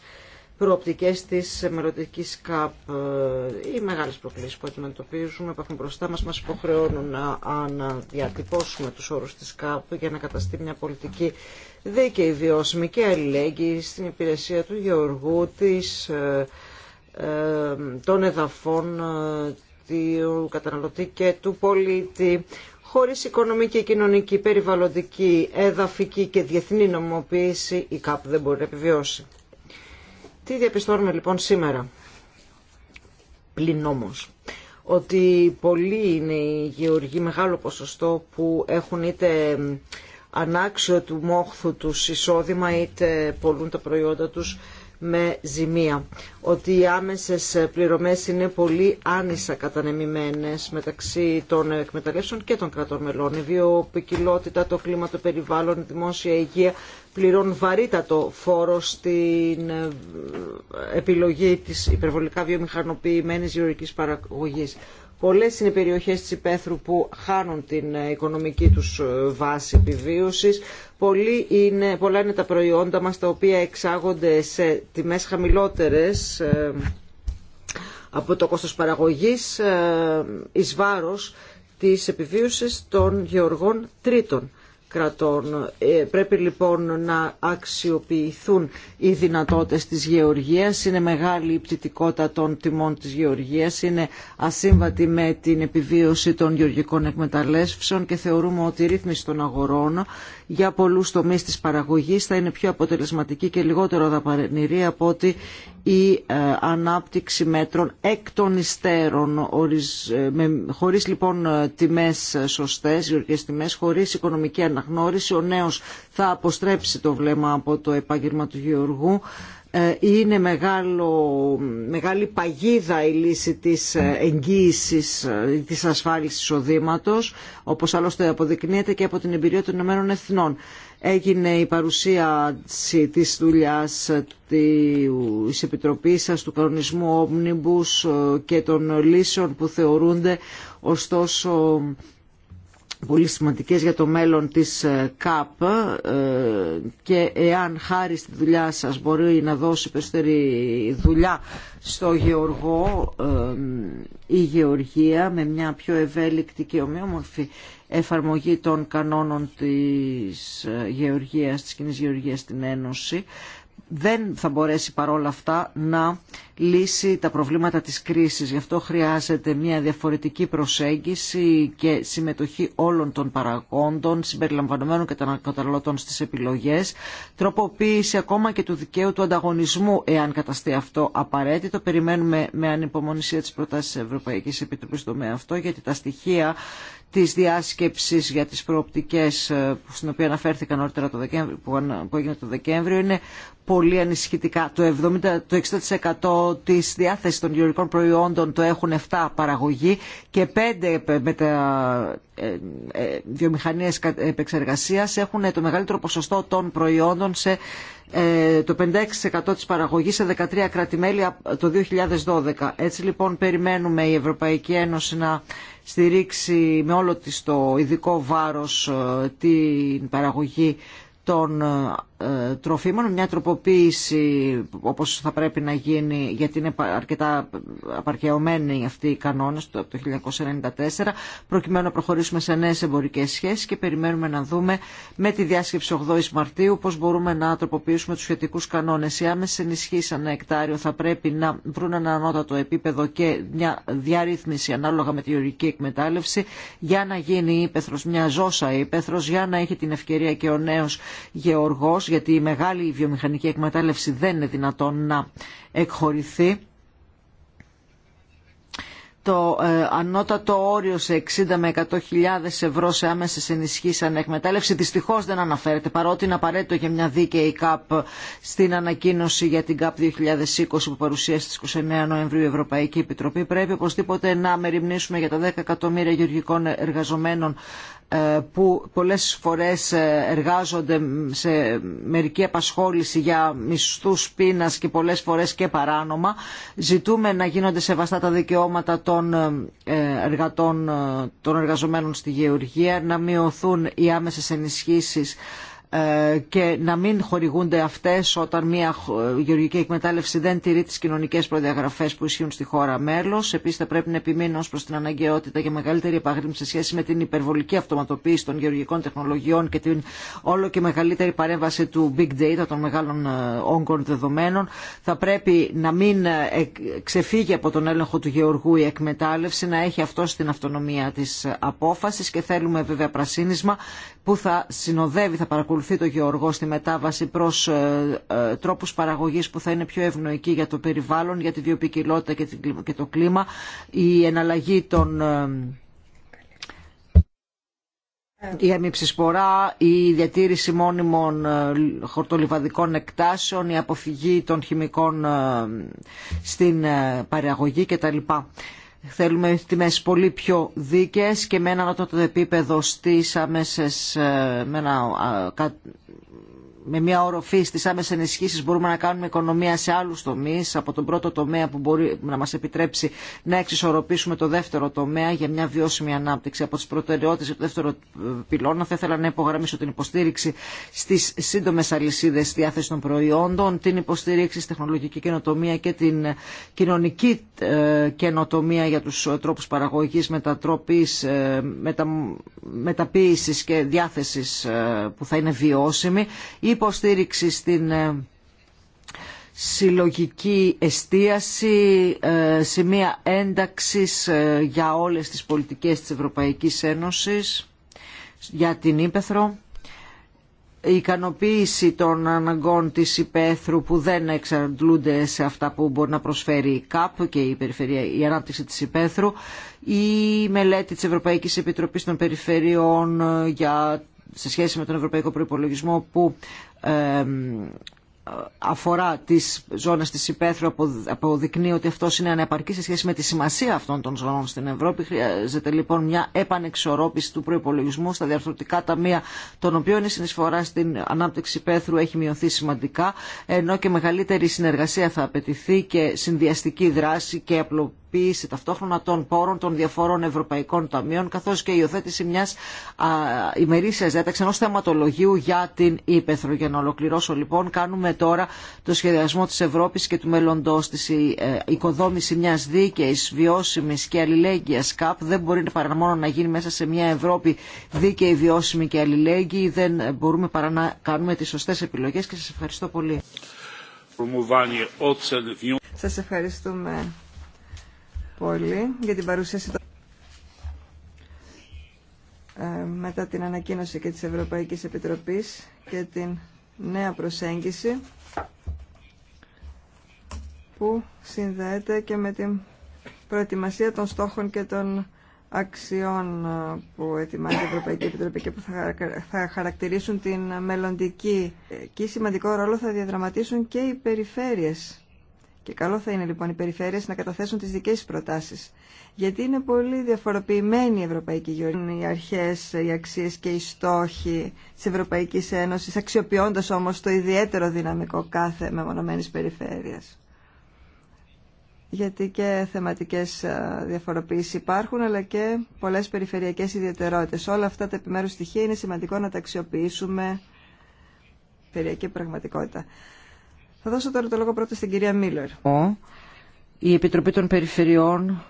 προοπτικές της μελλοντική ΚΑΠ. ή ε, μεγάλες προκλήσεις που αντιμετωπίζουμε, που έχουν μπροστά μας, μας υποχρεώνουν να αναδιατυπώσουμε τους όρους της ΚΑΠ για να καταστεί μια πολιτική δίκαιη, βιώσιμη και αλληλέγγυη στην υπηρεσία του Γεωργού, της, ε, ε, των εδαφών, του καταναλωτή και του πολίτη χωρίς οικονομική, κοινωνική, περιβαλλοντική, εδαφική και διεθνή νομοποίηση η ΚΑΠ δεν μπορεί να επιβιώσει. Τι διαπιστώνουμε λοιπόν σήμερα, πλην όμως, ότι πολλοί είναι οι γεωργοί μεγάλο ποσοστό που έχουν είτε ανάξιο του μόχθου τους εισόδημα είτε πολλούν τα προϊόντα τους με ζημία. Ότι οι άμεσες πληρωμές είναι πολύ άνισα κατανεμημένες μεταξύ των εκμεταλλεύσεων και των κρατών μελών. Η βιοποικιλότητα, το κλίμα, το περιβάλλον, η δημόσια υγεία πληρώνουν βαρύτατο φόρο στην ε, επιλογή της υπερβολικά βιομηχανοποιημένης γεωργικής παραγωγής. Πολλές είναι οι περιοχές της υπαίθρου που χάνουν την ε, οικονομική τους ε, βάση επιβίωσης. είναι, πολλά είναι τα προϊόντα μας τα οποία εξάγονται σε τιμές χαμηλότερες ε, από το κόστος παραγωγής εις βάρος της επιβίωσης των γεωργών τρίτων. Ε, πρέπει λοιπόν να αξιοποιηθούν οι δυνατότητες της γεωργίας. Είναι μεγάλη η πτυτικότητα των τιμών της γεωργίας. Είναι ασύμβατη με την επιβίωση των γεωργικών εκμεταλλεύσεων και θεωρούμε ότι η ρύθμιση των αγορών για πολλούς τομείς της παραγωγής θα είναι πιο αποτελεσματική και λιγότερο δαπανηρή από ότι η ε, ανάπτυξη μέτρων εκ των υστέρων, ε, χωρίς λοιπόν ε, τιμές σωστές, γεωργικές τιμές, χωρίς οικονομική αναγνώριση. Ο νέος θα αποστρέψει το βλέμμα από το επάγγελμα του γεωργού ε, είναι μεγάλο, μεγάλη παγίδα η λύση της ε, εγγύησης ε, της ασφάλισης οδήματος, όπως άλλωστε αποδεικνύεται και από την εμπειρία των Ηνωμένων Εθνών. Έγινε η παρουσίαση της δουλειάς της Επιτροπής σας, του κανονισμού Omnibus και των λύσεων που θεωρούνται ωστόσο πολύ σημαντικές για το μέλλον της ε, ΚΑΠ ε, και εάν χάρη στη δουλειά σας μπορεί να δώσει περισσότερη δουλειά στο γεωργό ε, η γεωργία με μια πιο ευέλικτη και ομοιόμορφη εφαρμογή των κανόνων της γεωργίας, της κοινής γεωργίας στην Ένωση δεν θα μπορέσει παρόλα αυτά να λύσει τα προβλήματα της κρίσης. Γι' αυτό χρειάζεται μια διαφορετική προσέγγιση και συμμετοχή όλων των παραγόντων, συμπεριλαμβανομένων και των καταναλωτών στις επιλογές, τροποποίηση ακόμα και του δικαίου του ανταγωνισμού, εάν καταστεί αυτό απαραίτητο. Περιμένουμε με ανυπομονησία τις προτάσεις της Ευρωπαϊκής Επιτροπής στο τομέα αυτό, γιατί τα στοιχεία της διάσκεψης για τις προοπτικές ε, στην οποία αναφέρθηκαν νωρίτερα το Δεκέμβριο, που έγινε το Δεκέμβριο είναι πολύ ανησυχητικά. Το, 70, το 60% της διάθεσης των γεωργικών προϊόντων το έχουν 7 παραγωγή και 5 με τα ε, ε, βιομηχανίες επεξεργασίας έχουν το μεγαλύτερο ποσοστό των προϊόντων σε ε, το 56% της παραγωγής σε 13 κρατη το 2012. Έτσι λοιπόν περιμένουμε η Ευρωπαϊκή Ένωση να στηρίξει με όλο της το ειδικό βάρος την παραγωγή των ε, τροφίμων, μια τροποποίηση όπως θα πρέπει να γίνει γιατί είναι αρκετά απαρχαιωμένοι αυτοί οι κανόνες από το 1994 προκειμένου να προχωρήσουμε σε νέες εμπορικές σχέσεις και περιμένουμε να δούμε με τη διάσκεψη 8ης Μαρτίου πώς μπορούμε να τροποποιήσουμε τους σχετικούς κανόνες. Οι άμεσες ενισχύσεις ανά εκτάριο θα πρέπει να βρουν ένα ανώτατο επίπεδο και μια διαρρύθμιση ανάλογα με τη γεωργική εκμετάλλευση για να γίνει η μια ζώσα ύπεθρος, για να έχει την ευκαιρία και ο νέος γεωργός, γιατί η μεγάλη βιομηχανική εκμετάλλευση δεν είναι δυνατόν να εκχωρηθεί. Το ε, ανώτατο όριο σε 60 με 100.000 ευρώ σε άμεσε ενισχύσει ανεκμετάλλευση δυστυχώ δεν αναφέρεται παρότι είναι απαραίτητο για μια δίκαιη ΚΑΠ στην ανακοίνωση για την ΚΑΠ 2020 που παρουσίασε στι 29 Νοεμβρίου η Ευρωπαϊκή Επιτροπή. Πρέπει οπωσδήποτε να μεριμνήσουμε για τα 10 εκατομμύρια γεωργικών εργαζομένων ε, που πολλές φορές ε, εργάζονται σε μερική απασχόληση για μισθούς πείνας και πολλές φορές και παράνομα. Ζητούμε να γίνονται σεβαστά τα δικαιώματα των, ε, εργατών, των εργαζομένων στη γεωργία, να μειωθούν οι άμεσες ενισχύσεις ε, και να μην χορηγούνται αυτές όταν μια ε, γεωργική εκμετάλλευση δεν τηρεί τις κοινωνικές προδιαγραφές που ισχύουν στη χώρα μέλος. Επίσης θα πρέπει να επιμείνω ως προς την αναγκαιότητα για μεγαλύτερη επαγρύμψη σε σχέση με την υπερβολική αυτοματοποίηση των γεωργικών τεχνολογιών και την όλο και μεγαλύτερη παρέμβαση του big data των μεγάλων ε, όγκων δεδομένων. Θα πρέπει να μην ξεφύγει από τον έλεγχο του γεωργού η εκμετάλλευση, να έχει αυτό την αυτονομία της απόφασης και θέλουμε βέβαια πρασίνισμα που θα συνοδεύει, θα παρακολουθεί παρακολουθεί το γεωργό στη μετάβαση προς ε, ε, τρόπους παραγωγής που θα είναι πιο ευνοϊκοί για το περιβάλλον, για τη βιοπικιλότητα και το κλίμα, η εναλλαγή των ε, η αμυψισπορά, η διατήρηση μόνιμων χορτολιβαδικών εκτάσεων, η αποφυγή των χημικών στην παραγωγή κτλ. Θέλουμε τιμές πολύ πιο δίκες και με το το επίπεδο στήσαμε σε ε, με ένα με μια οροφή στι άμεσε ενισχύσει μπορούμε να κάνουμε οικονομία σε άλλου τομεί, από τον πρώτο τομέα που μπορεί να μα επιτρέψει να εξισορροπήσουμε το δεύτερο τομέα για μια βιώσιμη ανάπτυξη. Από τι προτεραιότητε του δεύτερου ε, πυλώνα θα ήθελα να υπογραμμίσω την υποστήριξη στι σύντομε αλυσίδε διάθεση των προϊόντων, την υποστήριξη στη τεχνολογική καινοτομία και την κοινωνική ε, καινοτομία για του ε, τρόπου παραγωγή, μετατροπή μεταποίηση και διάθεση που θα είναι βιώσιμη υποστήριξη στην ε, συλλογική εστίαση, ε, σημεία ένταξης ε, για όλες τις πολιτικές της Ευρωπαϊκής Ένωσης, για την Ήπεθρο, η ικανοποίηση των αναγκών της Ήπεθρου που δεν εξαντλούνται σε αυτά που μπορεί να προσφέρει η ΚΑΠ και η, περιφερεια, η ανάπτυξη της Ήπεθρου, η μελέτη της Ευρωπαϊκής Επιτροπής των Περιφερειών για σε σχέση με τον ευρωπαϊκό προϋπολογισμό που αφορά τις ζώνες της υπαίθρου αποδεικνύει ότι αυτό είναι ανεπαρκή σε σχέση με τη σημασία αυτών των ζώνων στην Ευρώπη. Χρειάζεται λοιπόν μια επανεξορρόπηση του προϋπολογισμού στα διαρθρωτικά ταμεία των οποίων η συνεισφορά στην ανάπτυξη υπαίθρου έχει μειωθεί σημαντικά ενώ και μεγαλύτερη συνεργασία θα απαιτηθεί και συνδυαστική δράση και απλοποίηση ενεργοποίηση ταυτόχρονα των πόρων των διαφόρων ευρωπαϊκών ταμείων καθώ και η υιοθέτηση μια ημερήσια ημερήσιας ενό θεματολογίου για την Ήπεθρο. Για να ολοκληρώσω λοιπόν κάνουμε τώρα το σχεδιασμό τη Ευρώπη και του μέλλοντό τη. Η ε, οικοδόμηση μια δίκαιη, βιώσιμη και αλληλέγγυα ΚΑΠ δεν μπορεί παρά μόνο να γίνει μέσα σε μια Ευρώπη δίκαιη, βιώσιμη και αλληλέγγυη. Δεν μπορούμε παρά να κάνουμε τι σωστέ επιλογέ και σα ευχαριστώ πολύ. Σας ευχαριστούμε πολύ για την παρουσίαση ε, μετά την ανακοίνωση και της Ευρωπαϊκής Επιτροπής και την νέα προσέγγιση που συνδέεται και με την προετοιμασία των στόχων και των αξιών ε, που ετοιμάζει η Ευρωπαϊκή Επιτροπή και που θα χαρακτηρίσουν την μελλοντική και σημαντικό ρόλο θα διαδραματίσουν και οι περιφέρειες και καλό θα είναι λοιπόν οι περιφέρειες να καταθέσουν τι δικέ τους προτάσεις. Γιατί είναι πολύ διαφοροποιημένη η Ευρωπαϊκή Γεωργία, οι αρχές, οι αξίες και οι στόχοι τη Ευρωπαϊκή Ένωση, αξιοποιώντας όμω το ιδιαίτερο δυναμικό κάθε μεμονωμένης περιφέρειας. Γιατί και θεματικέ ε, διαφοροποιήσει υπάρχουν, αλλά και πολλέ περιφερειακέ ιδιαιτερότητε. Όλα αυτά τα επιμέρου στοιχεία είναι σημαντικό να τα αξιοποιήσουμε περιφερειακή πραγματικότητα. Θα δώσω τώρα το λόγο πρώτα στην κυρία Μίλλερ. Η Επιτροπή των Περιφερειών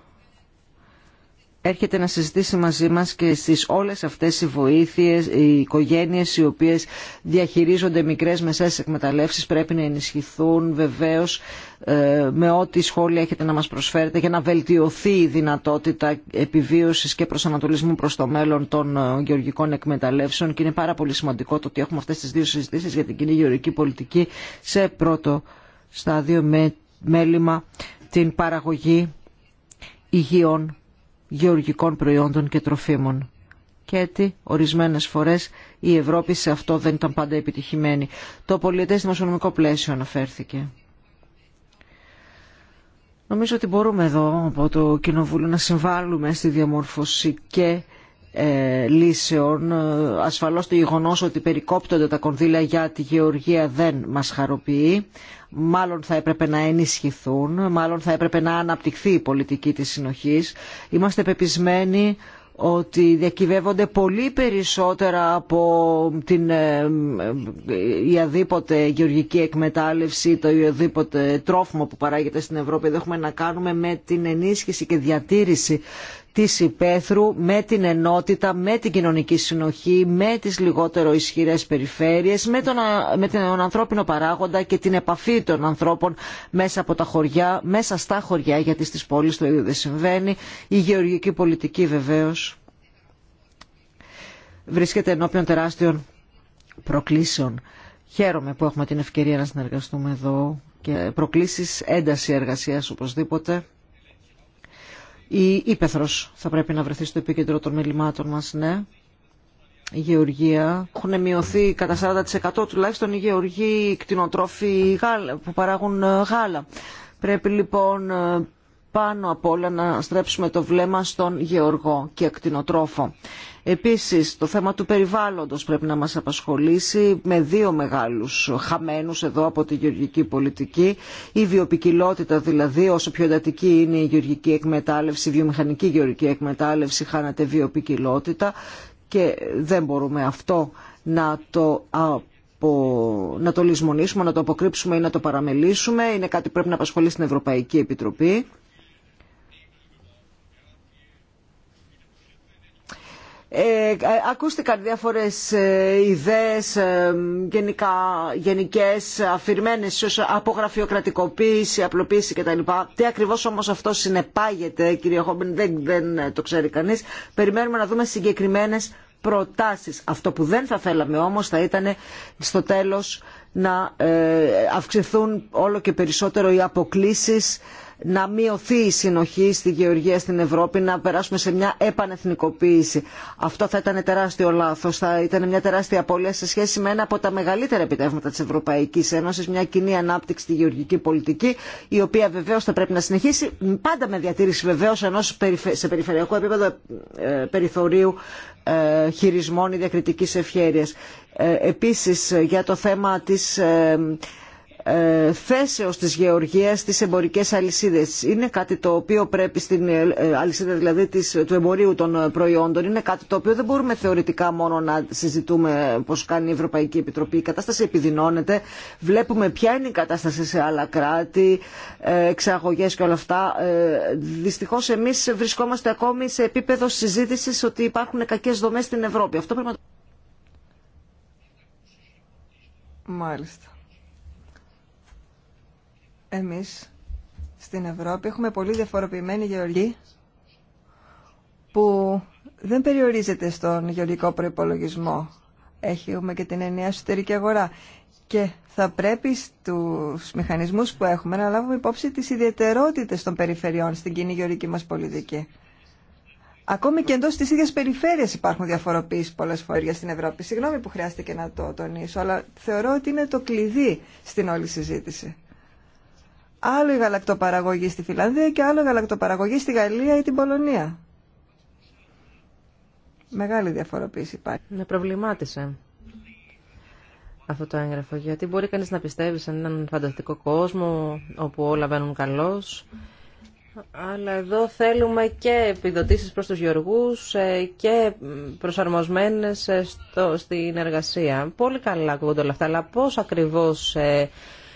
έρχεται να συζητήσει μαζί μας και στις όλες αυτές οι βοήθειες, οι οικογένειες οι οποίες διαχειρίζονται μικρές μεσές εκμεταλλεύσεις πρέπει να ενισχυθούν βεβαίως ε, με ό,τι σχόλια έχετε να μας προσφέρετε για να βελτιωθεί η δυνατότητα επιβίωσης και προσανατολισμού προς το μέλλον των ε, γεωργικών εκμεταλλεύσεων και είναι πάρα πολύ σημαντικό το ότι έχουμε αυτές τις δύο συζητήσεις για την κοινή γεωργική πολιτική σε πρώτο στάδιο με μέλημα την παραγωγή υγιών γεωργικών προϊόντων και τροφίμων. Και έτσι, ορισμένες φορές, η Ευρώπη σε αυτό δεν ήταν πάντα επιτυχημένη. Το στο δημοσιονομικό πλαίσιο αναφέρθηκε. Νομίζω ότι μπορούμε εδώ από το Κοινοβούλιο να συμβάλλουμε στη διαμόρφωση και ε, λύσεων. Ε, ασφαλώς το γεγονό ότι περικόπτονται τα κονδύλια για τη γεωργία δεν μας χαροποιεί. Μάλλον θα έπρεπε να ενισχυθούν, μάλλον θα έπρεπε να αναπτυχθεί η πολιτική της συνοχής. Είμαστε πεπισμένοι ότι διακυβεύονται πολύ περισσότερα από την ε, η γεωργική εκμετάλλευση, το οδήποτε τρόφιμο που παράγεται στην Ευρώπη. δεν έχουμε να κάνουμε με την ενίσχυση και διατήρηση της υπαίθρου με την ενότητα, με την κοινωνική συνοχή, με τις λιγότερο ισχυρές περιφέρειες, με τον, με τον ανθρώπινο παράγοντα και την επαφή των ανθρώπων μέσα από τα χωριά, μέσα στα χωριά, γιατί στις πόλεις το ίδιο δεν συμβαίνει. Η γεωργική πολιτική βεβαίως βρίσκεται ενώπιον τεράστιων προκλήσεων. Χαίρομαι που έχουμε την ευκαιρία να συνεργαστούμε εδώ και προκλήσεις ένταση εργασίας οπωσδήποτε. Η Ήπεθρος θα πρέπει να βρεθεί στο επίκεντρο των μελημάτων μας, ναι. Η γεωργία. Έχουν μειωθεί κατά 40% τουλάχιστον οι γεωργοί κτηνοτρόφοι που παράγουν ε, γάλα. Πρέπει λοιπόν ε, πάνω απ' όλα να στρέψουμε το βλέμμα στον γεωργό και ακτινοτρόφο. Επίσης το θέμα του περιβάλλοντος πρέπει να μας απασχολήσει με δύο μεγάλους χαμένους εδώ από τη γεωργική πολιτική. Η βιοπικιλότητα δηλαδή όσο πιο εντατική είναι η γεωργική εκμετάλλευση, η βιομηχανική γεωργική εκμετάλλευση χάνεται βιοπικιλότητα και δεν μπορούμε αυτό να το να το λησμονήσουμε, να το αποκρύψουμε ή να το παραμελήσουμε. Είναι κάτι που πρέπει να απασχολεί στην Ευρωπαϊκή Επιτροπή Ε, ακούστηκαν διάφορες ε, ιδέες ε, γενικά, γενικές, αφηρημένες ως από απλοποίηση κτλ. Τι ακριβώς όμως αυτό συνεπάγεται, κύριε Χόμπεν, δεν, δεν το ξέρει κανείς. Περιμένουμε να δούμε συγκεκριμένες προτάσεις. Αυτό που δεν θα θέλαμε όμως θα ήταν στο τέλος να αυξηθούν όλο και περισσότερο οι αποκλήσεις να μειωθεί η συνοχή στη γεωργία στην Ευρώπη, να περάσουμε σε μια επανεθνικοποίηση. Αυτό θα ήταν τεράστιο λάθο. Θα ήταν μια τεράστια απώλεια σε σχέση με ένα από τα μεγαλύτερα επιτεύγματα τη Ευρωπαϊκή Ένωση, μια κοινή ανάπτυξη στη γεωργική πολιτική, η οποία βεβαίω θα πρέπει να συνεχίσει, πάντα με διατήρηση βεβαίω ενό σε περιφερειακό επίπεδο ε, περιθωρίου ε, χειρισμών ή διακριτική ευχέρεια. Ε, Επίση, για το θέμα τη ε, θέσεως της γεωργίας στις εμπορικές αλυσίδες. Είναι κάτι το οποίο πρέπει στην ε, ε, αλυσίδα δηλαδή της, του εμπορίου των προϊόντων. Είναι κάτι το οποίο δεν μπορούμε θεωρητικά μόνο να συζητούμε πως κάνει η Ευρωπαϊκή Επιτροπή. Η κατάσταση επιδεινώνεται. Βλέπουμε ποια είναι η κατάσταση σε άλλα κράτη, εξαγωγές και όλα αυτά. Δυστυχώς εμείς βρισκόμαστε ακόμη σε επίπεδο συζήτησης ότι υπάρχουν κακές δομές στην Ευρώπη. Αυτό εμείς στην Ευρώπη έχουμε πολύ διαφοροποιημένη γεωργία που δεν περιορίζεται στον γεωργικό προϋπολογισμό. Έχουμε και την ενιαία εσωτερική αγορά και θα πρέπει στους μηχανισμούς που έχουμε να λάβουμε υπόψη τις ιδιαιτερότητες των περιφερειών στην κοινή γεωργική μας πολιτική. Ακόμη και εντό της ίδια περιφέρειας υπάρχουν διαφοροποιήσεις πολλές φορές στην Ευρώπη. Συγγνώμη που χρειάστηκε να το τονίσω, αλλά θεωρώ ότι είναι το κλειδί στην όλη συζήτηση άλλο η γαλακτοπαραγωγή στη Φιλανδία και άλλο η γαλακτοπαραγωγή στη Γαλλία ή την Πολωνία. Μεγάλη διαφοροποίηση υπάρχει. Με προβλημάτισε αυτό το έγγραφο, γιατί μπορεί κανείς να πιστεύει σε έναν φανταστικό κόσμο όπου όλα βαίνουν καλώς, αλλά εδώ θέλουμε και επιδοτήσεις προς τους γεωργούς ε, και προσαρμοσμένες ε, στο, στην εργασία. Πολύ καλά ακούγονται όλα αυτά, αλλά πώς ακριβώς ε,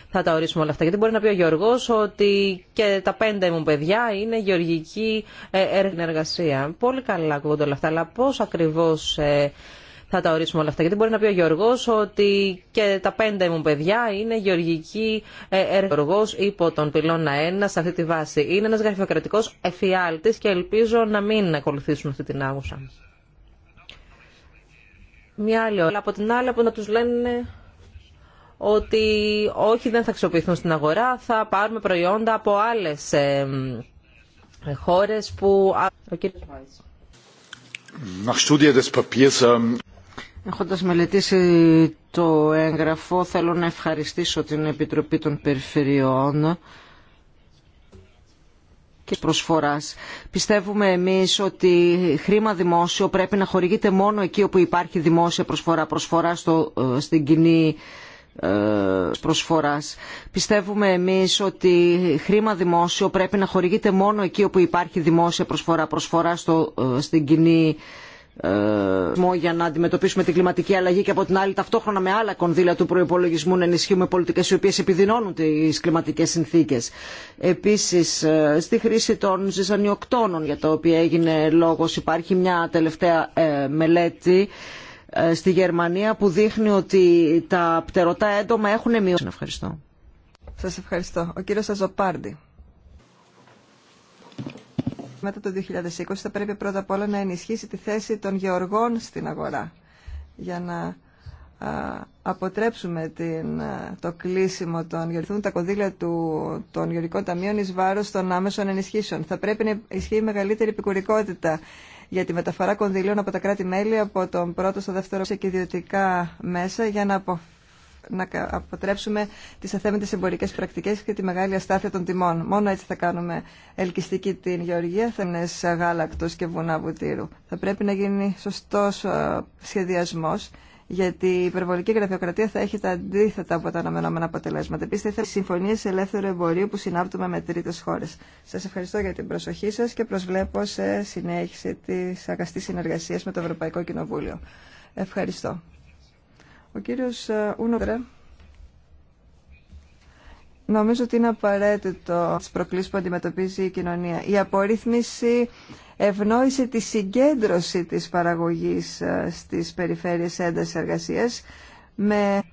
θα τα ορίσουμε όλα αυτά. Γιατί μπορεί να πει ο Γιώργο ότι και τα πέντε μου παιδιά είναι γεωργική ε, εργασία. Πολύ καλά ακούγονται όλα αυτά, αλλά πώ ακριβώ ε, θα τα ορίσουμε όλα αυτά. Γιατί μπορεί να πει ο Γιώργο ότι και τα πέντε μου παιδιά είναι γεωργική ε, εργασία. υπό τον πυλώνα 1 σε αυτή τη βάση. Είναι ένα γραφειοκρατικό εφιάλτη και ελπίζω να μην ακολουθήσουν αυτή την άγουσα. Μια άλλη ώρα. Από την άλλη, από να του λένε ότι όχι δεν θα αξιοποιηθούν στην αγορά, θα πάρουμε προϊόντα από άλλες ε, χώρες που... Ο κύριος ähm, Έχοντας μελετήσει το έγγραφο, θέλω να ευχαριστήσω την Επιτροπή των Περιφερειών και προσφοράς. Πιστεύουμε εμείς ότι χρήμα δημόσιο πρέπει να χορηγείται μόνο εκεί όπου υπάρχει δημόσια προσφορά, προσφορά στο, ε, στην κοινή ε, προσφοράς. Πιστεύουμε εμείς ότι χρήμα δημόσιο πρέπει να χορηγείται μόνο εκεί όπου υπάρχει δημόσια προσφορά, προσφορά στο, ε, στην κοινή ε, για να αντιμετωπίσουμε την κλιματική αλλαγή και από την άλλη ταυτόχρονα με άλλα κονδύλια του προπολογισμού να ενισχύουμε πολιτικές οι οποίες επιδεινώνουν τι κλιματικέ συνθήκε. Επίση, στη χρήση των ζυζανιοκτώνων για τα οποία έγινε λόγος υπάρχει μια τελευταία μελέτη ε, στη Γερμανία που δείχνει ότι τα πτερωτά έντομα έχουν μειώσει. Ευχαριστώ. Σας ευχαριστώ. Ο κύριος Αζοπάρντι. Μετά το 2020 θα πρέπει πρώτα απ' όλα να ενισχύσει τη θέση των γεωργών στην αγορά για να αποτρέψουμε την, το κλείσιμο των γεωργικών τα κονδύλια του, των γεωργικών ταμείων εις βάρος των άμεσων ενισχύσεων. Θα πρέπει να ισχύει μεγαλύτερη επικουρικότητα για τη μεταφορά κονδυλίων από τα κράτη-μέλη από τον πρώτο στο δεύτερο σε ιδιωτικά μέσα για να, να αποτρέψουμε τις αθέμητες εμπορικές πρακτικές και τη μεγάλη αστάθεια των τιμών. Μόνο έτσι θα κάνουμε ελκυστική την γεωργία, θα είναι γάλακτος και βουνά βουτύρου. Θα πρέπει να γίνει σωστός ε, σχεδιασμός γιατί η υπερβολική γραφειοκρατία θα έχει τα αντίθετα από τα αναμενόμενα αποτελέσματα. Επίση, θα ήθελα συμφωνίε ελεύθερου εμπορίου που συνάπτουμε με τρίτε χώρε. Σα ευχαριστώ για την προσοχή σα και προσβλέπω σε συνέχιση τη αγαστή συνεργασία με το Ευρωπαϊκό Κοινοβούλιο. Ευχαριστώ. Ο κύριο ε, Ούνοβρε. Νομίζω ότι είναι απαραίτητο τι προκλήσει που αντιμετωπίζει η κοινωνία. Η απορρίθμιση ευνόησε τη συγκέντρωση της παραγωγής ε, στις περιφέρειες έντασης εργασίας με,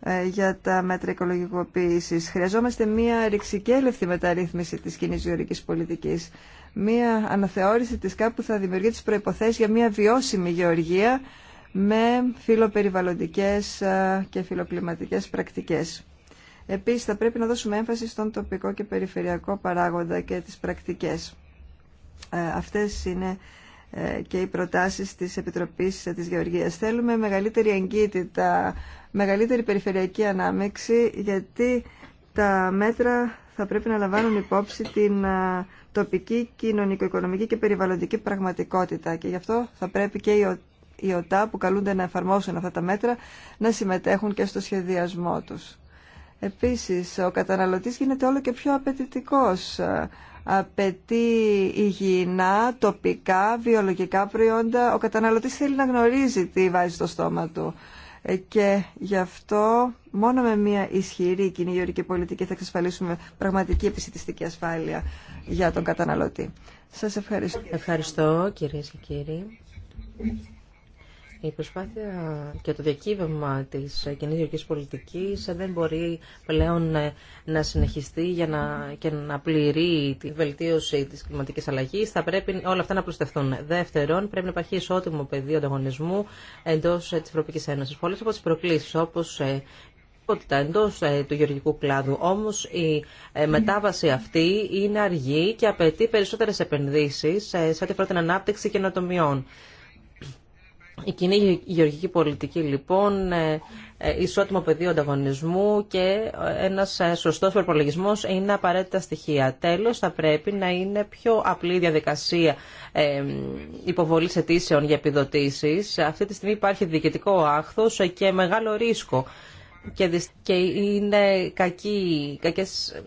ε, για τα μέτρα οικολογικοποίησης. Χρειαζόμαστε μια ρηξικέλευτη μεταρρύθμιση της κοινή γεωρικής πολιτικής. Μια αναθεώρηση της κάπου που θα δημιουργεί τις προϋποθέσεις για μια βιώσιμη γεωργία με φιλοπεριβαλλοντικές ε, και φιλοκλιματικές πρακτικές. Επίσης θα πρέπει να δώσουμε έμφαση στον τοπικό και περιφερειακό παράγοντα και τις πρακτικές. Ε, αυτές είναι ε, και οι προτάσεις της Επιτροπής ε, της Γεωργίας. Θέλουμε μεγαλύτερη εγκύτητα, μεγαλύτερη περιφερειακή ανάμεξη, γιατί τα μέτρα θα πρέπει να λαμβάνουν υπόψη την τοπική, κοινωνικο-οικονομική και περιβαλλοντική πραγματικότητα. Και γι' αυτό θα πρέπει και οι οι ΟΤΑ που καλούνται να εφαρμόσουν αυτά τα μέτρα να συμμετέχουν και στο σχεδιασμό τους. Επίσης, ο καταναλωτής γίνεται όλο και πιο απαιτητικός απαιτεί υγιεινά, τοπικά, βιολογικά προϊόντα. Ο καταναλωτής θέλει να γνωρίζει τι βάζει στο στόμα του. Ε, και γι' αυτό μόνο με μια ισχυρή κοινή γεωρική πολιτική θα εξασφαλίσουμε πραγματική επιστημιστική ασφάλεια για τον καταναλωτή. Σας ευχαριστώ. Ευχαριστώ κυρίες και κύριοι. Η προσπάθεια και το διακύβευμα της κοινή γεωργικής πολιτικής δεν μπορεί πλέον να συνεχιστεί για να, και να πληρεί τη βελτίωση της κλιματικής αλλαγής. Θα πρέπει όλα αυτά να προστεθούν. Δεύτερον, πρέπει να υπάρχει ισότιμο πεδίο ανταγωνισμού εντός της Ευρωπαϊκής Ένωσης. Πολλές από τις προκλήσεις όπως ε, εντό ε, του γεωργικού κλάδου. Όμω η ε, μετάβαση αυτή είναι αργή και απαιτεί περισσότερε επενδύσει σε ό,τι αφορά την ανάπτυξη καινοτομιών. Η κοινή γεωργική πολιτική λοιπόν, ε, ε, ισότιμο πεδίο ανταγωνισμού και ε, ένας σωστός προπολογισμό είναι απαραίτητα στοιχεία. Τέλος, θα πρέπει να είναι πιο απλή η διαδικασία υποβολής αιτήσεων για επιδοτήσεις. Αυτή τη στιγμή υπάρχει διοικητικό άχθος και μεγάλο ρίσκο και, είναι, κακή, κακές,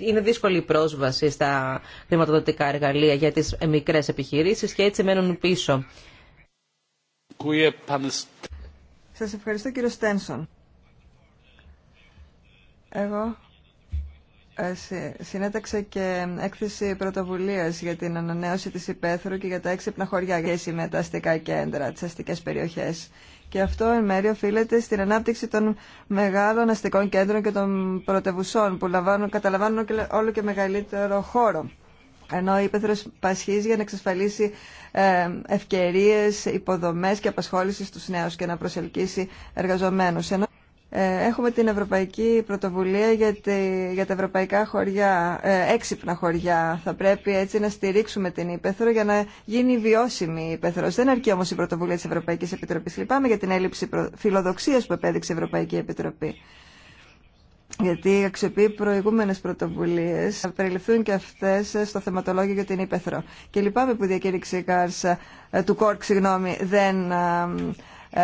είναι δύσκολη η πρόσβαση στα χρηματοδοτικά εργαλεία για τις μικρές επιχειρήσεις και έτσι μένουν πίσω. Σας ευχαριστώ κύριο Στένσον. Εγώ ε, συνέταξα και έκθεση πρωτοβουλία για την ανανέωση τη υπαίθρου και για τα έξυπνα χωριά σχέση με τα αστικά κέντρα, τι αστικέ περιοχέ. Και αυτό εν μέρει οφείλεται στην ανάπτυξη των μεγάλων αστικών κέντρων και των πρωτευουσών που καταλαμβάνουν όλο και μεγαλύτερο χώρο ενώ η Ήπεθρος πασχίζει για να εξασφαλίσει ε, ευκαιρίες, υποδομές και απασχόληση στους νέους και να προσελκύσει εργαζομένους. Ενώ ε, έχουμε την Ευρωπαϊκή Πρωτοβουλία για, τη, για τα ευρωπαϊκά χωριά, ε, έξυπνα χωριά. Θα πρέπει έτσι να στηρίξουμε την Ήπεθρο για να γίνει βιώσιμη η Ήπεθρο. Δεν αρκεί όμως η πρωτοβουλία τη Ευρωπαϊκή Επιτροπή. Λυπάμαι για την έλλειψη φιλοδοξία που επέδειξε η Ευρωπαϊκή Επιτροπή γιατί αξιοποιεί προηγούμενε πρωτοβουλίε θα περιληφθούν και αυτές στο θεματολόγιο για την Ήπεθρο. Και λυπάμαι που η διακήρυξη Κάρσα, ε, του ΚΟΡΚ δεν ε, ε,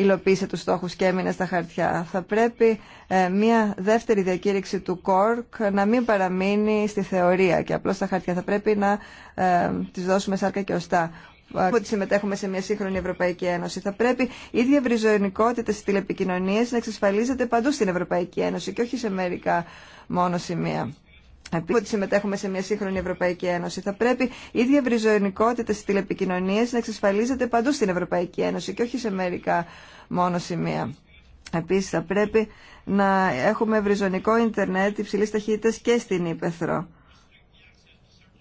υλοποίησε τους στόχους και έμεινε στα χαρτιά. Θα πρέπει ε, μια δεύτερη διακήρυξη του ΚΟΡΚ να μην παραμείνει στη θεωρία και απλώς στα χαρτιά. Θα πρέπει να ε, τις δώσουμε σάρκα και οστά ότι συμμετέχουμε σε μια σύγχρονη Ευρωπαϊκή Ένωση. Θα πρέπει η ίδια ευρυζωνικότητα στι τηλεπικοινωνίε να εξασφαλίζεται παντού στην Ευρωπαϊκή Ένωση και όχι σε μερικά μόνο σημεία ότι συμμετέχουμε σε μια σύγχρονη Ευρωπαϊκή Ένωση. Θα πρέπει η ίδια ευρυζωνικότητα στι τηλεπικοινωνίε να εξασφαλίζεται παντού στην Ευρωπαϊκή Ένωση και όχι σε μερικά μόνο σημεία. Επίση, θα πρέπει να έχουμε ευρυζωνικό Ιντερνετ υψηλή ταχύτητα και στην Ήπεθρο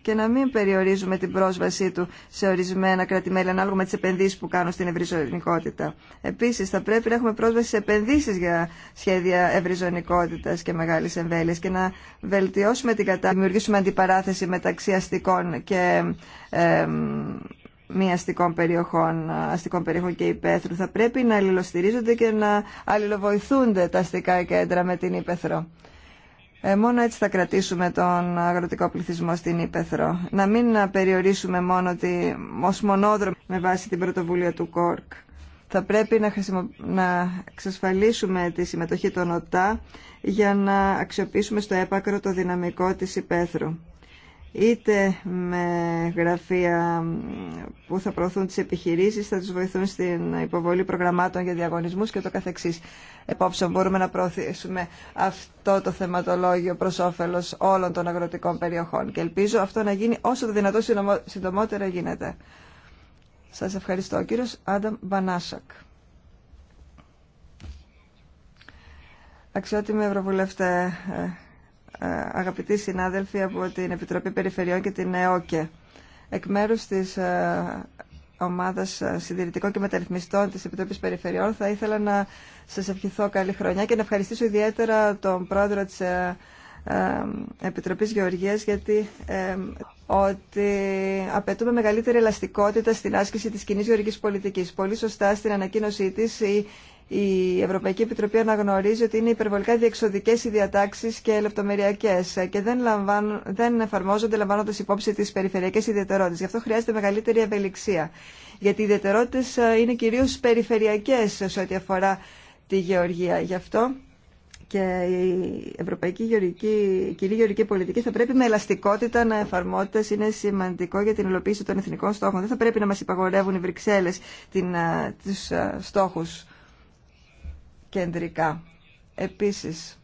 και να μην περιορίζουμε την πρόσβασή του σε ορισμένα κρατημέλη ανάλογα με τι επενδύσει που κάνουν στην ευρυζωνικότητα. Επίση, θα πρέπει να έχουμε πρόσβαση σε επενδύσει για σχέδια ευρυζωνικότητα και μεγάλη εμβέλεια και να βελτιώσουμε την κατάσταση, να δημιουργήσουμε αντιπαράθεση μεταξύ αστικών και ε, μη αστικών περιοχών, αστικών περιοχών και υπαίθρου. Θα πρέπει να αλληλοστηρίζονται και να αλληλοβοηθούνται τα αστικά κέντρα με την υπαίθρο. Ε, μόνο έτσι θα κρατήσουμε τον αγροτικό πληθυσμό στην Ήπεθρο. Να μην περιορίσουμε μόνο ως μονόδρομο με βάση την πρωτοβουλία του ΚΟΡΚ. Θα πρέπει να, να εξασφαλίσουμε τη συμμετοχή των ΟΤΑ για να αξιοποιήσουμε στο έπακρο το δυναμικό της Ήπεθρου είτε με γραφεία που θα προωθούν τις επιχειρήσεις, θα τους βοηθούν στην υποβολή προγραμμάτων για διαγωνισμούς και το καθεξής. Επόψε μπορούμε να προωθήσουμε αυτό το θεματολόγιο προς όφελος όλων των αγροτικών περιοχών και ελπίζω αυτό να γίνει όσο το δυνατόν συντομότερα γίνεται. Σας ευχαριστώ. κύριο κύριος Άνταμ Μπανάσακ. Αξιότιμη Ευρωβουλευτέ, ε, ε, αγαπητοί συνάδελφοι από την Επιτροπή Περιφερειών και την ΕΟΚΕ. Εκ μέρους της ε, ομάδας ε, συντηρητικών και μεταρρυθμιστών της Επιτροπής Περιφερειών θα ήθελα να σας ευχηθώ καλή χρονιά και να ευχαριστήσω ιδιαίτερα τον πρόεδρο της Επιτροπής Γεωργίας γιατί ότι απαιτούμε μεγαλύτερη ελαστικότητα στην άσκηση της κοινή γεωργικής πολιτικής. Πολύ σωστά στην ανακοίνωσή της η η Ευρωπαϊκή Επιτροπή αναγνωρίζει ότι είναι υπερβολικά διεξοδικέ οι διατάξει και λεπτομεριακέ και δεν, λαμβάνουν, δεν εφαρμόζονται λαμβάνοντα υπόψη τι περιφερειακέ ιδιαιτερότητε. Γι' αυτό χρειάζεται μεγαλύτερη ευελιξία. Γιατί οι ιδιαιτερότητε ε, είναι κυρίω περιφερειακέ σε ό,τι αφορά τη γεωργία. Γι' αυτό και η ευρωπαϊκή γεωργική, κυρία γεωργική πολιτική θα πρέπει με ελαστικότητα να εφαρμόζεται. Είναι σημαντικό για την υλοποίηση των εθνικών στόχων. Δεν θα πρέπει να μα υπαγορεύουν οι Βρυξέλλε του ε, ε, στόχου κεντρικά. Επίσης,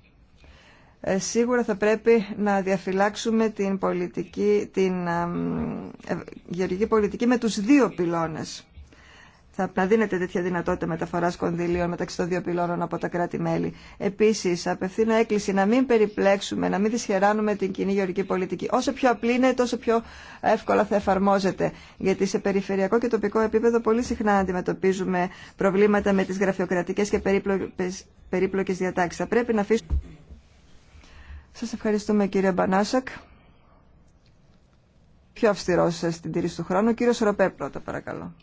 ε, σίγουρα θα πρέπει να διαφυλάξουμε την, πολιτική, την γεωργική πολιτική με τους δύο πυλώνες θα να δίνεται τέτοια δυνατότητα μεταφορά κονδυλίων μεταξύ των δύο πυλώνων από τα κράτη-μέλη. Επίση, απευθύνω έκκληση να μην περιπλέξουμε, να μην δυσχεράνουμε την κοινή γεωργική πολιτική. Όσο πιο απλή είναι, τόσο πιο εύκολα θα εφαρμόζεται. Γιατί σε περιφερειακό και τοπικό επίπεδο πολύ συχνά αντιμετωπίζουμε προβλήματα με τι γραφειοκρατικέ και περίπλοκε διατάξει. Θα πρέπει να αφήσουμε. Σα ευχαριστούμε, κύριε Μπανάσακ. Πιο αυστηρό στην τήρηση του χρόνου. Κύριο Ροπέ, πρώτα, παρακαλώ.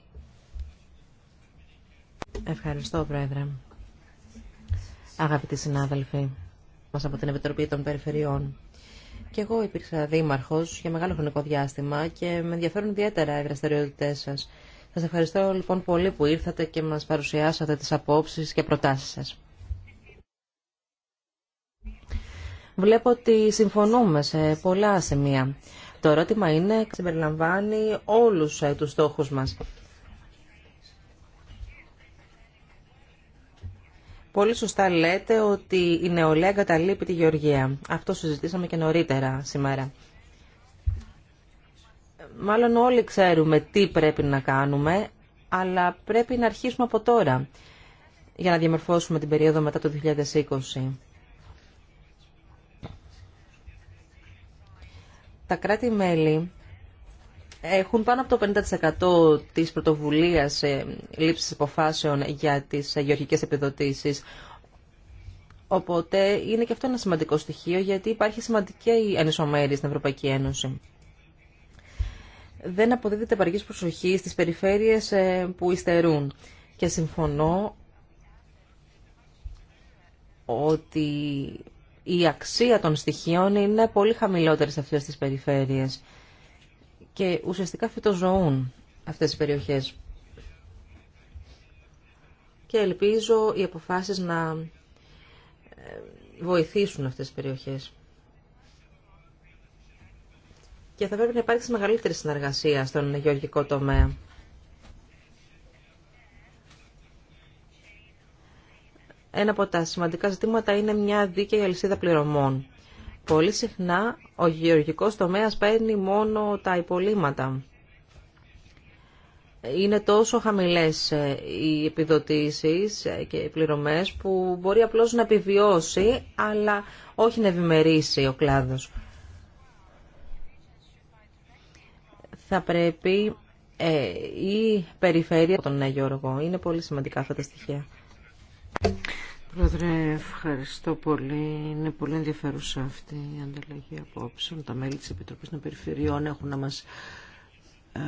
Ευχαριστώ, Πρόεδρε. Αγαπητοί συνάδελφοι μα από την Επιτροπή των Περιφερειών. Και εγώ υπήρξα Δήμαρχο για μεγάλο χρονικό διάστημα και με ενδιαφέρουν ιδιαίτερα οι δραστηριότητε σα. Σα ευχαριστώ λοιπόν πολύ που ήρθατε και μας παρουσιάσατε τις απόψει και προτάσεις σας. Βλέπω ότι συμφωνούμε σε πολλά σημεία. Το ερώτημα είναι, συμπεριλαμβάνει όλους ε, τους στόχους μας. Πολύ σωστά λέτε ότι η νεολαία εγκαταλείπει τη γεωργία. Αυτό συζητήσαμε και νωρίτερα σήμερα. Μάλλον όλοι ξέρουμε τι πρέπει να κάνουμε, αλλά πρέπει να αρχίσουμε από τώρα για να διαμορφώσουμε την περίοδο μετά το 2020. Τα κράτη-μέλη έχουν πάνω από το 50% της πρωτοβουλίας ε, λήψης υποφάσεων για τις ε, γεωργικές επιδοτήσεις. Οπότε είναι και αυτό ένα σημαντικό στοιχείο γιατί υπάρχει σημαντική ανισομέρεια στην Ευρωπαϊκή Ένωση. Δεν αποδίδεται παρκής προσοχή στις περιφέρειες ε, που υστερούν. Και συμφωνώ ότι η αξία των στοιχείων είναι πολύ χαμηλότερη σε αυτές τις περιφέρειες και ουσιαστικά φυτοζωούν αυτές τις περιοχές. Και ελπίζω οι αποφάσεις να ε, βοηθήσουν αυτές τις περιοχές. Και θα πρέπει να υπάρξει μεγαλύτερη συνεργασία στον γεωργικό τομέα. Ένα από τα σημαντικά ζητήματα είναι μια δίκαιη αλυσίδα πληρωμών. Πολύ συχνά ο γεωργικός τομέας παίρνει μόνο τα υπολείμματα. Είναι τόσο χαμηλές ε, οι επιδοτήσεις ε, και οι πληρωμές που μπορεί απλώς να επιβιώσει, αλλά όχι να ευημερήσει ο κλάδος. Θα πρέπει ε, η περιφέρεια των Γιώργο. Είναι πολύ σημαντικά αυτά τα στοιχεία. Πρόεδρε, ευχαριστώ πολύ. Είναι πολύ ενδιαφέρουσα αυτή η ανταλλαγή απόψεων. Τα μέλη της Επιτροπής των Περιφερειών έχουν να μας ε,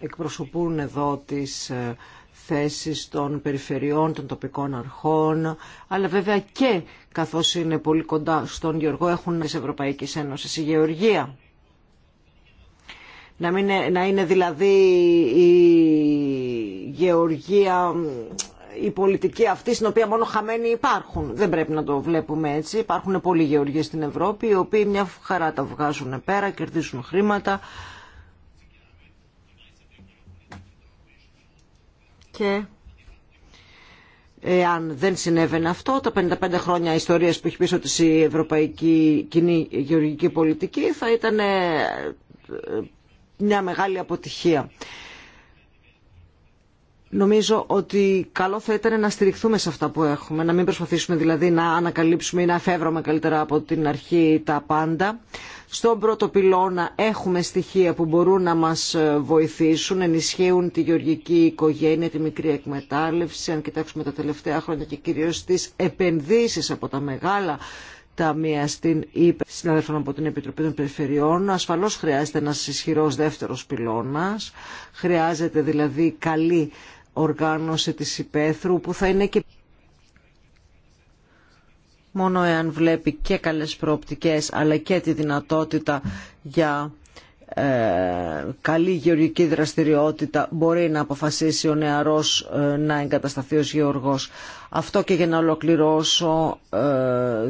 εκπροσωπούν εδώ τις ε, θέσεις των περιφερειών, των τοπικών αρχών, αλλά βέβαια και καθώς είναι πολύ κοντά στον Γεωργό έχουν τις Ευρωπαϊκές Ένωση η Γεωργία. Να, μην, να είναι δηλαδή η Γεωργία η πολιτική αυτή στην οποία μόνο χαμένοι υπάρχουν. Δεν πρέπει να το βλέπουμε έτσι. Υπάρχουν πολλοί γεωργοί στην Ευρώπη οι οποίοι μια χαρά τα βγάζουν πέρα, κερδίζουν χρήματα. Και αν δεν συνέβαινε αυτό, τα 55 χρόνια ιστορίας που έχει πίσω της η ευρωπαϊκή κοινή γεωργική πολιτική θα ήταν ε, ε, μια μεγάλη αποτυχία νομίζω ότι καλό θα ήταν να στηριχθούμε σε αυτά που έχουμε, να μην προσπαθήσουμε δηλαδή να ανακαλύψουμε ή να εφεύρουμε καλύτερα από την αρχή τα πάντα. Στον πρώτο πυλώνα έχουμε στοιχεία που μπορούν να μας βοηθήσουν, ενισχύουν τη γεωργική οικογένεια, τη μικρή εκμετάλλευση, αν κοιτάξουμε τα τελευταία χρόνια και κυρίως τις επενδύσεις από τα μεγάλα ταμεία στην ΕΠΕ, συνάδελφων από την Επιτροπή των Περιφερειών. Ασφαλώς χρειάζεται ένας ισχυρός δεύτερος πυλώνας, χρειάζεται δηλαδή καλή οργάνωση της υπαίθρου που θα είναι και μόνο εάν βλέπει και καλές προοπτικές αλλά και τη δυνατότητα για ε, καλή γεωργική δραστηριότητα μπορεί να αποφασίσει ο νεαρός ε, να εγκατασταθεί ως γεωργός. Αυτό και για να ολοκληρώσω, ε,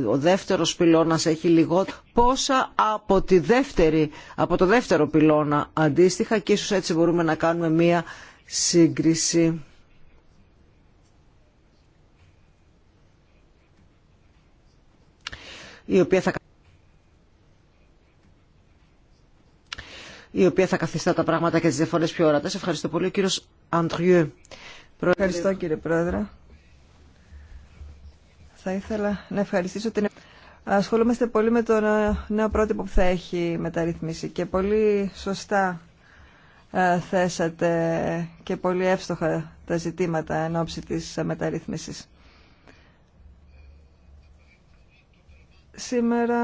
ο δεύτερος πυλώνας έχει λιγότερο. Πόσα από, τη δεύτερη, από το δεύτερο πυλώνα αντίστοιχα και ίσως έτσι μπορούμε να κάνουμε μία σύγκριση. η οποία θα η οποία θα καθιστά τα πράγματα και τις διαφορές πιο ορατές. Ευχαριστώ πολύ, κύριος Αντριού. Ευχαριστώ, κύριε Πρόεδρε. Θα ήθελα να ευχαριστήσω την... Ασχολούμαστε πολύ με το νέο πρότυπο που θα έχει μεταρρυθμίσει και πολύ σωστά ε, θέσατε και πολύ εύστοχα τα ζητήματα εν ώψη της μεταρρύθμισης. Σήμερα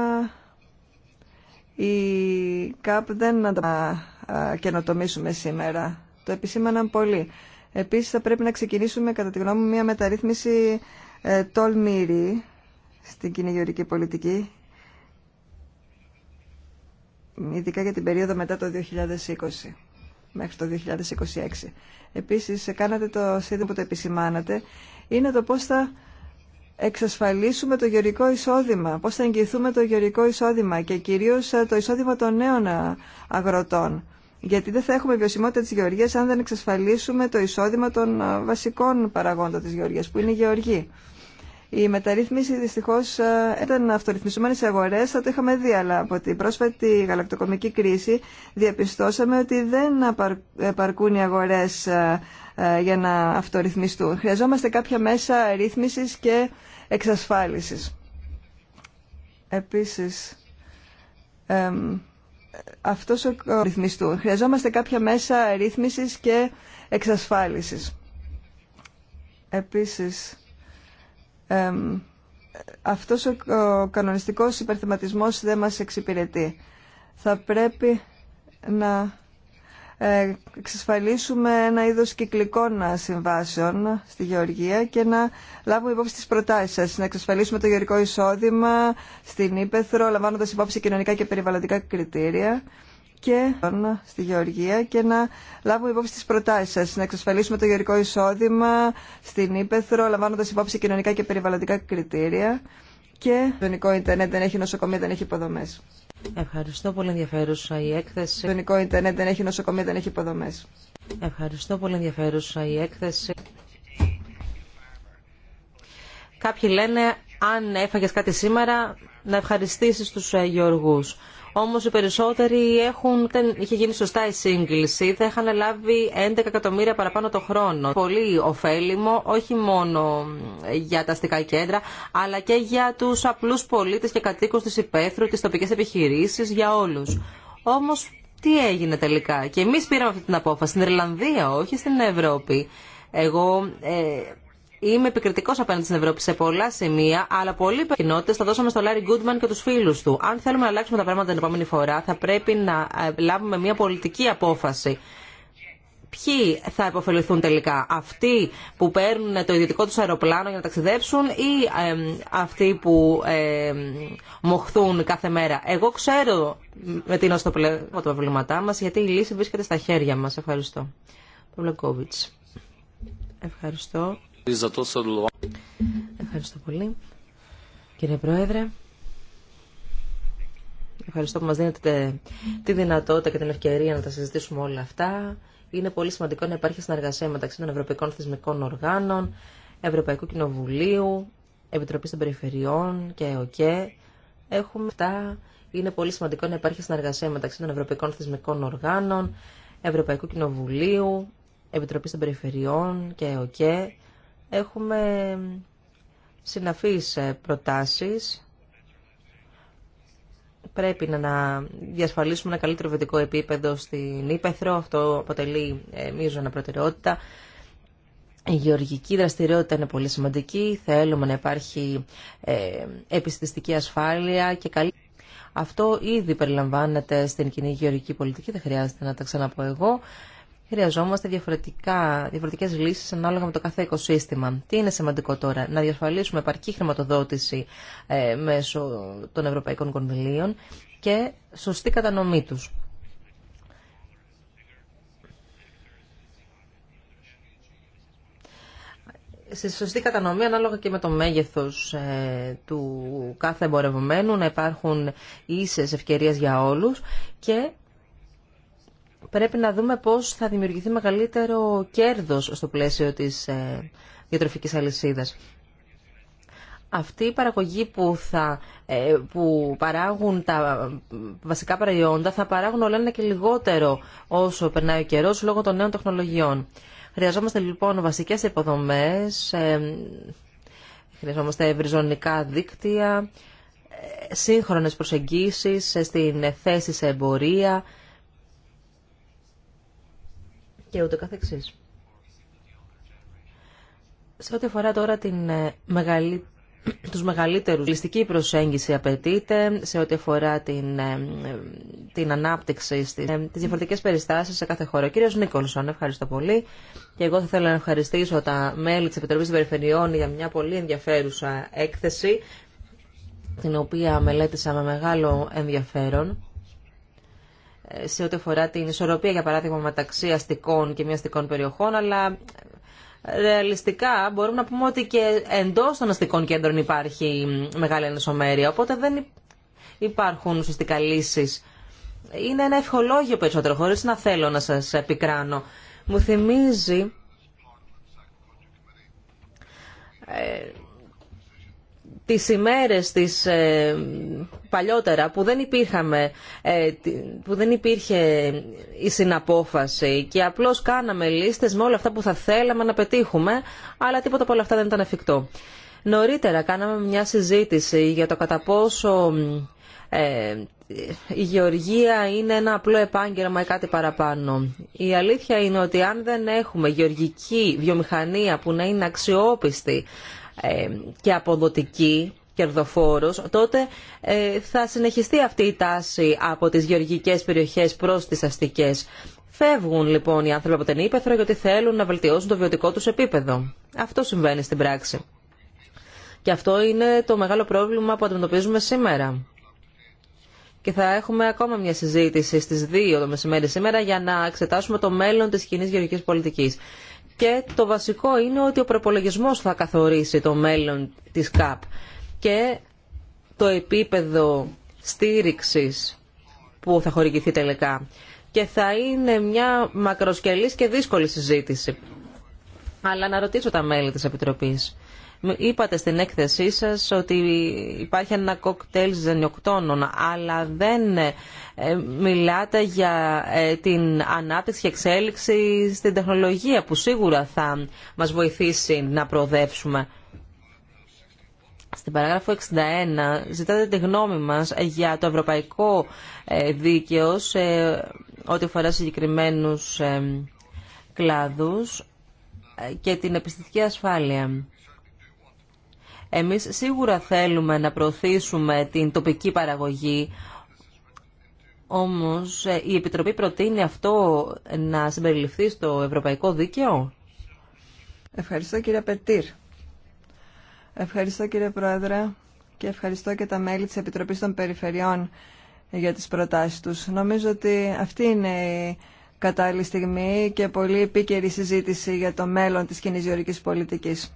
η ΚΑΠ δεν να καινοτομήσουμε σήμερα. Το επισήμαναν πολύ. Επίσης θα πρέπει να ξεκινήσουμε κατά τη γνώμη μου μια μεταρρύθμιση ε, τολμήρη στην κυνηγιορική πολιτική ειδικά για την περίοδο μετά το 2020 μέχρι το 2026. Επίσης, κάνατε το σύνδεσμο που το επισημάνατε, είναι το πώς θα εξασφαλίσουμε το γεωρικό εισόδημα, πώς θα εγγυηθούμε το γεωρικό εισόδημα και κυρίως ε, το εισόδημα των νέων ε, αγροτών. Γιατί δεν θα έχουμε βιωσιμότητα της γεωργίας αν δεν εξασφαλίσουμε το εισόδημα των ε, βασικών παραγόντων της γεωργίας, που είναι οι γεωργοί. Η μεταρρύθμιση δυστυχώ ε, ήταν αυτορυθμισμένη σε αγορέ, θα το είχαμε δει, αλλά από την πρόσφατη γαλακτοκομική κρίση διαπιστώσαμε ότι δεν επαρκούν οι αγορέ ε, ε, για να αυτορυθμιστούν. Χρειαζόμαστε κάποια μέσα ρύθμιση και εξασφάλιση. Επίση, αυτό ο ρυθμιστού. Χρειαζόμαστε κάποια μέσα ρύθμιση και εξασφάλιση. Επίσης, ε, αυτός ο κανονιστικός υπερθεματισμός δεν μας εξυπηρετεί. Θα πρέπει να ε, εξασφαλίσουμε ένα είδος κυκλικών συμβάσεων στη Γεωργία και να λάβουμε υπόψη τις προτάσεις σας, να εξασφαλίσουμε το γεωργικό εισόδημα στην Ήπεθρο, λαμβάνοντας υπόψη κοινωνικά και περιβαλλοντικά κριτήρια και στη Γεωργία και να λάβουμε υπόψη τις προτάσεις σας, να εξασφαλίσουμε το γεωρικό εισόδημα στην Ήπεθρο, λαμβάνοντας υπόψη κοινωνικά και περιβαλλοντικά κριτήρια και το ίντερνετ δεν έχει νοσοκομεία, δεν έχει υποδομές. Ευχαριστώ πολύ ενδιαφέρουσα η έκθεση. Ελληνικό Ιντερνετ δεν έχει νοσοκομεία, δεν έχει υποδομέ. Ευχαριστώ πολύ ενδιαφέρουσα η έκθεση. Το Κάποιοι λένε αν έφαγες κάτι σήμερα να ευχαριστήσεις τους ε, Γεωργούς. Όμως οι περισσότεροι έχουν, δεν είχε γίνει σωστά η σύγκληση, θα είχαν λάβει 11 εκατομμύρια παραπάνω το χρόνο. Πολύ ωφέλιμο, όχι μόνο για τα αστικά κέντρα, αλλά και για τους απλούς πολίτες και κατοίκους της υπαίθρου, τι τοπικές επιχειρήσει για όλους. Όμω, τι έγινε τελικά. Και εμεί πήραμε αυτή την απόφαση, στην Ιρλανδία, όχι στην Ευρώπη. Εγώ ε, Είμαι επικριτικό απέναντι στην Ευρώπη σε πολλά σημεία, αλλά πολλοί κοινότητε θα δώσαμε στο Λάρι Γκούντμαν και του φίλου του. Αν θέλουμε να αλλάξουμε τα πράγματα την επόμενη φορά, θα πρέπει να ε, λάβουμε μια πολιτική απόφαση. Ποιοι θα υποφεληθούν τελικά, αυτοί που παίρνουν το ιδιωτικό του αεροπλάνο για να ταξιδέψουν ή αυτοί που μοχθούν κάθε μέρα. Εγώ ξέρω με τι είναι το πλέον τα προβλήματά μα, γιατί η λύση βρίσκεται στα χέρια μα. Ευχαριστώ. Ευχαριστώ. Ευχαριστώ πολύ. Κύριε Πρόεδρε, ευχαριστώ που μας δίνετε τη δυνατότητα και την ευκαιρία να τα συζητήσουμε όλα αυτά. Είναι πολύ σημαντικό να υπάρχει συνεργασία μεταξύ των Ευρωπαϊκών Θεσμικών Οργάνων, Ευρωπαϊκού Κοινοβουλίου, Επιτροπή των Περιφερειών και ΕΟΚΕ. Έχουμε αυτά. Είναι πολύ σημαντικό να υπάρχει συνεργασία μεταξύ των Ευρωπαϊκών Θεσμικών Οργάνων, Ευρωπαϊκού Κοινοβουλίου, Επιτροπή των Περιφερειών και ΕΟΚΕ. Έχουμε συναφείς ε, προτάσεις. Πρέπει να διασφαλίσουμε ένα καλύτερο βιωτικό επίπεδο στην Ήπεθρο. Αυτό αποτελεί ε, μείζωνα προτεραιότητα. Η γεωργική δραστηριότητα είναι πολύ σημαντική. Θέλουμε να υπάρχει ε, επιστηστική ασφάλεια και καλή. Αυτό ήδη περιλαμβάνεται στην κοινή γεωργική πολιτική, δεν χρειάζεται να τα ξαναπώ εγώ χρειαζόμαστε διαφορετικά, διαφορετικές λύσεις ανάλογα με το κάθε οικοσύστημα. Τι είναι σημαντικό τώρα, να διασφαλίσουμε επαρκή χρηματοδότηση ε, μέσω των ευρωπαϊκών κονδυλίων και σωστή κατανομή τους. Σε σωστή κατανομή ανάλογα και με το μέγεθος ε, του κάθε εμπορευμένου να υπάρχουν ίσες ευκαιρίες για όλους και πρέπει να δούμε πώς θα δημιουργηθεί μεγαλύτερο κέρδος στο πλαίσιο της ε, διατροφικής αλυσίδας. Αυτή η παραγωγή που, θα, ε, που παράγουν τα βασικά προϊόντα θα παράγουν όλα ένα και λιγότερο όσο περνάει ο καιρός λόγω των νέων τεχνολογιών. Χρειαζόμαστε λοιπόν βασικές υποδομές, ε, χρειαζόμαστε ευρυζωνικά δίκτυα, σύγχρονες προσεγγίσεις στην θέση σε εμπορία, σε ό,τι αφορά τώρα την ε, μεγαλύτερου τους μεγαλύτερους. ληστική προσέγγιση απαιτείται σε ό,τι αφορά την, ε, ανάπτυξη στις ε, τις διαφορετικές περιστάσεις σε κάθε χώρο. κύριος Νίκολσον, ευχαριστώ πολύ. Και εγώ θα ήθελα να ευχαριστήσω τα μέλη της Επιτροπής των Περιφερειών για μια πολύ ενδιαφέρουσα έκθεση, την οποία μελέτησα με μεγάλο ενδιαφέρον σε ό,τι αφορά την ισορροπία, για παράδειγμα, μεταξύ αστικών και μη αστικών περιοχών, αλλά ε, ρεαλιστικά μπορούμε να πούμε ότι και εντός των αστικών κέντρων υπάρχει μεγάλη ενισομέρεια, οπότε δεν υπάρχουν ουσιαστικά λύσει. Είναι ένα ευχολόγιο περισσότερο, χωρί να θέλω να σας επικράνω. Μου θυμίζει ε, τις ημέρες της ε, παλιότερα που δεν, υπήρχαμε, ε, που δεν υπήρχε η συναπόφαση και απλώς κάναμε λίστες με όλα αυτά που θα θέλαμε να πετύχουμε, αλλά τίποτα από όλα αυτά δεν ήταν εφικτό. Νωρίτερα κάναμε μια συζήτηση για το κατά πόσο ε, η γεωργία είναι ένα απλό επάγγελμα ή κάτι παραπάνω. Η αλήθεια είναι ότι αν δεν έχουμε γεωργική βιομηχανία που να είναι αξιόπιστη, ε, και αποδοτική κερδοφόρος, τότε ε, θα συνεχιστεί αυτή η τάση από τις γεωργικές περιοχές προς τις αστικές. Φεύγουν λοιπόν οι άνθρωποι από την Ήπεθρο γιατί θέλουν να βελτιώσουν το βιωτικό τους επίπεδο. Αυτό συμβαίνει στην πράξη. Και αυτό είναι το μεγάλο πρόβλημα που αντιμετωπίζουμε σήμερα. Και θα έχουμε ακόμα μια συζήτηση στις 2 το μεσημέρι σήμερα για να εξετάσουμε το μέλλον της κοινή γεωργικής πολιτικής και το βασικό είναι ότι ο προπολογισμό θα καθορίσει το μέλλον της ΚΑΠ και το επίπεδο στήριξης που θα χορηγηθεί τελικά. Και θα είναι μια μακροσκελής και δύσκολη συζήτηση. Αλλά να ρωτήσω τα μέλη της Επιτροπής. Είπατε στην έκθεσή σας ότι υπάρχει ένα κοκτέιλ ζενιοκτώνων, αλλά δεν ε, μιλάτε για ε, την ανάπτυξη και εξέλιξη στην τεχνολογία που σίγουρα θα μας βοηθήσει να προοδεύσουμε. Στην παράγραφο 61 ζητάτε τη γνώμη μας για το ευρωπαϊκό ε, δίκαιο σε ό,τι αφορά συγκεκριμένους κλάδους και την επιστημική ασφάλεια. Εμείς σίγουρα θέλουμε να προωθήσουμε την τοπική παραγωγή, όμως ε, η Επιτροπή προτείνει αυτό να συμπεριληφθεί στο ευρωπαϊκό δίκαιο. Ευχαριστώ κύριε Πετήρ. Ευχαριστώ κύριε Πρόεδρε και ευχαριστώ και τα μέλη της Επιτροπής των Περιφερειών για τις προτάσεις τους. Νομίζω ότι αυτή είναι η κατάλληλη στιγμή και πολύ επίκαιρη συζήτηση για το μέλλον της κοινή γεωρικής πολιτικής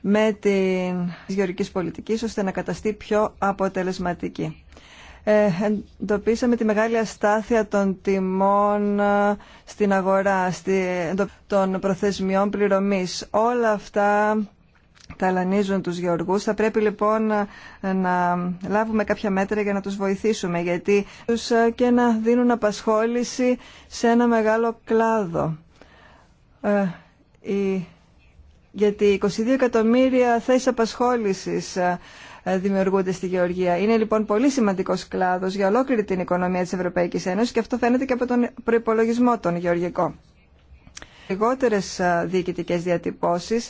με την γεωργική πολιτική ώστε να καταστεί πιο αποτελεσματική. Ε, εντοπίσαμε τη μεγάλη αστάθεια των τιμών ε, στην αγορά, των προθεσμιών πληρωμής. Όλα αυτά ταλανίζουν τους γεωργούς. Θα πρέπει λοιπόν ε, να λάβουμε κάποια μέτρα για να τους βοηθήσουμε, γιατί τους ε, και να δίνουν απασχόληση σε ένα μεγάλο κλάδο γιατί 22 εκατομμύρια θέσει απασχόληση ε, ε, δημιουργούνται στη Γεωργία. Είναι λοιπόν πολύ σημαντικό κλάδο για ολόκληρη την οικονομία τη Ευρωπαϊκή Ένωση και αυτό φαίνεται και από τον προπολογισμό των γεωργικών. Λιγότερε διοικητικέ διατυπώσει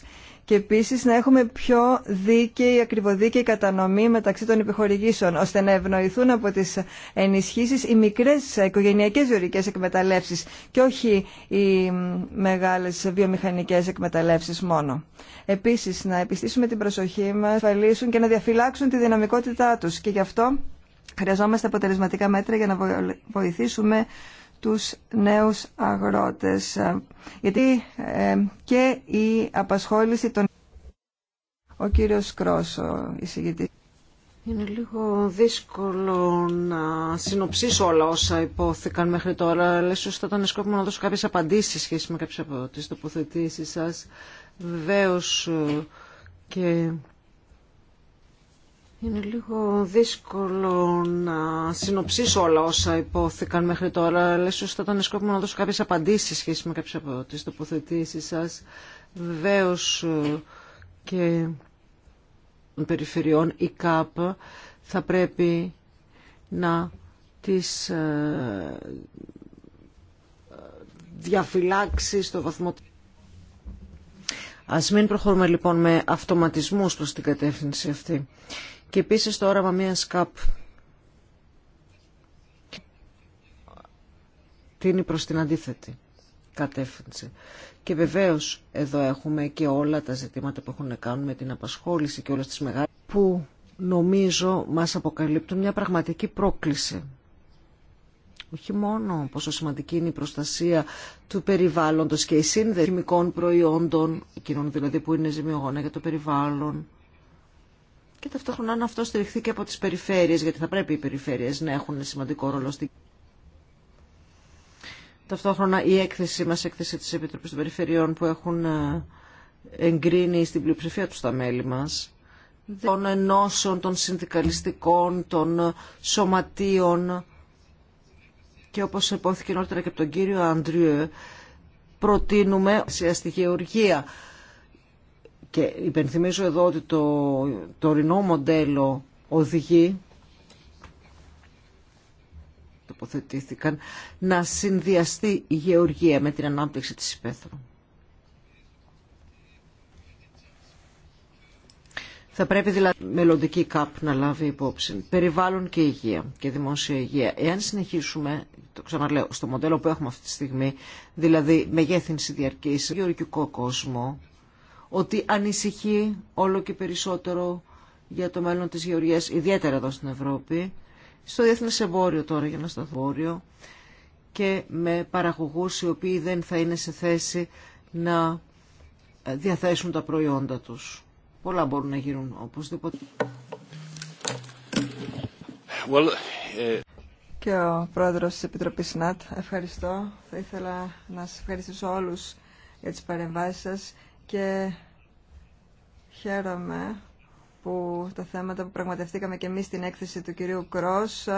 και επίσης να έχουμε πιο δίκαιη, ακριβοδίκαιη κατανομή μεταξύ των επιχορηγήσεων, ώστε να ευνοηθούν από τις ενισχύσεις οι μικρές οικογενειακές βιορικές εκμεταλλεύσεις και όχι οι μεγάλες βιομηχανικές εκμεταλλεύσεις μόνο. Επίσης, να επιστήσουμε την προσοχή μας, ασφαλίσουν και να διαφυλάξουν τη δυναμικότητά τους και γι' αυτό χρειαζόμαστε αποτελεσματικά μέτρα για να βοηθήσουμε τους νέους αγρότες. Γιατί ε, και η απασχόληση των... Ο κύριος Κρόσο, εισηγητής. Είναι λίγο δύσκολο να συνοψίσω όλα όσα υπόθηκαν μέχρι τώρα, αλλά ίσως θα ήταν σκόπιμο να δώσω κάποιες απαντήσεις σχέση με κάποιες από τις τοποθετήσεις σας. Βεβαίως ε, και είναι λίγο δύσκολο να συνοψίσω όλα όσα υπόθηκαν μέχρι τώρα, αλλά ίσω θα ήταν σκόπιμο να δώσω κάποιες απαντήσεις σχέση με κάποιε από τι τοποθετήσεις σας. Βεβαίω ε, και των περιφερειών, η ΚΑΠ, θα πρέπει να τις ε, διαφυλάξει στο βαθμό Ας μην προχωρούμε λοιπόν με αυτοματισμούς προς την κατεύθυνση αυτή και επίσης το όραμα μια ΚΑΠ. Τίνει προς την αντίθετη κατεύθυνση. Και βεβαίως εδώ έχουμε και όλα τα ζητήματα που έχουν να κάνουν με την απασχόληση και όλες τις μεγάλες που νομίζω μας αποκαλύπτουν μια πραγματική πρόκληση. Όχι μόνο πόσο σημαντική είναι η προστασία του περιβάλλοντος και η σύνδεση χημικών προϊόντων, εκείνων δηλαδή που είναι ζημιογόνα για το περιβάλλον, και ταυτόχρονα αν αυτό στηριχθεί και από τις περιφέρειες, γιατί θα πρέπει οι περιφέρειες να έχουν σημαντικό ρόλο στην Ταυτόχρονα η έκθεση μας, έκθεση της Επιτροπής των Περιφερειών που έχουν ε, εγκρίνει στην πλειοψηφία τους τα μέλη μας, των ενώσεων, των συνδικαλιστικών, των ε, σωματείων και όπως υπόθηκε νωρίτερα και από τον κύριο Αντριού προτείνουμε σε και υπενθυμίζω εδώ ότι το τωρινό μοντέλο οδηγεί τοποθετήθηκαν να συνδυαστεί η γεωργία με την ανάπτυξη της υπαίθρου. Θα πρέπει δηλαδή μελλοντική ΚΑΠ να λάβει υπόψη. Περιβάλλον και υγεία και δημόσια υγεία. Εάν συνεχίσουμε, το ξαναλέω, στο μοντέλο που έχουμε αυτή τη στιγμή, δηλαδή μεγέθυνση διαρκής, γεωργικό κόσμο, ότι ανησυχεί όλο και περισσότερο για το μέλλον της γεωργίας, ιδιαίτερα εδώ στην Ευρώπη, στο διεθνές εμπόριο τώρα για να σταθμόριο και με παραγωγούς οι οποίοι δεν θα είναι σε θέση να διαθέσουν τα προϊόντα τους. Πολλά μπορούν να γίνουν οπωσδήποτε. Well, uh... Και ο πρόεδρος της Επιτροπής ΝΑΤ, ευχαριστώ. Θα ήθελα να σας ευχαριστήσω όλους για τις παρεμβάσεις σας και χαίρομαι που τα θέματα που πραγματευτήκαμε και εμείς στην έκθεση του κυρίου Κρός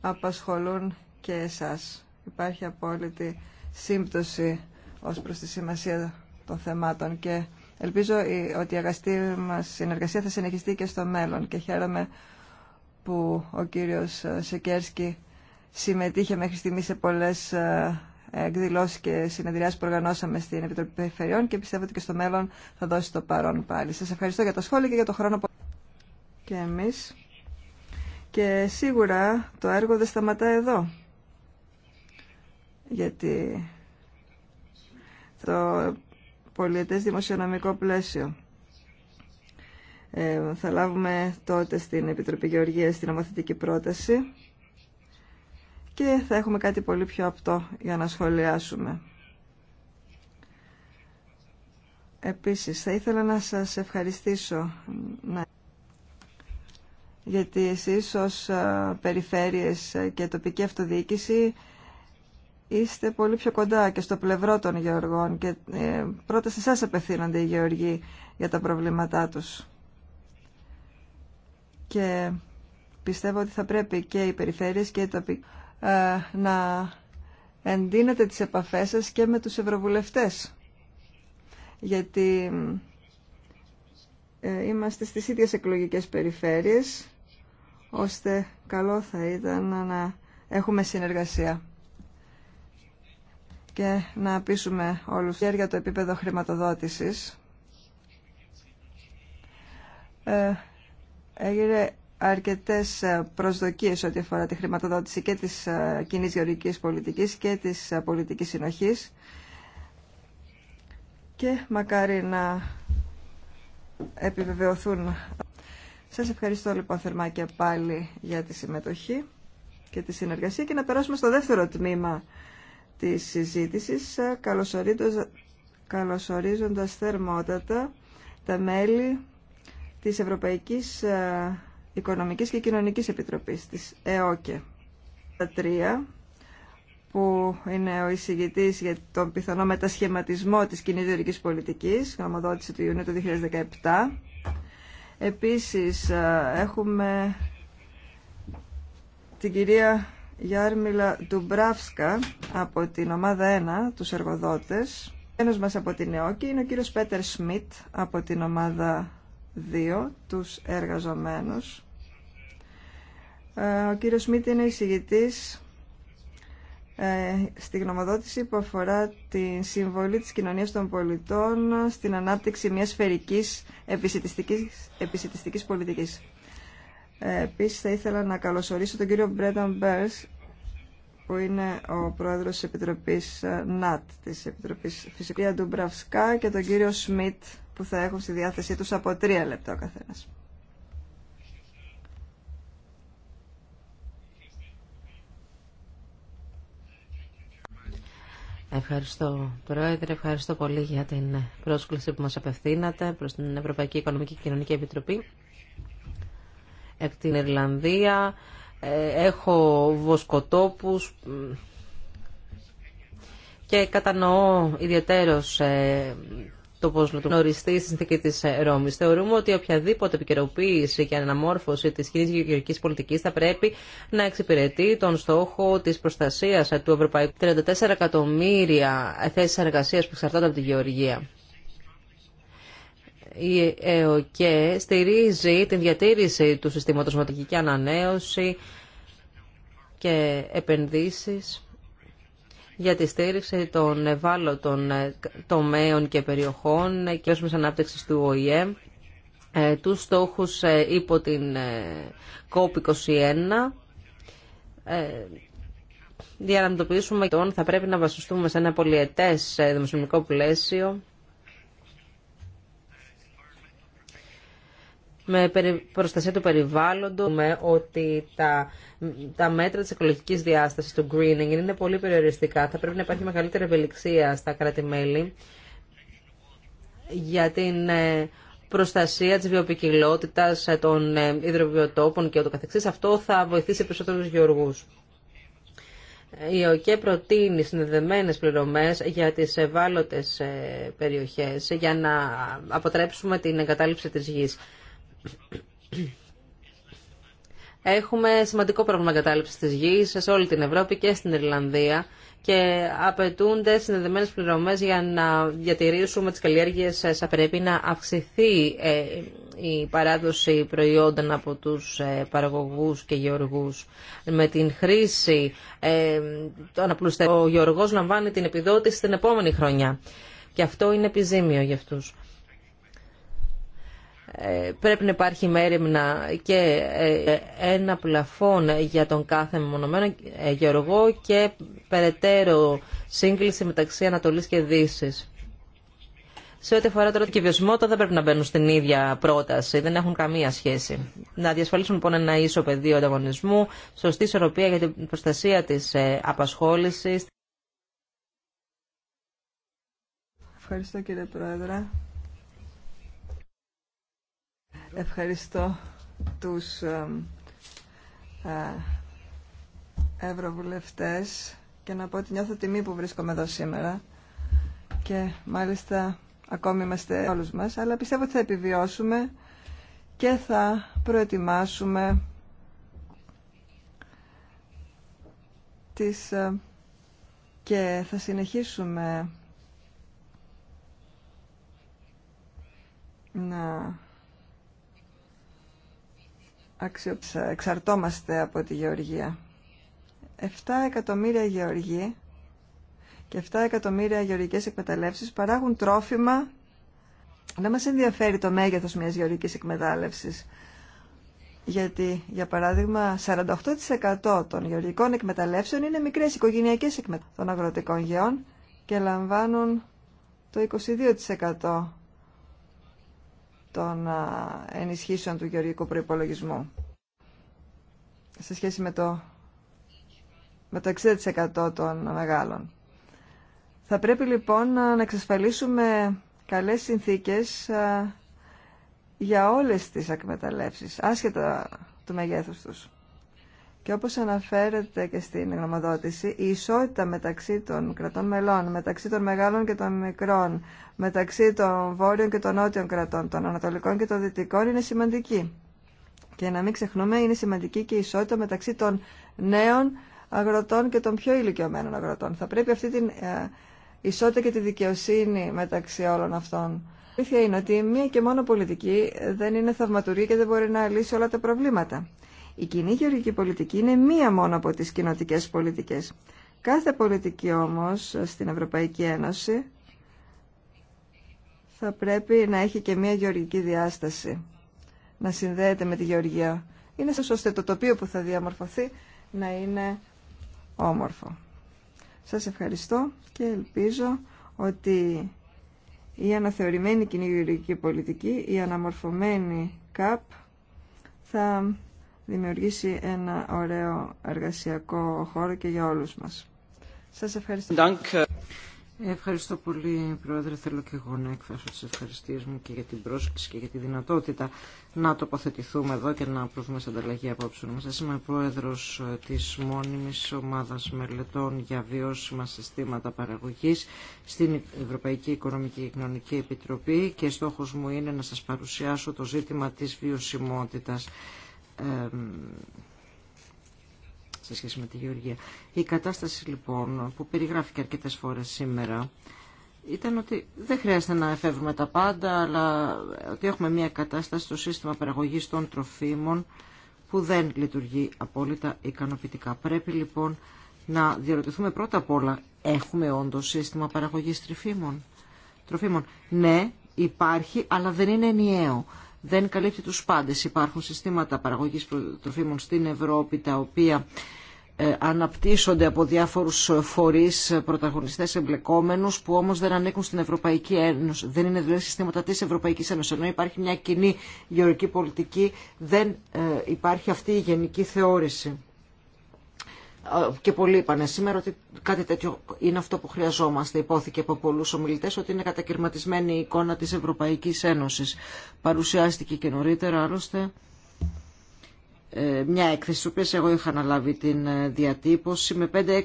απασχολούν και εσάς. Υπάρχει απόλυτη σύμπτωση ως προς τη σημασία των θεμάτων και ελπίζω ότι η αγαστή μας συνεργασία θα συνεχιστεί και στο μέλλον και χαίρομαι που ο κύριος Σεκέρσκι συμμετείχε μέχρι στιγμή σε πολλές ε, εκδηλώσει και συνεδριάσει που οργανώσαμε στην Επιτροπή Περιφερειών και πιστεύω ότι και στο μέλλον θα δώσει το παρόν πάλι. Σας ευχαριστώ για το σχόλιο και για το χρόνο που και εμείς. Και σίγουρα το έργο δεν σταματά εδώ. Γιατί το πολιτέ δημοσιονομικό πλαίσιο ε, θα λάβουμε τότε στην Επιτροπή Γεωργίας την νομοθετική πρόταση και θα έχουμε κάτι πολύ πιο απτό για να σχολιάσουμε. Επίσης, θα ήθελα να σας ευχαριστήσω γιατί εσείς ως ε, περιφέρειες και τοπική αυτοδιοίκηση είστε πολύ πιο κοντά και στο πλευρό των γεωργών και ε, πρώτα σε εσάς απευθύνονται οι γεωργοί για τα προβλήματά τους. Και πιστεύω ότι θα πρέπει και οι περιφέρειες και οι τοπικοί ε, να εντείνετε τις επαφές σας και με τους ευρωβουλευτές. Γιατί ε, είμαστε στις ίδιες εκλογικές περιφέρειες, ώστε καλό θα ήταν να έχουμε συνεργασία και να πείσουμε όλους για το επίπεδο χρηματοδότησης. Ε, έγινε αρκετές ε, προσδοκίες ό,τι αφορά τη χρηματοδότηση και της ε, κοινή γεωργικής πολιτικής και της ε, πολιτικής συνοχής και μακάρι να επιβεβαιωθούν. Σας ευχαριστώ λοιπόν θερμά και πάλι για τη συμμετοχή και τη συνεργασία και να περάσουμε στο δεύτερο τμήμα της συζήτησης καλωσορίζοντας θερμότατα τα μέλη της Ευρωπαϊκής Οικονομικής και Κοινωνικής Επιτροπής της ΕΟΚΕ. Τα τρία που είναι ο εισηγητής για τον πιθανό μετασχηματισμό της κοινή διορικής πολιτικής, γνωμοδότηση του Ιουνίου του 2017. Επίσης έχουμε την κυρία Γιάρμιλα Ντουμπράφσκα από την ομάδα 1, τους εργοδότες. Ένας μας από την ΕΟΚΕ είναι ο κύριος Πέτερ Σμιτ από την ομάδα 2, τους εργαζομένους. Ε, ο κύριος Σμίτ είναι εισηγητής ε, στη γνωμοδότηση που αφορά τη συμβολή της κοινωνίας των πολιτών στην ανάπτυξη μιας σφαιρικής επισητιστικής, επισητιστικής πολιτικής. Ε, επίσης θα ήθελα να καλωσορίσω τον κύριο Μπρένταν Μπέρς που είναι ο πρόεδρος της Επιτροπής ΝΑΤ, της Επιτροπής του Αντουμπραυσκά και τον κύριο Σμιτ που θα έχουν στη διάθεσή τους από τρία λεπτά ο καθένας. Ευχαριστώ, Πρόεδρε. Ευχαριστώ πολύ για την πρόσκληση που μας απευθύνατε προς την Ευρωπαϊκή Οικονομική και Κοινωνική Επιτροπή. Εκ την Ιρλανδία ε, έχω βοσκοτόπους και κατανοώ ιδιαίτερως ε, το πώς γνωριστεί στη συνθήκη τη ε, Ρώμη. Θεωρούμε ότι οποιαδήποτε επικαιροποίηση και αναμόρφωση της κοινή γεωργική πολιτική θα πρέπει να εξυπηρετεί τον στόχο της προστασίας του Ευρωπαϊκού 34 εκατομμύρια θέσει εργασία που εξαρτάται από τη γεωργία. Η ΕΟΚΕ στηρίζει την διατήρηση του συστήματος ανανέωση και επενδύσεις για τη στήριξη των ευάλωτων τομέων και περιοχών και ως ανάπτυξη του ΟΗΕ, ε, τους στόχους ε, υπό την COP21. Ε, για να αντιμετωπίσουμε τον θα πρέπει να βασιστούμε σε ένα πολυετές δημοσιονομικό πλαίσιο με προστασία του περιβάλλοντο με ότι τα, τα μέτρα της οικολογικής διάστασης του greening είναι πολύ περιοριστικά. Θα πρέπει να υπάρχει μεγαλύτερη ευελιξία στα κράτη-μέλη για την ε, προστασία της βιοποικιλότητας ε, των ε, υδροβιοτόπων και ούτω καθεξής. Αυτό θα βοηθήσει περισσότερους γεωργούς. Η ΟΚΕ προτείνει συνδεδεμένες πληρωμές για τις ευάλωτες περιοχές για να αποτρέψουμε την εγκατάλειψη της γης. Έχουμε σημαντικό πρόβλημα κατάληψη της γης σε όλη την Ευρώπη και στην Ιρλανδία και απαιτούνται συνδεδεμένε πληρωμές για να διατηρήσουμε τι καλλιέργειε. θα πρέπει να αυξηθεί ε, η παράδοση προϊόντων από τους ε, παραγωγούς και γεωργούς με την χρήση ε, των απλούστερων. Ο γεωργός λαμβάνει την επιδότηση την επόμενη χρονιά και αυτό είναι επιζήμιο για αυτούς. Ε, πρέπει να υπάρχει μέρημνα και ε, ένα πλαφόν για τον κάθε μονομένο ε, γεωργό και περαιτέρω σύγκληση μεταξύ Ανατολής και Δύσης. Σε ό,τι αφορά τώρα και βιωσιμότητα δεν πρέπει να μπαίνουν στην ίδια πρόταση, δεν έχουν καμία σχέση. Να διασφαλίσουν λοιπόν ένα ίσο πεδίο ανταγωνισμού, σωστή ισορροπία για την προστασία της απασχόλησης. Ευχαριστώ κύριε Πρόεδρε. Ευχαριστώ τους ε, ευρωβουλευτές και να πω ότι νιώθω τιμή που βρίσκομαι εδώ σήμερα και μάλιστα ακόμη είμαστε όλους μας, αλλά πιστεύω ότι θα επιβιώσουμε και θα προετοιμάσουμε τις ε, και θα συνεχίσουμε να αξιο... εξαρτόμαστε από τη γεωργία. 7 εκατομμύρια γεωργοί και 7 εκατομμύρια γεωργικές εκμεταλλεύσεις παράγουν τρόφιμα. Δεν μας ενδιαφέρει το μέγεθος μιας γεωργικής εκμετάλλευσης. Γιατί, για παράδειγμα, 48% των γεωργικών εκμεταλλεύσεων είναι μικρές οικογενειακές εκμεταλλεύσεις των αγροτικών γεών και λαμβάνουν το 22% των ενισχύσεων του γεωργικού προϋπολογισμού σε σχέση με το, με το 60% των μεγάλων. Θα πρέπει λοιπόν να εξασφαλίσουμε καλές συνθήκες για όλες τις εκμεταλλεύσεις, άσχετα του μεγέθους τους. Και όπως αναφέρεται και στην γνωμοδότηση, η ισότητα μεταξύ των κρατών μελών, μεταξύ των μεγάλων και των μικρών, μεταξύ των βόρειων και των νότιων κρατών, των ανατολικών και των δυτικών είναι σημαντική. Και να μην ξεχνούμε, είναι σημαντική και η ισότητα μεταξύ των νέων αγροτών και των πιο ηλικιωμένων αγροτών. Θα πρέπει αυτή την ε, ισότητα και τη δικαιοσύνη μεταξύ όλων αυτών. Η αλήθεια είναι ότι μία και μόνο πολιτική δεν είναι θαυματουργή και δεν μπορεί να λύσει όλα τα προβλήματα. Η κοινή γεωργική πολιτική είναι μία μόνο από τις κοινοτικές πολιτικές. Κάθε πολιτική όμως στην Ευρωπαϊκή Ένωση θα πρέπει να έχει και μία γεωργική διάσταση, να συνδέεται με τη γεωργία. Είναι ώστε το τοπίο που θα διαμορφωθεί να είναι όμορφο. Σας ευχαριστώ και ελπίζω ότι η αναθεωρημένη κοινή γεωργική πολιτική, η αναμορφωμένη ΚΑΠ θα δημιουργήσει ένα ωραίο εργασιακό χώρο και για όλους μας. Σας ευχαριστώ. Ευχαριστώ πολύ, Πρόεδρε. Θέλω και εγώ να εκφράσω τις ευχαριστίες μου και για την πρόσκληση και για τη δυνατότητα να τοποθετηθούμε εδώ και να προβούμε σε ανταλλαγή απόψεων μας. είμαι Πρόεδρος της μόνιμης ομάδας μελετών για βιώσιμα συστήματα παραγωγής στην Ευρωπαϊκή Οικονομική και Κοινωνική Επιτροπή και στόχος μου είναι να σας παρουσιάσω το ζήτημα της βιωσιμότητας σε σχέση με τη Γεωργία. Η κατάσταση λοιπόν που περιγράφηκε αρκετές φορές σήμερα ήταν ότι δεν χρειάζεται να εφεύρουμε τα πάντα, αλλά ότι έχουμε μια κατάσταση στο σύστημα παραγωγής των τροφίμων που δεν λειτουργεί απόλυτα ικανοποιητικά. Πρέπει λοιπόν να διαρωτηθούμε πρώτα απ' όλα, έχουμε όντως σύστημα παραγωγής τροφίμων. τροφίμων. Ναι, υπάρχει, αλλά δεν είναι ενιαίο δεν καλύπτει τους πάντες. Υπάρχουν συστήματα παραγωγής τροφίμων στην Ευρώπη τα οποία ε, αναπτύσσονται από διάφορους φορείς, πρωταγωνιστές εμπλεκόμενους που όμως δεν ανήκουν στην Ευρωπαϊκή Ένωση. Δεν είναι δηλαδή συστήματα της Ευρωπαϊκής Ένωσης. Ενώ υπάρχει μια κοινή γεωρική πολιτική δεν ε, υπάρχει αυτή η γενική θεώρηση και πολλοί είπαν σήμερα ότι κάτι τέτοιο είναι αυτό που χρειαζόμαστε. Υπόθηκε από πολλού ομιλητέ ότι είναι κατακαιρματισμένη η εικόνα τη Ευρωπαϊκή Ένωση. Παρουσιάστηκε και νωρίτερα άλλωστε ε, μια έκθεση, τη οποία εγώ είχα αναλάβει την ε, διατύπωση, με 5-6 ε,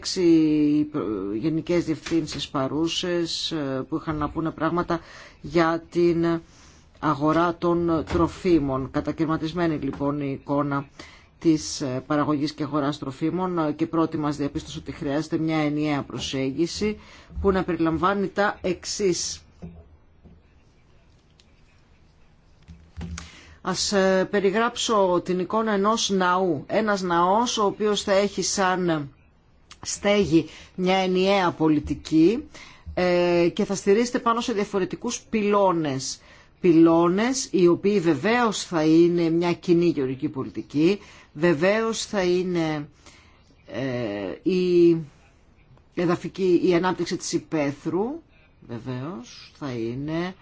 γενικέ διευθύνσει παρούσε που είχαν να πούνε πράγματα για την αγορά των τροφίμων. Κατακαιρματισμένη λοιπόν η εικόνα της ε, παραγωγής και αγορά τροφίμων ε, και πρώτη μας διαπίστωση ότι χρειάζεται μια ενιαία προσέγγιση που να περιλαμβάνει τα εξής. Ας ε, περιγράψω την εικόνα ενός ναού. Ένας ναός ο οποίο θα έχει σαν στέγη μια ενιαία πολιτική και θα στηρίζεται πάνω σε διαφορετικούς πυλώνες πυλώνες οι οποίοι βεβαίως θα είναι μια κοινή γεωργική πολιτική Βεβαίως θα είναι ε, η, εδαφική, η ανάπτυξη της υπαίθρου, βεβαίως θα είναι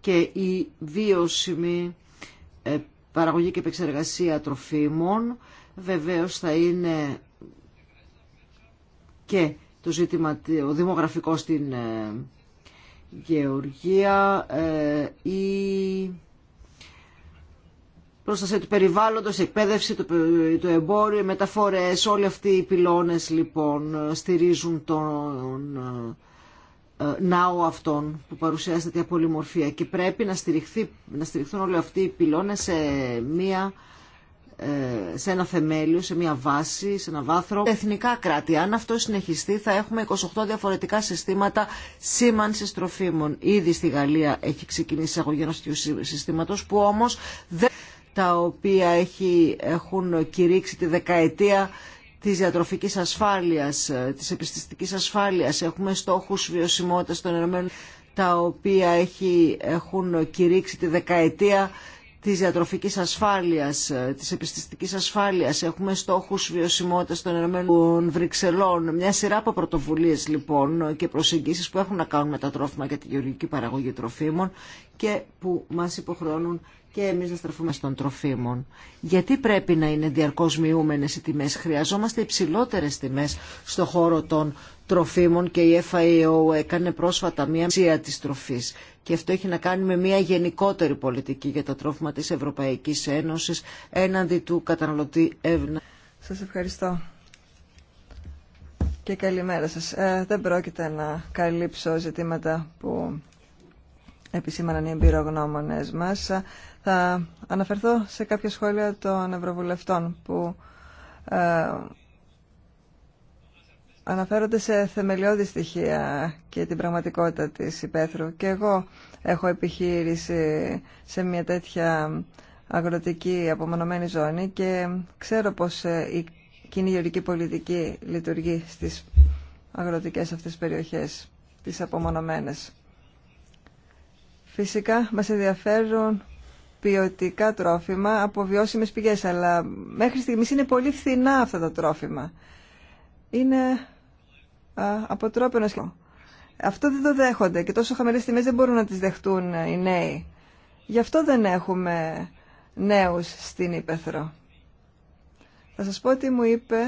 και η βίωσιμη ε, παραγωγή και επεξεργασία τροφίμων, βεβαίως θα είναι και το ζήτημα, ο δημογραφικό στην ε, Γεωργία, η προστασία του περιβάλλοντος, εκπαίδευση, το, το εμπόριο, οι μεταφορές, όλοι αυτοί οι πυλώνες λοιπόν στηρίζουν τον ε, ναό αυτών που παρουσιάζεται τέτοια πολυμορφία και πρέπει να, στηριχθεί, να στηριχθούν όλοι αυτοί οι πυλώνες σε, μία, ε, σε ένα θεμέλιο, σε μία βάση, σε ένα βάθρο. Εθνικά κράτη, αν αυτό συνεχιστεί θα έχουμε 28 διαφορετικά συστήματα σήμανσης τροφίμων. Ήδη στη Γαλλία έχει ξεκινήσει η αγωγή ενός συστήματος που όμως δεν τα οποία έχει, έχουν κηρύξει τη δεκαετία της διατροφικής ασφάλειας, ε, της επιστηστικής ασφάλειας. Έχουμε στόχους βιωσιμότητας των ΗΠΑ, τα οποία έχει, έχουν κηρύξει τη δεκαετία της διατροφικής ασφάλειας, ε, της επιστηστικής ασφάλειας. Έχουμε στόχους βιωσιμότητας των των Βρυξελών. Μια σειρά από πρωτοβουλίε λοιπόν και προσεγγίσεις που έχουν να κάνουν με τα τρόφιμα και τη γεωργική παραγωγή τροφίμων και που μας υποχρεώνουν και εμείς να στραφούμε στον τροφίμων. Γιατί πρέπει να είναι διαρκώς μειούμενες οι τιμές. Χρειαζόμαστε υψηλότερες τιμές στο χώρο των τροφίμων και η FAO έκανε πρόσφατα μία ψία της τροφής. Και αυτό έχει να κάνει με μία γενικότερη πολιτική για τα τρόφιμα της Ευρωπαϊκής Ένωσης έναντι του καταναλωτή Εύνα. Σας ευχαριστώ. Και καλημέρα σας. Ε, δεν πρόκειται να καλύψω ζητήματα που επισήμαναν οι εμπειρογνώμονες μας. Θα αναφερθώ σε κάποια σχόλια των Ευρωβουλευτών που ε, αναφέρονται σε θεμελιώδη στοιχεία και την πραγματικότητα της υπαίθρου. Και εγώ έχω επιχείρηση σε μια τέτοια αγροτική απομονωμένη ζώνη και ξέρω πως ε, η κοινή πολιτική λειτουργεί στις αγροτικές αυτές περιοχές, τις απομονωμένες. Φυσικά μας ενδιαφέρουν ποιοτικά τρόφιμα από βιώσιμες πηγές, αλλά μέχρι στιγμής είναι πολύ φθηνά αυτά τα τρόφιμα. Είναι αποτρόπαινο Αυτό δεν το δέχονται και τόσο χαμηλές τιμές δεν μπορούν να τις δεχτούν οι νέοι. Γι' αυτό δεν έχουμε νέους στην Ήπεθρο. Θα σας πω τι μου είπε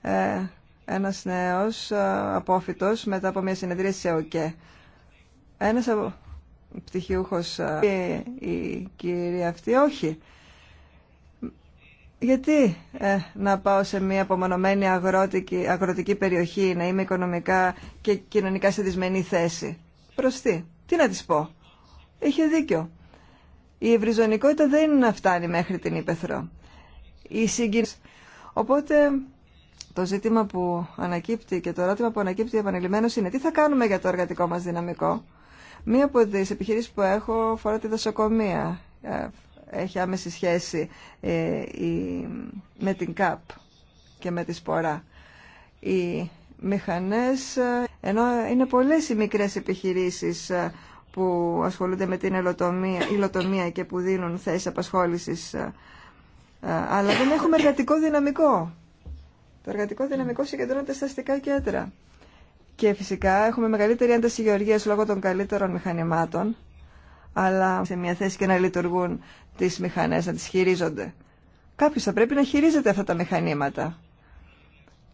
ε, ένας νέος ε, απόφυτος μετά από μια συνεδρία σε ΟΚΕ. Ένας από, πτυχιούχος ε, και η κυρία αυτή. Όχι. Γιατί ε, να πάω σε μια απομονωμένη αγροτική, αγροτική περιοχή, να είμαι οικονομικά και κοινωνικά σε δυσμενή θέση. Προς Τι Τι να της πω. έχει δίκιο. Η ευρυζωνικότητα δεν είναι να φτάνει μέχρι την υπεθρο. Η συγκίνηση. Οπότε το ζήτημα που ανακύπτει και το ερώτημα που ανακύπτει επανειλημμένως είναι τι θα κάνουμε για το εργατικό μας δυναμικό. Μία από τις επιχειρήσεις που έχω αφορά τη δασοκομεία. Ε, έχει άμεση σχέση ε, με την ΚΑΠ και με τη σπορά. Οι μηχανές, ε, ενώ είναι πολλές οι μικρές επιχειρήσεις που ασχολούνται με την υλοτομία και που δίνουν θέσεις απασχόλησης, αλλά δεν έχουμε εργατικό δυναμικό. Το εργατικό δυναμικό συγκεντρώνεται στα αστικά κέντρα. Και φυσικά έχουμε μεγαλύτερη ένταση γεωργίας λόγω των καλύτερων μηχανημάτων, αλλά σε μια θέση και να λειτουργούν τις μηχανές, να τις χειρίζονται. Κάποιος θα πρέπει να χειρίζεται αυτά τα μηχανήματα.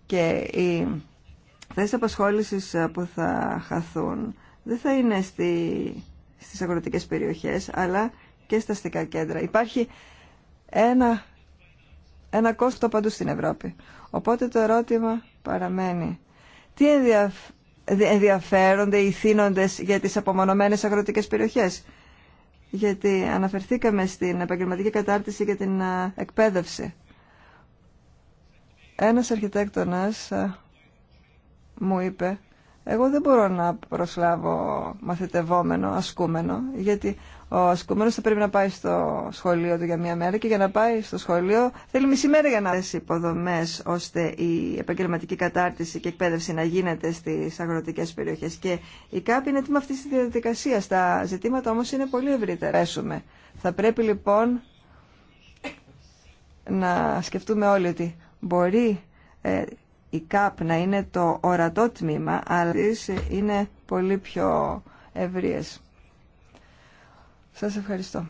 Και οι θέσεις απασχόλησης ε, που θα χαθούν δεν θα είναι στη, στις αγροτικές περιοχές, αλλά και στα αστικά κέντρα. Υπάρχει ένα, ένα κόστο παντού στην Ευρώπη. Οπότε το ερώτημα παραμένει τι ενδιαφέρονται οι θύνοντες για τις απομονωμένες αγροτικές περιοχές. Γιατί αναφερθήκαμε στην επαγγελματική κατάρτιση και την εκπαίδευση. Ένας αρχιτέκτονας μου είπε εγώ δεν μπορώ να προσλάβω μαθητευόμενο, ασκούμενο, γιατί ο ασκούμενος θα πρέπει να πάει στο σχολείο του για μία μέρα και για να πάει στο σχολείο θέλει μισή μέρα για να δέσει υποδομές ώστε η επαγγελματική κατάρτιση και εκπαίδευση να γίνεται στις αγροτικές περιοχές. Και η ΚΑΠ είναι έτοιμη αυτή τη διαδικασία. Στα ζητήματα όμως είναι πολύ ευρύτερα. Θα πρέπει λοιπόν να σκεφτούμε όλοι ότι μπορεί ε, η ΚΑΠ να είναι το ορατό τμήμα, αλλά είναι πολύ πιο ευρύες. Σας ευχαριστώ.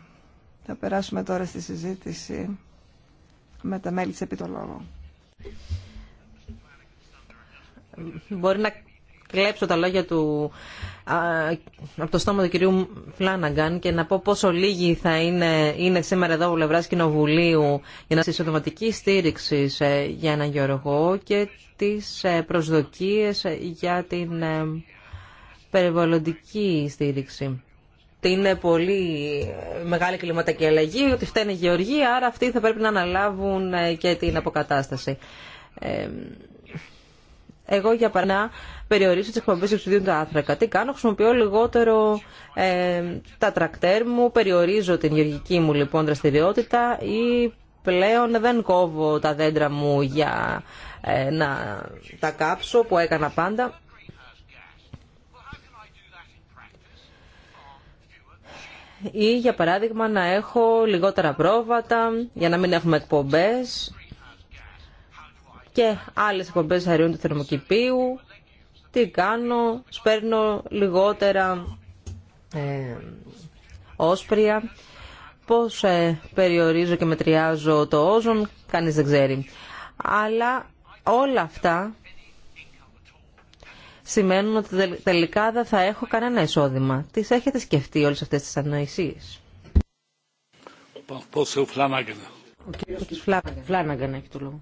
Θα περάσουμε τώρα στη συζήτηση με τα μέλη της Επιτολόγου. Μπορεί να κλέψω τα λόγια του από το στόμα του κυρίου Φλάναγκαν και να πω πόσο λίγοι θα είναι, είναι σήμερα εδώ βουλευράς κοινοβουλίου για να συστηματική στήριξη για έναν γεωργό και τις ε, προσδοκίες για την ε, περιβαλλοντική στήριξη ότι είναι πολύ μεγάλη κλιματική αλλαγή, ότι φταίνει η γεωργία, άρα αυτοί θα πρέπει να αναλάβουν ε, και την αποκατάσταση. Εγώ για παρνά περιορίζω τι εκπομπέ οξυδίων του άνθρακα. Τι κάνω, χρησιμοποιώ λιγότερο τα τρακτέρ μου, περιορίζω την γεωργική μου λοιπόν δραστηριότητα ή πλέον δεν κόβω τα δέντρα μου για ε, να τα κάψω που έκανα πάντα. ή για παράδειγμα να έχω λιγότερα πρόβατα για να μην έχουμε εκπομπές και άλλες εκπομπές αερίων του θερμοκηπίου. Τι κάνω, σπέρνω λιγότερα ε, όσπρια. Πώς ε, περιορίζω και μετριάζω το όζον, κανείς δεν ξέρει. Αλλά όλα αυτά σημαίνουν ότι τελικά δεν θα έχω κανένα εισόδημα. Τις έχετε σκεφτεί όλες αυτές τις ανοησίες. Ο κύριος έχει το λόγο.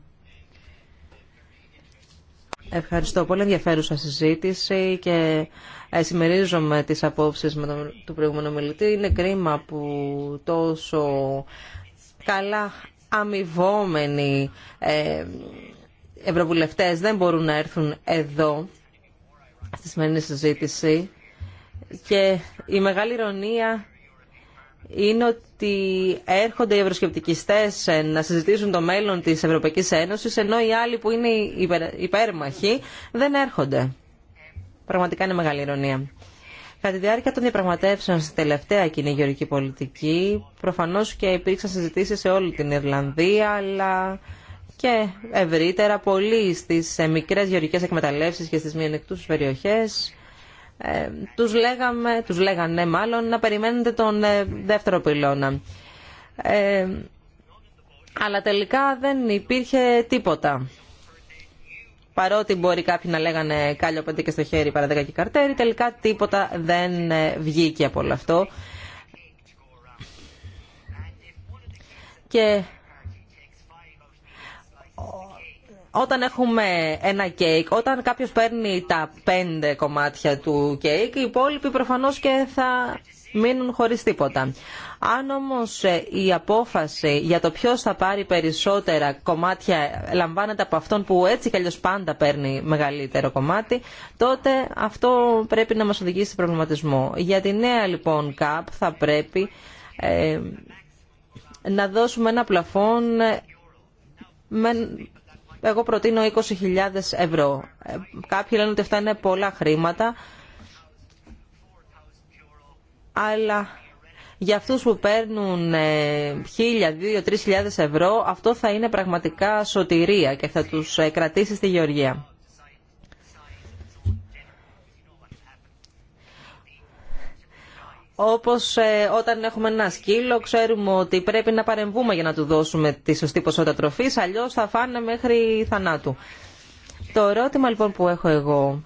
Ευχαριστώ. Πολύ ενδιαφέρουσα συζήτηση και ε, συμμερίζομαι τις απόψεις με τον, του προηγούμενου μιλητή. Είναι κρίμα που τόσο καλά αμοιβόμενοι ε, ευρωβουλευτές δεν μπορούν να έρθουν εδώ στη σημερινή συζήτηση και η μεγάλη ηρωνία είναι ότι έρχονται οι ευρωσκεπτικιστές να συζητήσουν το μέλλον της Ευρωπαϊκής Ένωσης ενώ οι άλλοι που είναι υπέρμαχοι δεν έρχονται. Πραγματικά είναι μεγάλη ηρωνία. Κατά τη διάρκεια των διαπραγματεύσεων στη τελευταία κοινή γεωργική πολιτική, προφανώς και υπήρξαν συζητήσεις σε όλη την Ιρλανδία, αλλά και ευρύτερα πολλοί στις ε, μικρές γεωργικές εκμεταλλεύσεις και στις μειονεκτούς περιοχές. Ε, τους, λέγαμε, τους λέγανε μάλλον να περιμένετε τον ε, δεύτερο πυλώνα. Ε, αλλά τελικά δεν υπήρχε τίποτα. Παρότι μπορεί κάποιοι να λέγανε κάλιο πέντε και στο χέρι παραδέκα και καρτέρι, τελικά τίποτα δεν βγήκε από όλο αυτό. Και όταν έχουμε ένα κέικ, όταν κάποιος παίρνει τα πέντε κομμάτια του κέικ, οι υπόλοιποι προφανώ και θα μείνουν χωρί τίποτα. Αν όμω ε, η απόφαση για το ποιο θα πάρει περισσότερα κομμάτια λαμβάνεται από αυτόν που έτσι κι πάντα παίρνει μεγαλύτερο κομμάτι, τότε αυτό πρέπει να μας οδηγήσει σε προβληματισμό. Για τη νέα λοιπόν ΚΑΠ θα πρέπει ε, να δώσουμε ένα πλαφόν ε, εγώ προτείνω 20.000 ευρώ. Ε, κάποιοι λένε ότι αυτά είναι πολλά χρήματα, αλλά για αυτούς που παίρνουν 1.000, 2.000, 3.000 ευρώ, αυτό θα είναι πραγματικά σωτηρία και θα τους ε, κρατήσει στη γεωργία. Όπως ε, όταν έχουμε ένα σκύλο ξέρουμε ότι πρέπει να παρεμβούμε για να του δώσουμε τη σωστή ποσότητα τροφής, αλλιώς θα φάνε μέχρι θανάτου. Το ερώτημα λοιπόν που έχω εγώ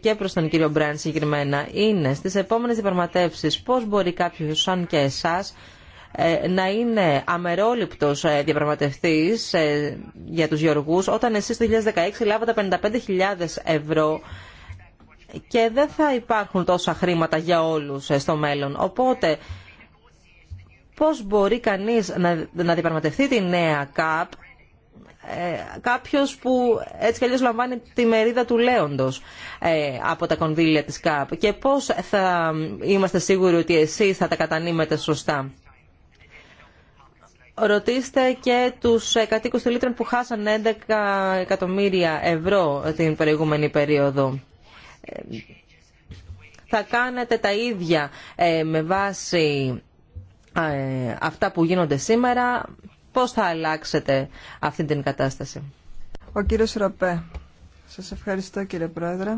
και προς τον κύριο Μπραν συγκεκριμένα είναι στις επόμενες διαπραγματεύσεις πώς μπορεί κάποιο σαν και εσάς ε, να είναι αμερόληπτος ε, διαπραγματευτής για τους γεωργού όταν εσείς το 2016 λάβατε 55.000 ευρώ και δεν θα υπάρχουν τόσα χρήματα για όλους ε, στο μέλλον. Οπότε, πώς μπορεί κανείς να, να διαπραγματευτεί τη νέα ΚΑΠ ε, κάποιος που έτσι κι λαμβάνει τη μερίδα του λέοντος ε, από τα κονδύλια της ΚΑΠ και πώς θα είμαστε σίγουροι ότι εσείς θα τα κατανείμετε σωστά. Ρωτήστε και τους κατοίκους του Λίτρων που χάσαν 11 εκατομμύρια ευρώ την προηγούμενη περίοδο. Ε, θα κάνετε τα ίδια ε, με βάση ε, αυτά που γίνονται σήμερα. Πώς θα αλλάξετε αυτή την κατάσταση. Ο κύριος Ροπέ. Σας ευχαριστώ κύριε Πρόεδρε.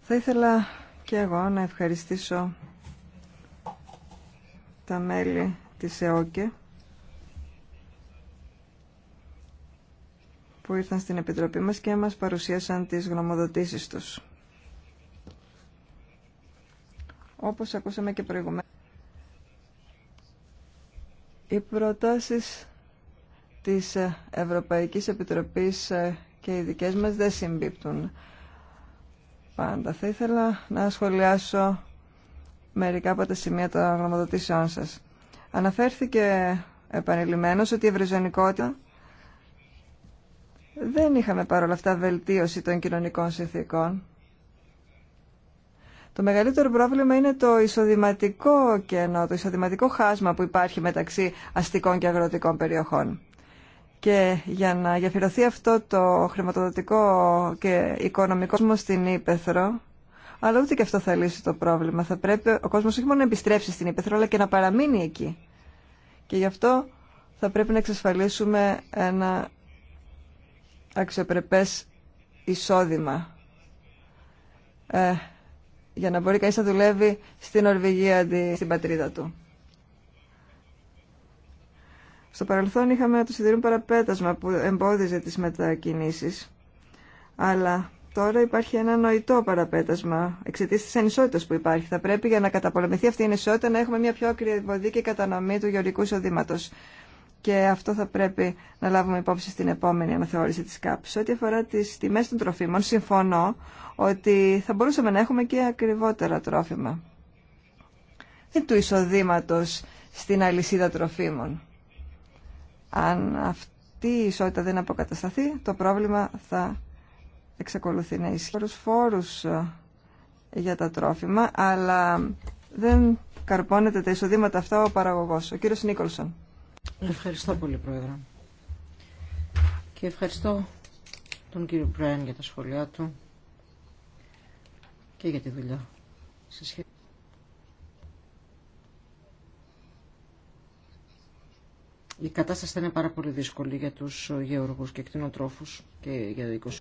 Θα ήθελα και εγώ να ευχαριστήσω τα μέλη της ΕΟΚΕ που ήρθαν στην Επιτροπή μας και μας παρουσίασαν τις γνωμοδοτήσεις τους. Όπως ακούσαμε και προηγουμένως, οι προτάσεις της Ευρωπαϊκής Επιτροπής και οι δικές μας δεν συμπίπτουν πάντα. Θα ήθελα να σχολιάσω μερικά από τα σημεία των γνωμοδοτήσεών σας. Αναφέρθηκε επανειλημμένως ότι η ευρυζωνικότητα δεν είχαμε παρόλα αυτά βελτίωση των κοινωνικών συνθήκων. Το μεγαλύτερο πρόβλημα είναι το εισοδηματικό κενό, το εισοδηματικό χάσμα που υπάρχει μεταξύ αστικών και αγροτικών περιοχών. Και για να γεφυρωθεί αυτό το χρηματοδοτικό και οικονομικό κόσμο στην Ήπεθρο, αλλά ούτε και αυτό θα λύσει το πρόβλημα. Θα πρέπει ο κόσμος όχι μόνο να επιστρέψει στην Ήπεθρο, αλλά και να παραμείνει εκεί. Και γι' αυτό θα πρέπει να εξασφαλίσουμε ένα αξιοπρεπές εισόδημα ε, για να μπορεί κανείς να δουλεύει στην Ορβηγία αντί στην πατρίδα του. Στο παρελθόν είχαμε το σιδηρούν παραπέτασμα που εμπόδιζε τις μετακινήσεις, αλλά τώρα υπάρχει ένα νοητό παραπέτασμα εξαιτίας της ανισότητα που υπάρχει. Θα πρέπει για να καταπολεμηθεί αυτή η ανισότητα να έχουμε μια πιο ακριβωδική κατανομή του γεωρικού εισοδήματος και αυτό θα πρέπει να λάβουμε υπόψη στην επόμενη αναθεώρηση της ΚΑΠ. Σε ό,τι αφορά τις τιμές των τροφίμων, συμφωνώ ότι θα μπορούσαμε να έχουμε και ακριβότερα τρόφιμα. Δεν του εισοδήματο στην αλυσίδα τροφίμων. Αν αυτή η ισότητα δεν αποκατασταθεί, το πρόβλημα θα εξακολουθεί να ισχύει. φόρους ε, για τα τρόφιμα, αλλά δεν καρπώνεται τα εισοδήματα αυτά ο παραγωγός, ο κύριος Νίκολσον. Ευχαριστώ πολύ, Πρόεδρε. Και ευχαριστώ τον κύριο Μπρέν για τα σχόλιά του και για τη δουλειά Η κατάσταση θα είναι πάρα πολύ δύσκολη για τους γεωργούς και κτηνοτρόφους και για το 20.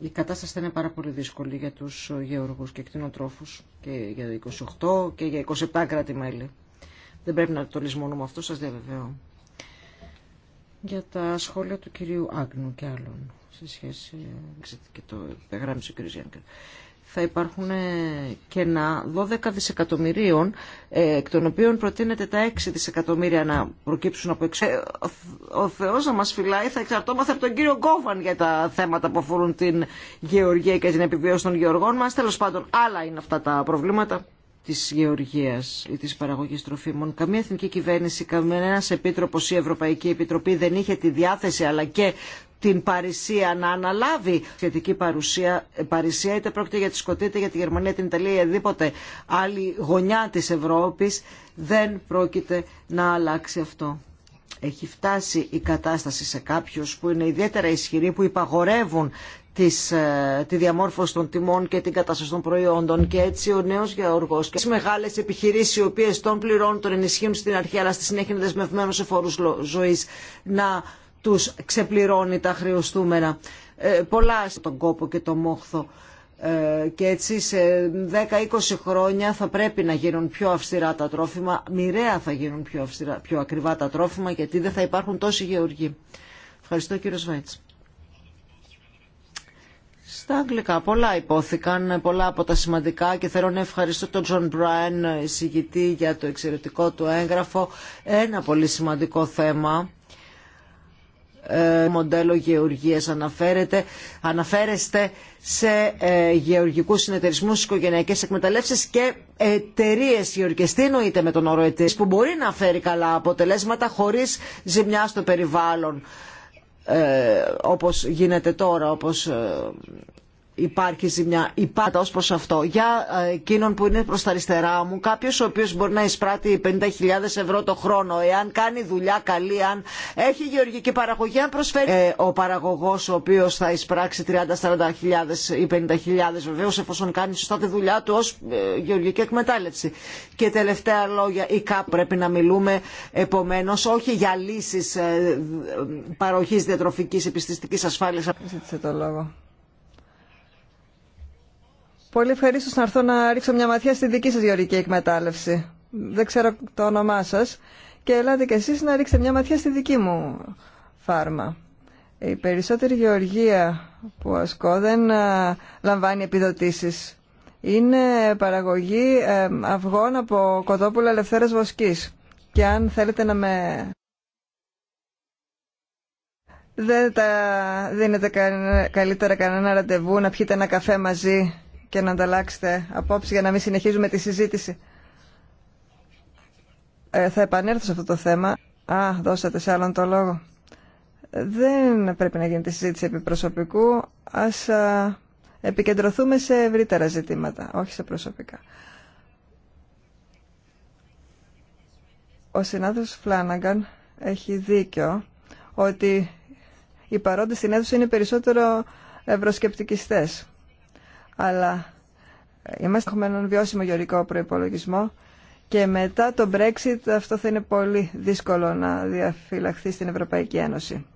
η κατάσταση θα είναι πάρα πολύ δύσκολη για τους γεωργούς και εκτινοτρόφους και για 28 και για 27 κράτη-μέλη. Δεν πρέπει να το λησμονούμε αυτό, σας διαβεβαιώ. Για τα σχόλια του κυρίου Άγνου και άλλων σε σχέση και το υπεγράμμισε ο κύριος θα υπάρχουν ε, κενά 12 δισεκατομμυρίων, ε, εκ των οποίων προτείνεται τα 6 δισεκατομμύρια να προκύψουν από εξ... Ο Θεός να μας φυλάει, θα εξαρτώμαστε από τον κύριο Γκόβαν για τα θέματα που αφορούν την γεωργία και την επιβίωση των γεωργών μας. Τέλος πάντων, άλλα είναι αυτά τα προβλήματα της γεωργίας ή της παραγωγής τροφίμων. Καμία εθνική κυβέρνηση, κανένας επίτροπος ή Ευρωπαϊκή Επιτροπή δεν είχε τη διάθεση αλλά και την Παρισία να αναλάβει σχετική παρουσία, Παρισία, είτε πρόκειται για τη Σκωτία, είτε για τη Γερμανία, την Ιταλία ή οτιδήποτε άλλη γωνιά της Ευρώπης, δεν πρόκειται να αλλάξει αυτό. Έχει φτάσει η κατάσταση σε κάποιους που είναι ιδιαίτερα ισχυροί, που υπαγορεύουν ε, τη διαμόρφωση των τιμών και την κατάσταση των προϊόντων και έτσι ο νέος γεωργός και τις μεγάλες επιχειρήσεις οι οποίες τον πληρώνουν, τον ενισχύουν στην αρχή αλλά στη συνέχεια είναι δεσμευμένος σε φόρους ζωής να τους ξεπληρώνει τα χρεωστούμενα. Ε, πολλά στον κόπο και το μόχθο. Ε, και έτσι σε 10-20 χρόνια θα πρέπει να γίνουν πιο αυστηρά τα τρόφιμα, μοιραία θα γίνουν πιο, αυστηρά, πιο ακριβά τα τρόφιμα γιατί δεν θα υπάρχουν τόσοι γεωργοί. Ευχαριστώ κύριο Σβάιτς. Στα αγγλικά πολλά υπόθηκαν, πολλά από τα σημαντικά και θέλω να ευχαριστώ τον Τζον Μπράιν, εισηγητή για το εξαιρετικό του έγγραφο. Ένα πολύ σημαντικό θέμα ε, μοντέλο γεωργίας αναφέρεται, αναφέρεστε σε ε, γεωργικούς συνεταιρισμούς, οικογενειακές εκμεταλλεύσεις και εταιρείε γεωργικές. Τι εννοείται με τον όρο εταιρείες που μπορεί να φέρει καλά αποτελέσματα χωρίς ζημιά στο περιβάλλον ε, όπως γίνεται τώρα, όπως ε, υπάρχει ζημιά. Υπάρχει ω προ αυτό. Για ε, εκείνον που είναι προ τα αριστερά μου, κάποιο ο οποίο μπορεί να εισπράττει 50.000 ευρώ το χρόνο, εάν κάνει δουλειά καλή, αν έχει γεωργική παραγωγή, αν προσφέρει ε, ο παραγωγό ο οποίο θα εισπράξει 30-40.000 ή 50.000 βεβαίως εφόσον κάνει σωστά τη δουλειά του ω ε, γεωργική εκμετάλλευση. Και τελευταία λόγια, η ΚΑΠ πρέπει να μιλούμε επομένω, όχι για λύσει ε, παροχής διατροφική ασφάλεια. Πολύ ευχαρίστω να έρθω να ρίξω μια ματιά στη δική σα γεωργική εκμετάλλευση. Δεν ξέρω το όνομά σα. Και ελάτε κι εσεί να ρίξετε μια ματιά στη δική μου φάρμα. Η περισσότερη γεωργία που ασκώ δεν ε, λαμβάνει επιδοτήσεις. Είναι παραγωγή ε, αυγών από κοτόπουλα ελευθέρας βοσκής. Και αν θέλετε να με... Δεν τα δίνετε καλύτερα κανένα ραντεβού να πιείτε ένα καφέ μαζί και να ανταλλάξετε απόψη για να μην συνεχίζουμε τη συζήτηση. Ε, θα επανέλθω σε αυτό το θέμα. Α, δώσατε σε άλλον το λόγο. Δεν πρέπει να γίνεται συζήτηση επί προσωπικού. Ας α, επικεντρωθούμε σε ευρύτερα ζητήματα, όχι σε προσωπικά. Ο συνάδελφος Φλάναγκαν έχει δίκιο ότι οι παρόντες στην αίθουσα είναι περισσότερο ευρωσκεπτικιστές αλλά είμαστε έχουμε έναν βιώσιμο γεωρικό προϋπολογισμό και μετά το Brexit αυτό θα είναι πολύ δύσκολο να διαφυλαχθεί στην Ευρωπαϊκή Ένωση.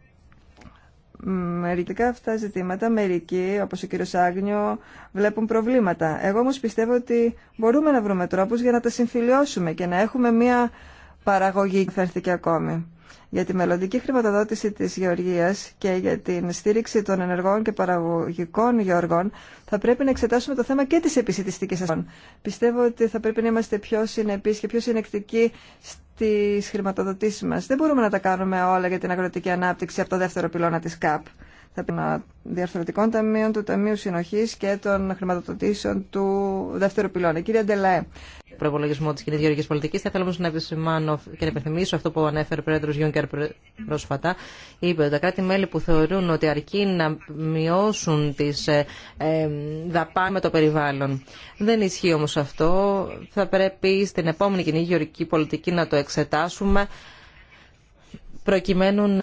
Μερικά αυτά ζητήματα, μερικοί, όπως ο κύριο Άγνιο, βλέπουν προβλήματα. Εγώ όμως πιστεύω ότι μπορούμε να βρούμε τρόπους για να τα συμφιλιώσουμε και να έχουμε μια παραγωγή που θα έρθει και ακόμη για τη μελλοντική χρηματοδότηση της γεωργίας και για την στήριξη των ενεργών και παραγωγικών γεωργών θα πρέπει να εξετάσουμε το θέμα και της επισητιστικής ασφάλειας. Πιστεύω ότι θα πρέπει να είμαστε πιο συνεπείς και πιο συνεκτικοί στις χρηματοδοτήσεις μας. Δεν μπορούμε να τα κάνουμε όλα για την αγροτική ανάπτυξη από το δεύτερο πυλώνα της ΚΑΠ θα πει των διαρθρωτικών ταμείων, του Ταμείου Συνοχή και των χρηματοδοτήσεων του δεύτερου πυλώνα. Κύριε Ντελαέ. Προπολογισμό τη κοινή γεωργική πολιτική. Θα ήθελα όμω να επισημάνω και να υπενθυμίσω αυτό που ανέφερε ο πρόεδρο Γιούγκερ πρόσφατα. Είπε ότι τα κράτη-μέλη που θεωρούν ότι αρκεί να μειώσουν τι ε, ε δαπάνε με το περιβάλλον. Δεν ισχύει όμω αυτό. Θα πρέπει στην επόμενη κοινή γεωργική πολιτική να το εξετάσουμε προκειμένου.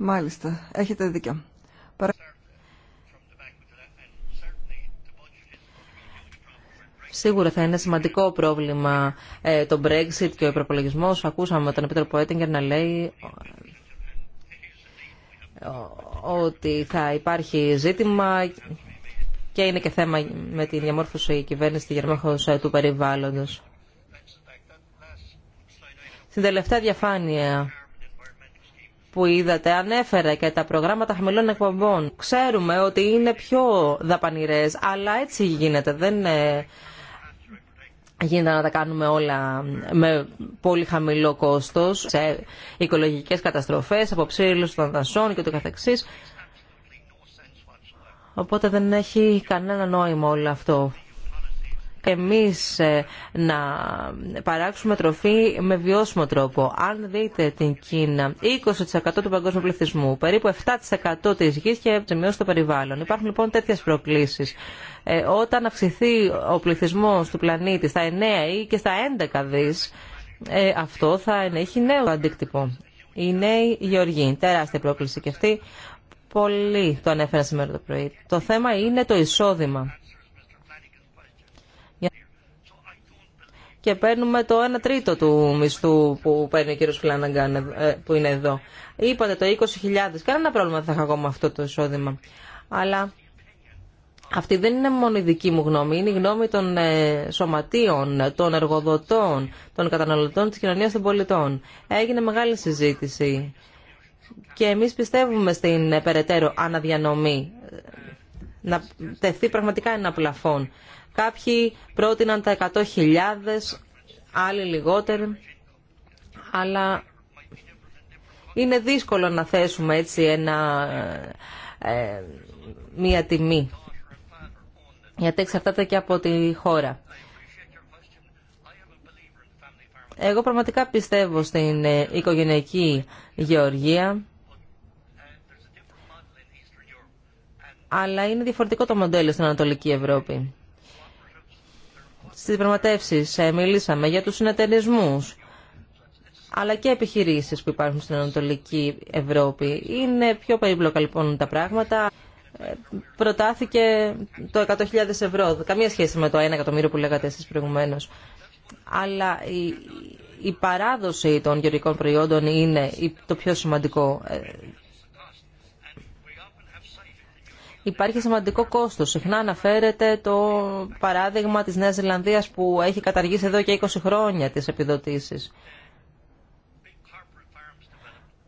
Μάλιστα, έχετε δίκιο. Σίγουρα θα είναι σημαντικό πρόβλημα ε, το Brexit και ο προπολογισμό. Ακούσαμε τον Επίτροπο Έτιγκερ να λέει ότι θα υπάρχει ζήτημα και είναι και θέμα με τη διαμόρφωση κυβέρνηση τη ε, του περιβάλλοντος. Στην τελευταία διαφάνεια που είδατε ανέφερε και τα προγράμματα χαμηλών εκπομπών. Ξέρουμε ότι είναι πιο δαπανηρές, αλλά έτσι γίνεται. Δεν ε, γίνεται να τα κάνουμε όλα με πολύ χαμηλό κόστος σε οικολογικές καταστροφές, ψήλους των δασών και το καθεξής. Οπότε δεν έχει κανένα νόημα όλο αυτό εμείς ε, να παράξουμε τροφή με βιώσιμο τρόπο. Αν δείτε την Κίνα, 20% του παγκόσμιου πληθυσμού, περίπου 7% της γης και μειώσει το περιβάλλον. Υπάρχουν λοιπόν τέτοιες προκλήσεις. Ε, όταν αυξηθεί ο πληθυσμός του πλανήτη στα 9 ή και στα 11 δις, ε, αυτό θα έχει νέο αντίκτυπο. Η νέη γεωργοί, τεράστια πρόκληση και αυτή. πολύ το ανέφερα σήμερα το πρωί. Το θέμα είναι το εισόδημα και παίρνουμε το 1 τρίτο του μισθού που παίρνει ο κύριος Φλάνναγκαν ε, που είναι εδώ. Είπατε το 20.000. Κανένα πρόβλημα δεν θα είχα με αυτό το εισόδημα. Αλλά αυτή δεν είναι μόνο η δική μου γνώμη. Είναι η γνώμη των ε, σωματείων, των εργοδοτών, των καταναλωτών της κοινωνίας των πολιτών. Έγινε μεγάλη συζήτηση και εμείς πιστεύουμε στην ε, περαιτέρω αναδιανομή να τεθεί πραγματικά ένα πλαφόν Κάποιοι πρότειναν τα 100.000, άλλοι λιγότεροι, αλλά είναι δύσκολο να θέσουμε έτσι ένα, ε, μία τιμή, γιατί εξαρτάται και από τη χώρα. Εγώ πραγματικά πιστεύω στην ε, οικογενειακή γεωργία, αλλά είναι διαφορετικό το μοντέλο στην Ανατολική Ευρώπη. Στις διαπραγματεύσεις ε, μιλήσαμε για τους συνεταιρισμού, αλλά και επιχειρήσεις που υπάρχουν στην Ανατολική Ευρώπη. Είναι πιο περίπλοκα λοιπόν τα πράγματα. Ε, προτάθηκε το 100.000 ευρώ, καμία σχέση με το 1 εκατομμύριο που λέγατε εσείς προηγουμένως. Αλλά η, η παράδοση των γεωργικών προϊόντων είναι το πιο σημαντικό. Ε, υπάρχει σημαντικό κόστος. Συχνά αναφέρεται το παράδειγμα της Νέα Ζηλανδία που έχει καταργήσει εδώ και 20 χρόνια τις επιδοτήσει.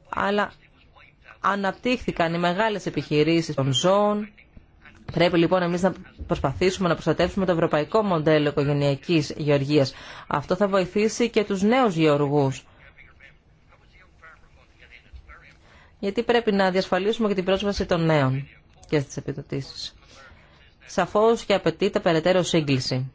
Αλλά αναπτύχθηκαν οι μεγάλες επιχειρήσεις των ζώων. Πρέπει λοιπόν εμείς να προσπαθήσουμε να προστατεύσουμε το ευρωπαϊκό μοντέλο οικογενειακής γεωργίας. Αυτό θα βοηθήσει και τους νέους γεωργούς. Γιατί πρέπει να διασφαλίσουμε και την πρόσβαση των νέων και στις επιδοτήσεις. Σαφώς και απαιτείται περαιτέρω σύγκληση.